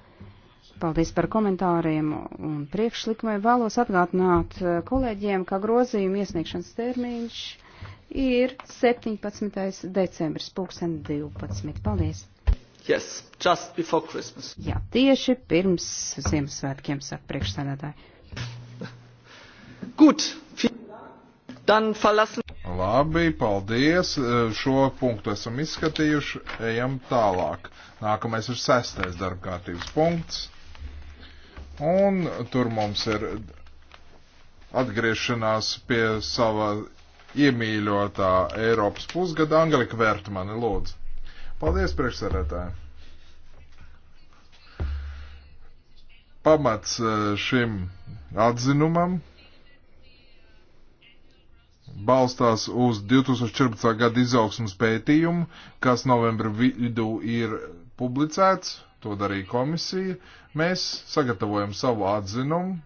Paldies par komentāriem un priekšlikumiem. Vēlos atgādināt eh, kolēģiem, ka grozījuma iesniegšanas termiņš ir 17. decembris, pulksten 12. Paldies! Yes, just before Christmas. Jā, tieši pirms Ziemassvētkiem, saka priekšsēdētāji. Gut, dann verlassen. Labi, paldies. Šo punktu esam izskatījuši. Ejam tālāk. Nākamais ir sestais darbkārtības punkts. Un tur mums ir atgriešanās pie sava iemīļotā Eiropas pusgada Angelika Vērtmani, lūdzu. Paldies, priekšsarētāji. Pamats šim atzinumam balstās uz 2014. gada izaugsmas pētījumu, kas novembra vidū ir publicēts, to darīja komisija. Mēs sagatavojam savu atzinumu.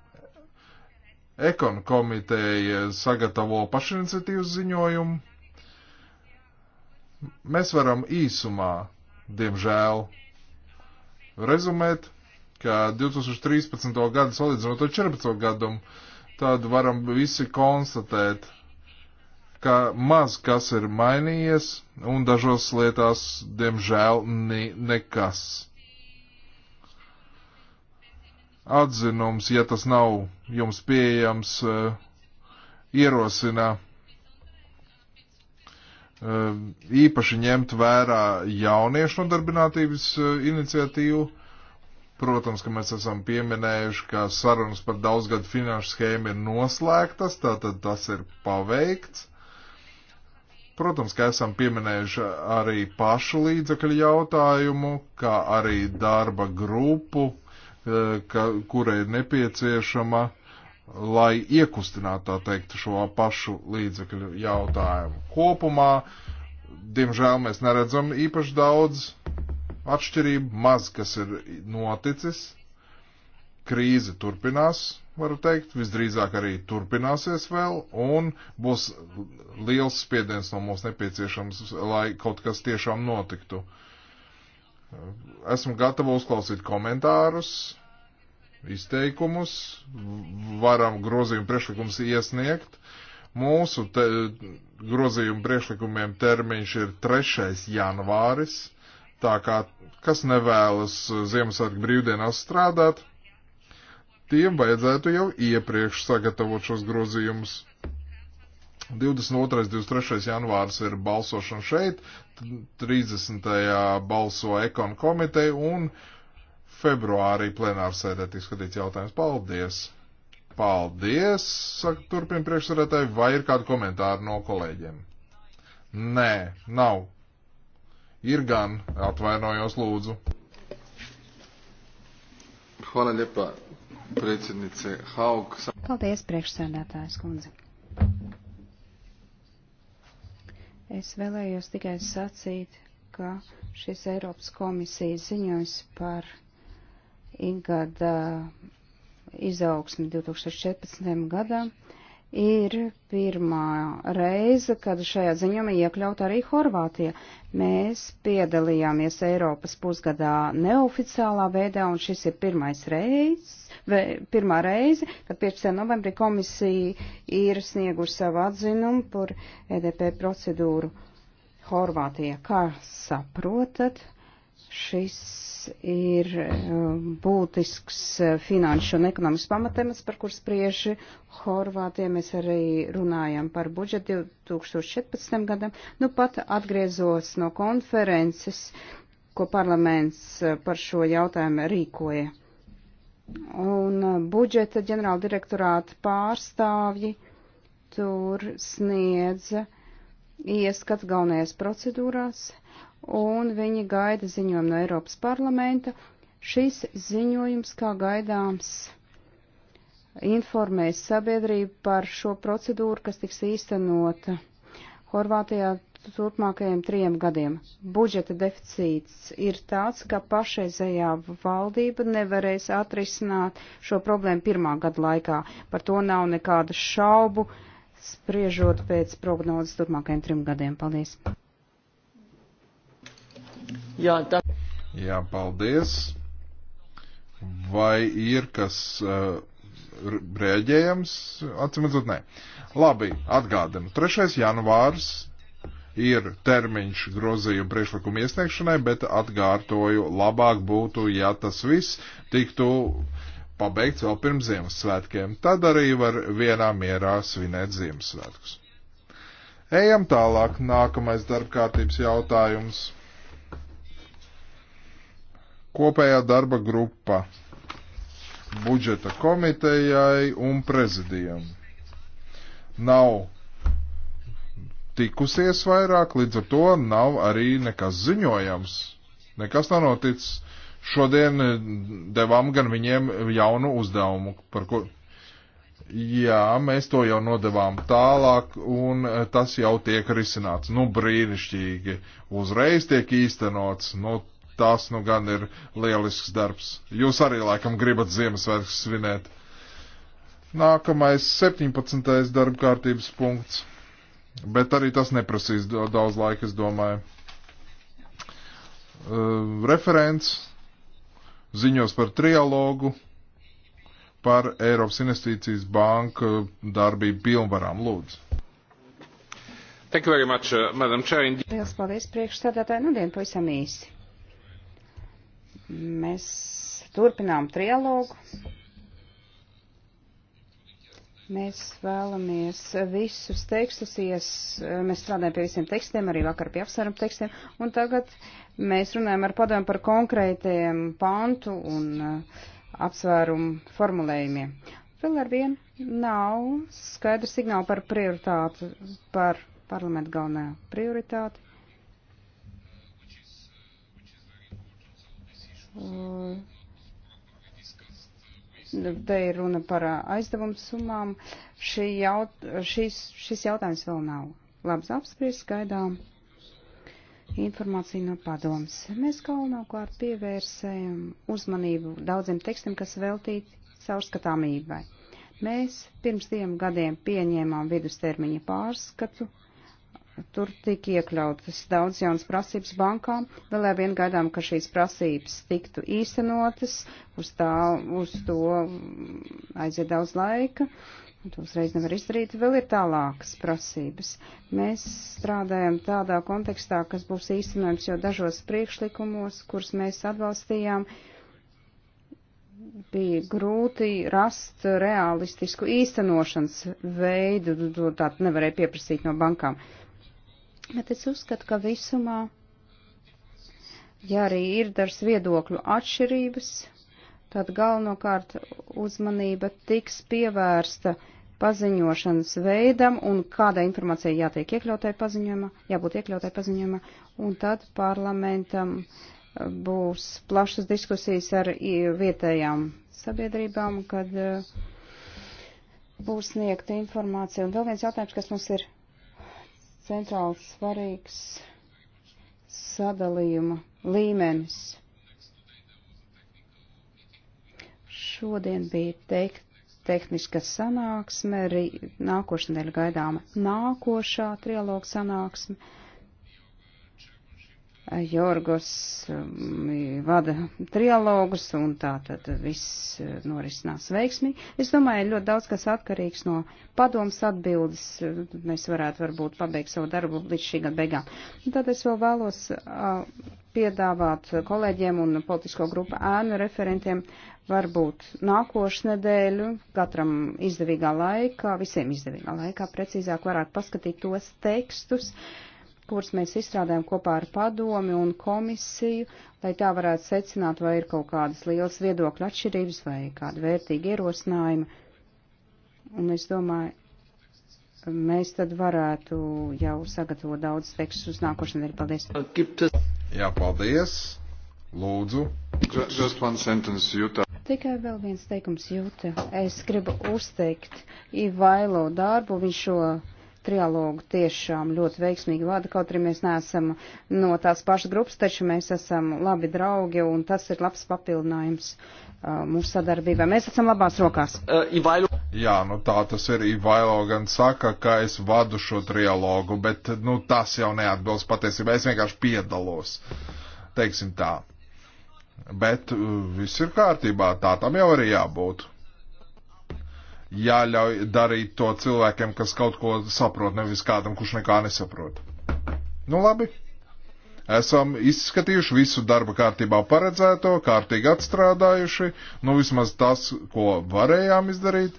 Ekon komiteja sagatavo pašiniciatīvas ziņojumu. Mēs varam īsumā, diemžēl, rezumēt, ka 2013. gadu salīdzinot ar 2014. gadu, tad varam visi konstatēt, ka maz kas ir mainījies, un dažos lietās, diemžēl, ne, nekas atzinums, ja tas nav jums pieejams, eh, ierosina eh, īpaši ņemt vērā jauniešu nodarbinātības eh, iniciatīvu. Protams, ka mēs esam pieminējuši, ka sarunas par daudzgadu finanšu schēmu ir noslēgtas, tātad tas ir paveikts. Protams, ka esam pieminējuši arī pašu līdzekļu jautājumu, kā arī darba grupu, e, ka, kura ir nepieciešama, lai iekustinātu, tā teikt, šo pašu līdzekļu jautājumu. Kopumā, diemžēl, mēs neredzam īpaši daudz atšķirību, maz kas ir noticis krīze turpinās, varu teikt, visdrīzāk arī turpināsies vēl, un būs liels spiediens no mums nepieciešams, lai kaut kas tiešām notiktu. Esmu gatava uzklausīt komentārus, izteikumus, varam grozījumu priekšlikumus iesniegt. Mūsu te, grozījumu priekšlikumiem termiņš ir 3. janvāris, tā kā kas nevēlas Ziemassvētku brīvdienās strādāt, tiem vajadzētu jau iepriekš sagatavot šos grozījumus. 22. 23. janvārs ir balsošana šeit, 30. balso ekon komiteja un februārī plenārsēdē tiks skatīts jautājums. Paldies! Paldies! Saka, turpin priekšsarētāji, vai ir kādi komentāri no kolēģiem? Nē, nav. Ir gan, atvainojos lūdzu. Hvala lijepa predsjednice Haug. Paldies, priekšsēdētājs kundze. Es vēlējos tikai sacīt, ka šis Eiropas komisijas ziņojums par Ingada uh, izaugsmi 2014. gadam ir pirmā reize, kad šajā ziņojumā iekļaut arī Horvātija. Mēs piedalījāmies Eiropas pusgadā neoficiālā veidā, un šis ir pirmais reizes, pirmā reize, kad 15. novembrī komisija ir snieguši savu atzinumu par EDP procedūru Horvātija. Kā saprotat, Šis ir um, būtisks uh, finanšu un ekonomisks pamatemats, par kur sprieži Horvātija. Mēs arī runājam par budžetu 2014. gadam. Nu pat atgriezos no konferences, ko parlaments uh, par šo jautājumu rīkoja. Un uh, budžeta ģenerāla direktorāta pārstāvji tur sniedza ieskats galvenajās procedūrās un viņi gaida ziņojumu no Eiropas parlamenta. Šis ziņojums, kā gaidāms, informēs sabiedrību par šo procedūru, kas tiks īstenota Horvātijā turpmākajiem trim gadiem. Budžeta deficīts ir tāds, ka pašreizējā valdība nevarēs atrisināt šo problēmu pirmā gada laikā. Par to nav nekādu šaubu, spriežot pēc prognozes turpmākajiem trim gadiem. Paldies! Jā, tā. Jā, paldies. Vai ir kas uh, rēģējams? Atcīmredzot, nē. Labi, atgādinu. 3. janvārs ir termiņš grozījuma priekšlikuma iesniegšanai, bet atgārtoju, labāk būtu, ja tas viss tiktu pabeigts vēl pirms Ziemassvētkiem. Tad arī var vienā mierā svinēt Ziemassvētkus. Ejam tālāk, nākamais darbkārtības jautājums kopējā darba grupa budžeta komitejai un prezidijam. Nav tikusies vairāk, līdz ar to nav arī nekas ziņojams. Nekas nav noticis. Šodien devām gan viņiem jaunu uzdevumu, par ko. Jā, mēs to jau nodevām tālāk, un tas jau tiek risināts. Nu, brīnišķīgi. Uzreiz tiek īstenots. Nu, tās nu gan ir lielisks darbs. Jūs arī laikam gribat Ziemassvētku svinēt. Nākamais 17. darba kārtības punkts. Bet arī tas neprasīs daudz laika, es domāju. Uh, referents ziņos par trialogu par Eiropas Investīcijas banku darbību pilnvarām. Lūdzu. Thank you very much, uh, Madam Chair. Liels paldies priekšstādātāji. Nu, dien pavisam īsi. Mēs turpinām trialogu. Mēs vēlamies visus tekstus, ies, mēs strādājam pie visiem tekstiem, arī vakar pie apsvērumu tekstiem, un tagad mēs runājam ar padomu par konkrētiem pantu un uh, apsvērumu formulējumiem. Vēl ar vienu nav skaidru signālu par prioritāti, par parlamentu galvenā prioritāti. Nu, te ir runa par aizdevumu summām. Šī jaut, šis, šis jautājums vēl nav labs apspriests, gaidām informāciju no padomas. Mēs galvenokārt pievērsējam uzmanību daudziem tekstiem, kas veltīti caurskatāmībai. Mēs pirms diviem gadiem pieņēmām vidustermiņa pārskatu Tur tika iekļautas daudz jaunas prasības bankām, vēl aizvien gaidām, ka šīs prasības tiktu īstenotas, uz, tā, uz to aiziet daudz laika, un to uzreiz nevar izdarīt, vēl ir tālākas prasības. Mēs strādājam tādā kontekstā, kas būs īstenojams jau dažos priekšlikumos, kurus mēs atbalstījām, bija grūti rast realistisku īstenošanas veidu, to tādu nevarēja pieprasīt no bankām. Uh, Bet es uzskatu, ka visumā, ja arī ir dažs viedokļu atšķirības, tad galvenokārt uzmanība tiks pievērsta paziņošanas veidam un kāda informācija jātiek iekļautai paziņojumā, jābūt iekļautai paziņojumā, un tad parlamentam eh, būs plašas diskusijas ar vietējām sabiedrībām, kad eh, būs sniegta informācija. Un vēl viens jautājums, kas mums ir centrāls svarīgs sadalījuma līmenis. Šodien bija teik, tehniska sanāksme, arī nākošanai gaidāma nākošā trialoga sanāksme. Uh, Jorgos um, vada trialogus un tā tad viss uh, norisinās veiksmi. Es domāju, ļoti daudz kas atkarīgs no padomas atbildes. Uh, mēs varētu varbūt pabeigt savu darbu līdz šī gada beigām. Un tad es vēl vēlos uh, piedāvāt kolēģiem un politisko grupu ēnu referentiem varbūt nākošu nedēļu, katram izdevīgā laikā, visiem izdevīgā laikā precīzāk varētu paskatīt tos tekstus, uh, kuras mēs izstrādājam kopā ar padomi un komisiju, lai tā varētu secināt, vai ir kaut kādas lielas viedokļu atšķirības vai kāda vērtīga ierosinājuma. Un es domāju, mēs tad varētu jau sagatavot daudz tekstus uz nākošu nedēļu. Paldies! Jā, paldies! Lūdzu! Just one sentence, Jūta. Tikai vēl viens teikums, Jūta. Es gribu uzteikt Ivailo darbu, viņš šo trialogu tiešām ļoti veiksmīgi vada, kaut arī mēs neesam no tās pašas grupas, taču mēs esam labi draugi un tas ir labs papildinājums uh, mūsu sadarbībai. Mēs esam labās rokās. Uh, Jā, nu tā tas ir. Ivailo gan saka, ka es vadu šo trialogu, bet nu, tas jau neatbilst patiesībā. Es vienkārši piedalos. Teiksim tā. Bet uh, viss ir kārtībā, tā tam jau arī jābūt jāļauj darīt to cilvēkiem, kas kaut ko saprot, nevis kādam, kurš nekā nesaprot. Nu labi. Esam izskatījuši visu darba kārtībā paredzēto, kārtīgi atstrādājuši, nu vismaz tas, ko varējām izdarīt.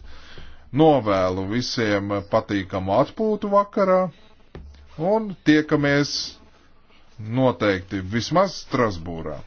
Novēlu visiem patīkamu atpūtu vakarā un tiekamies noteikti vismaz Strasbūrā.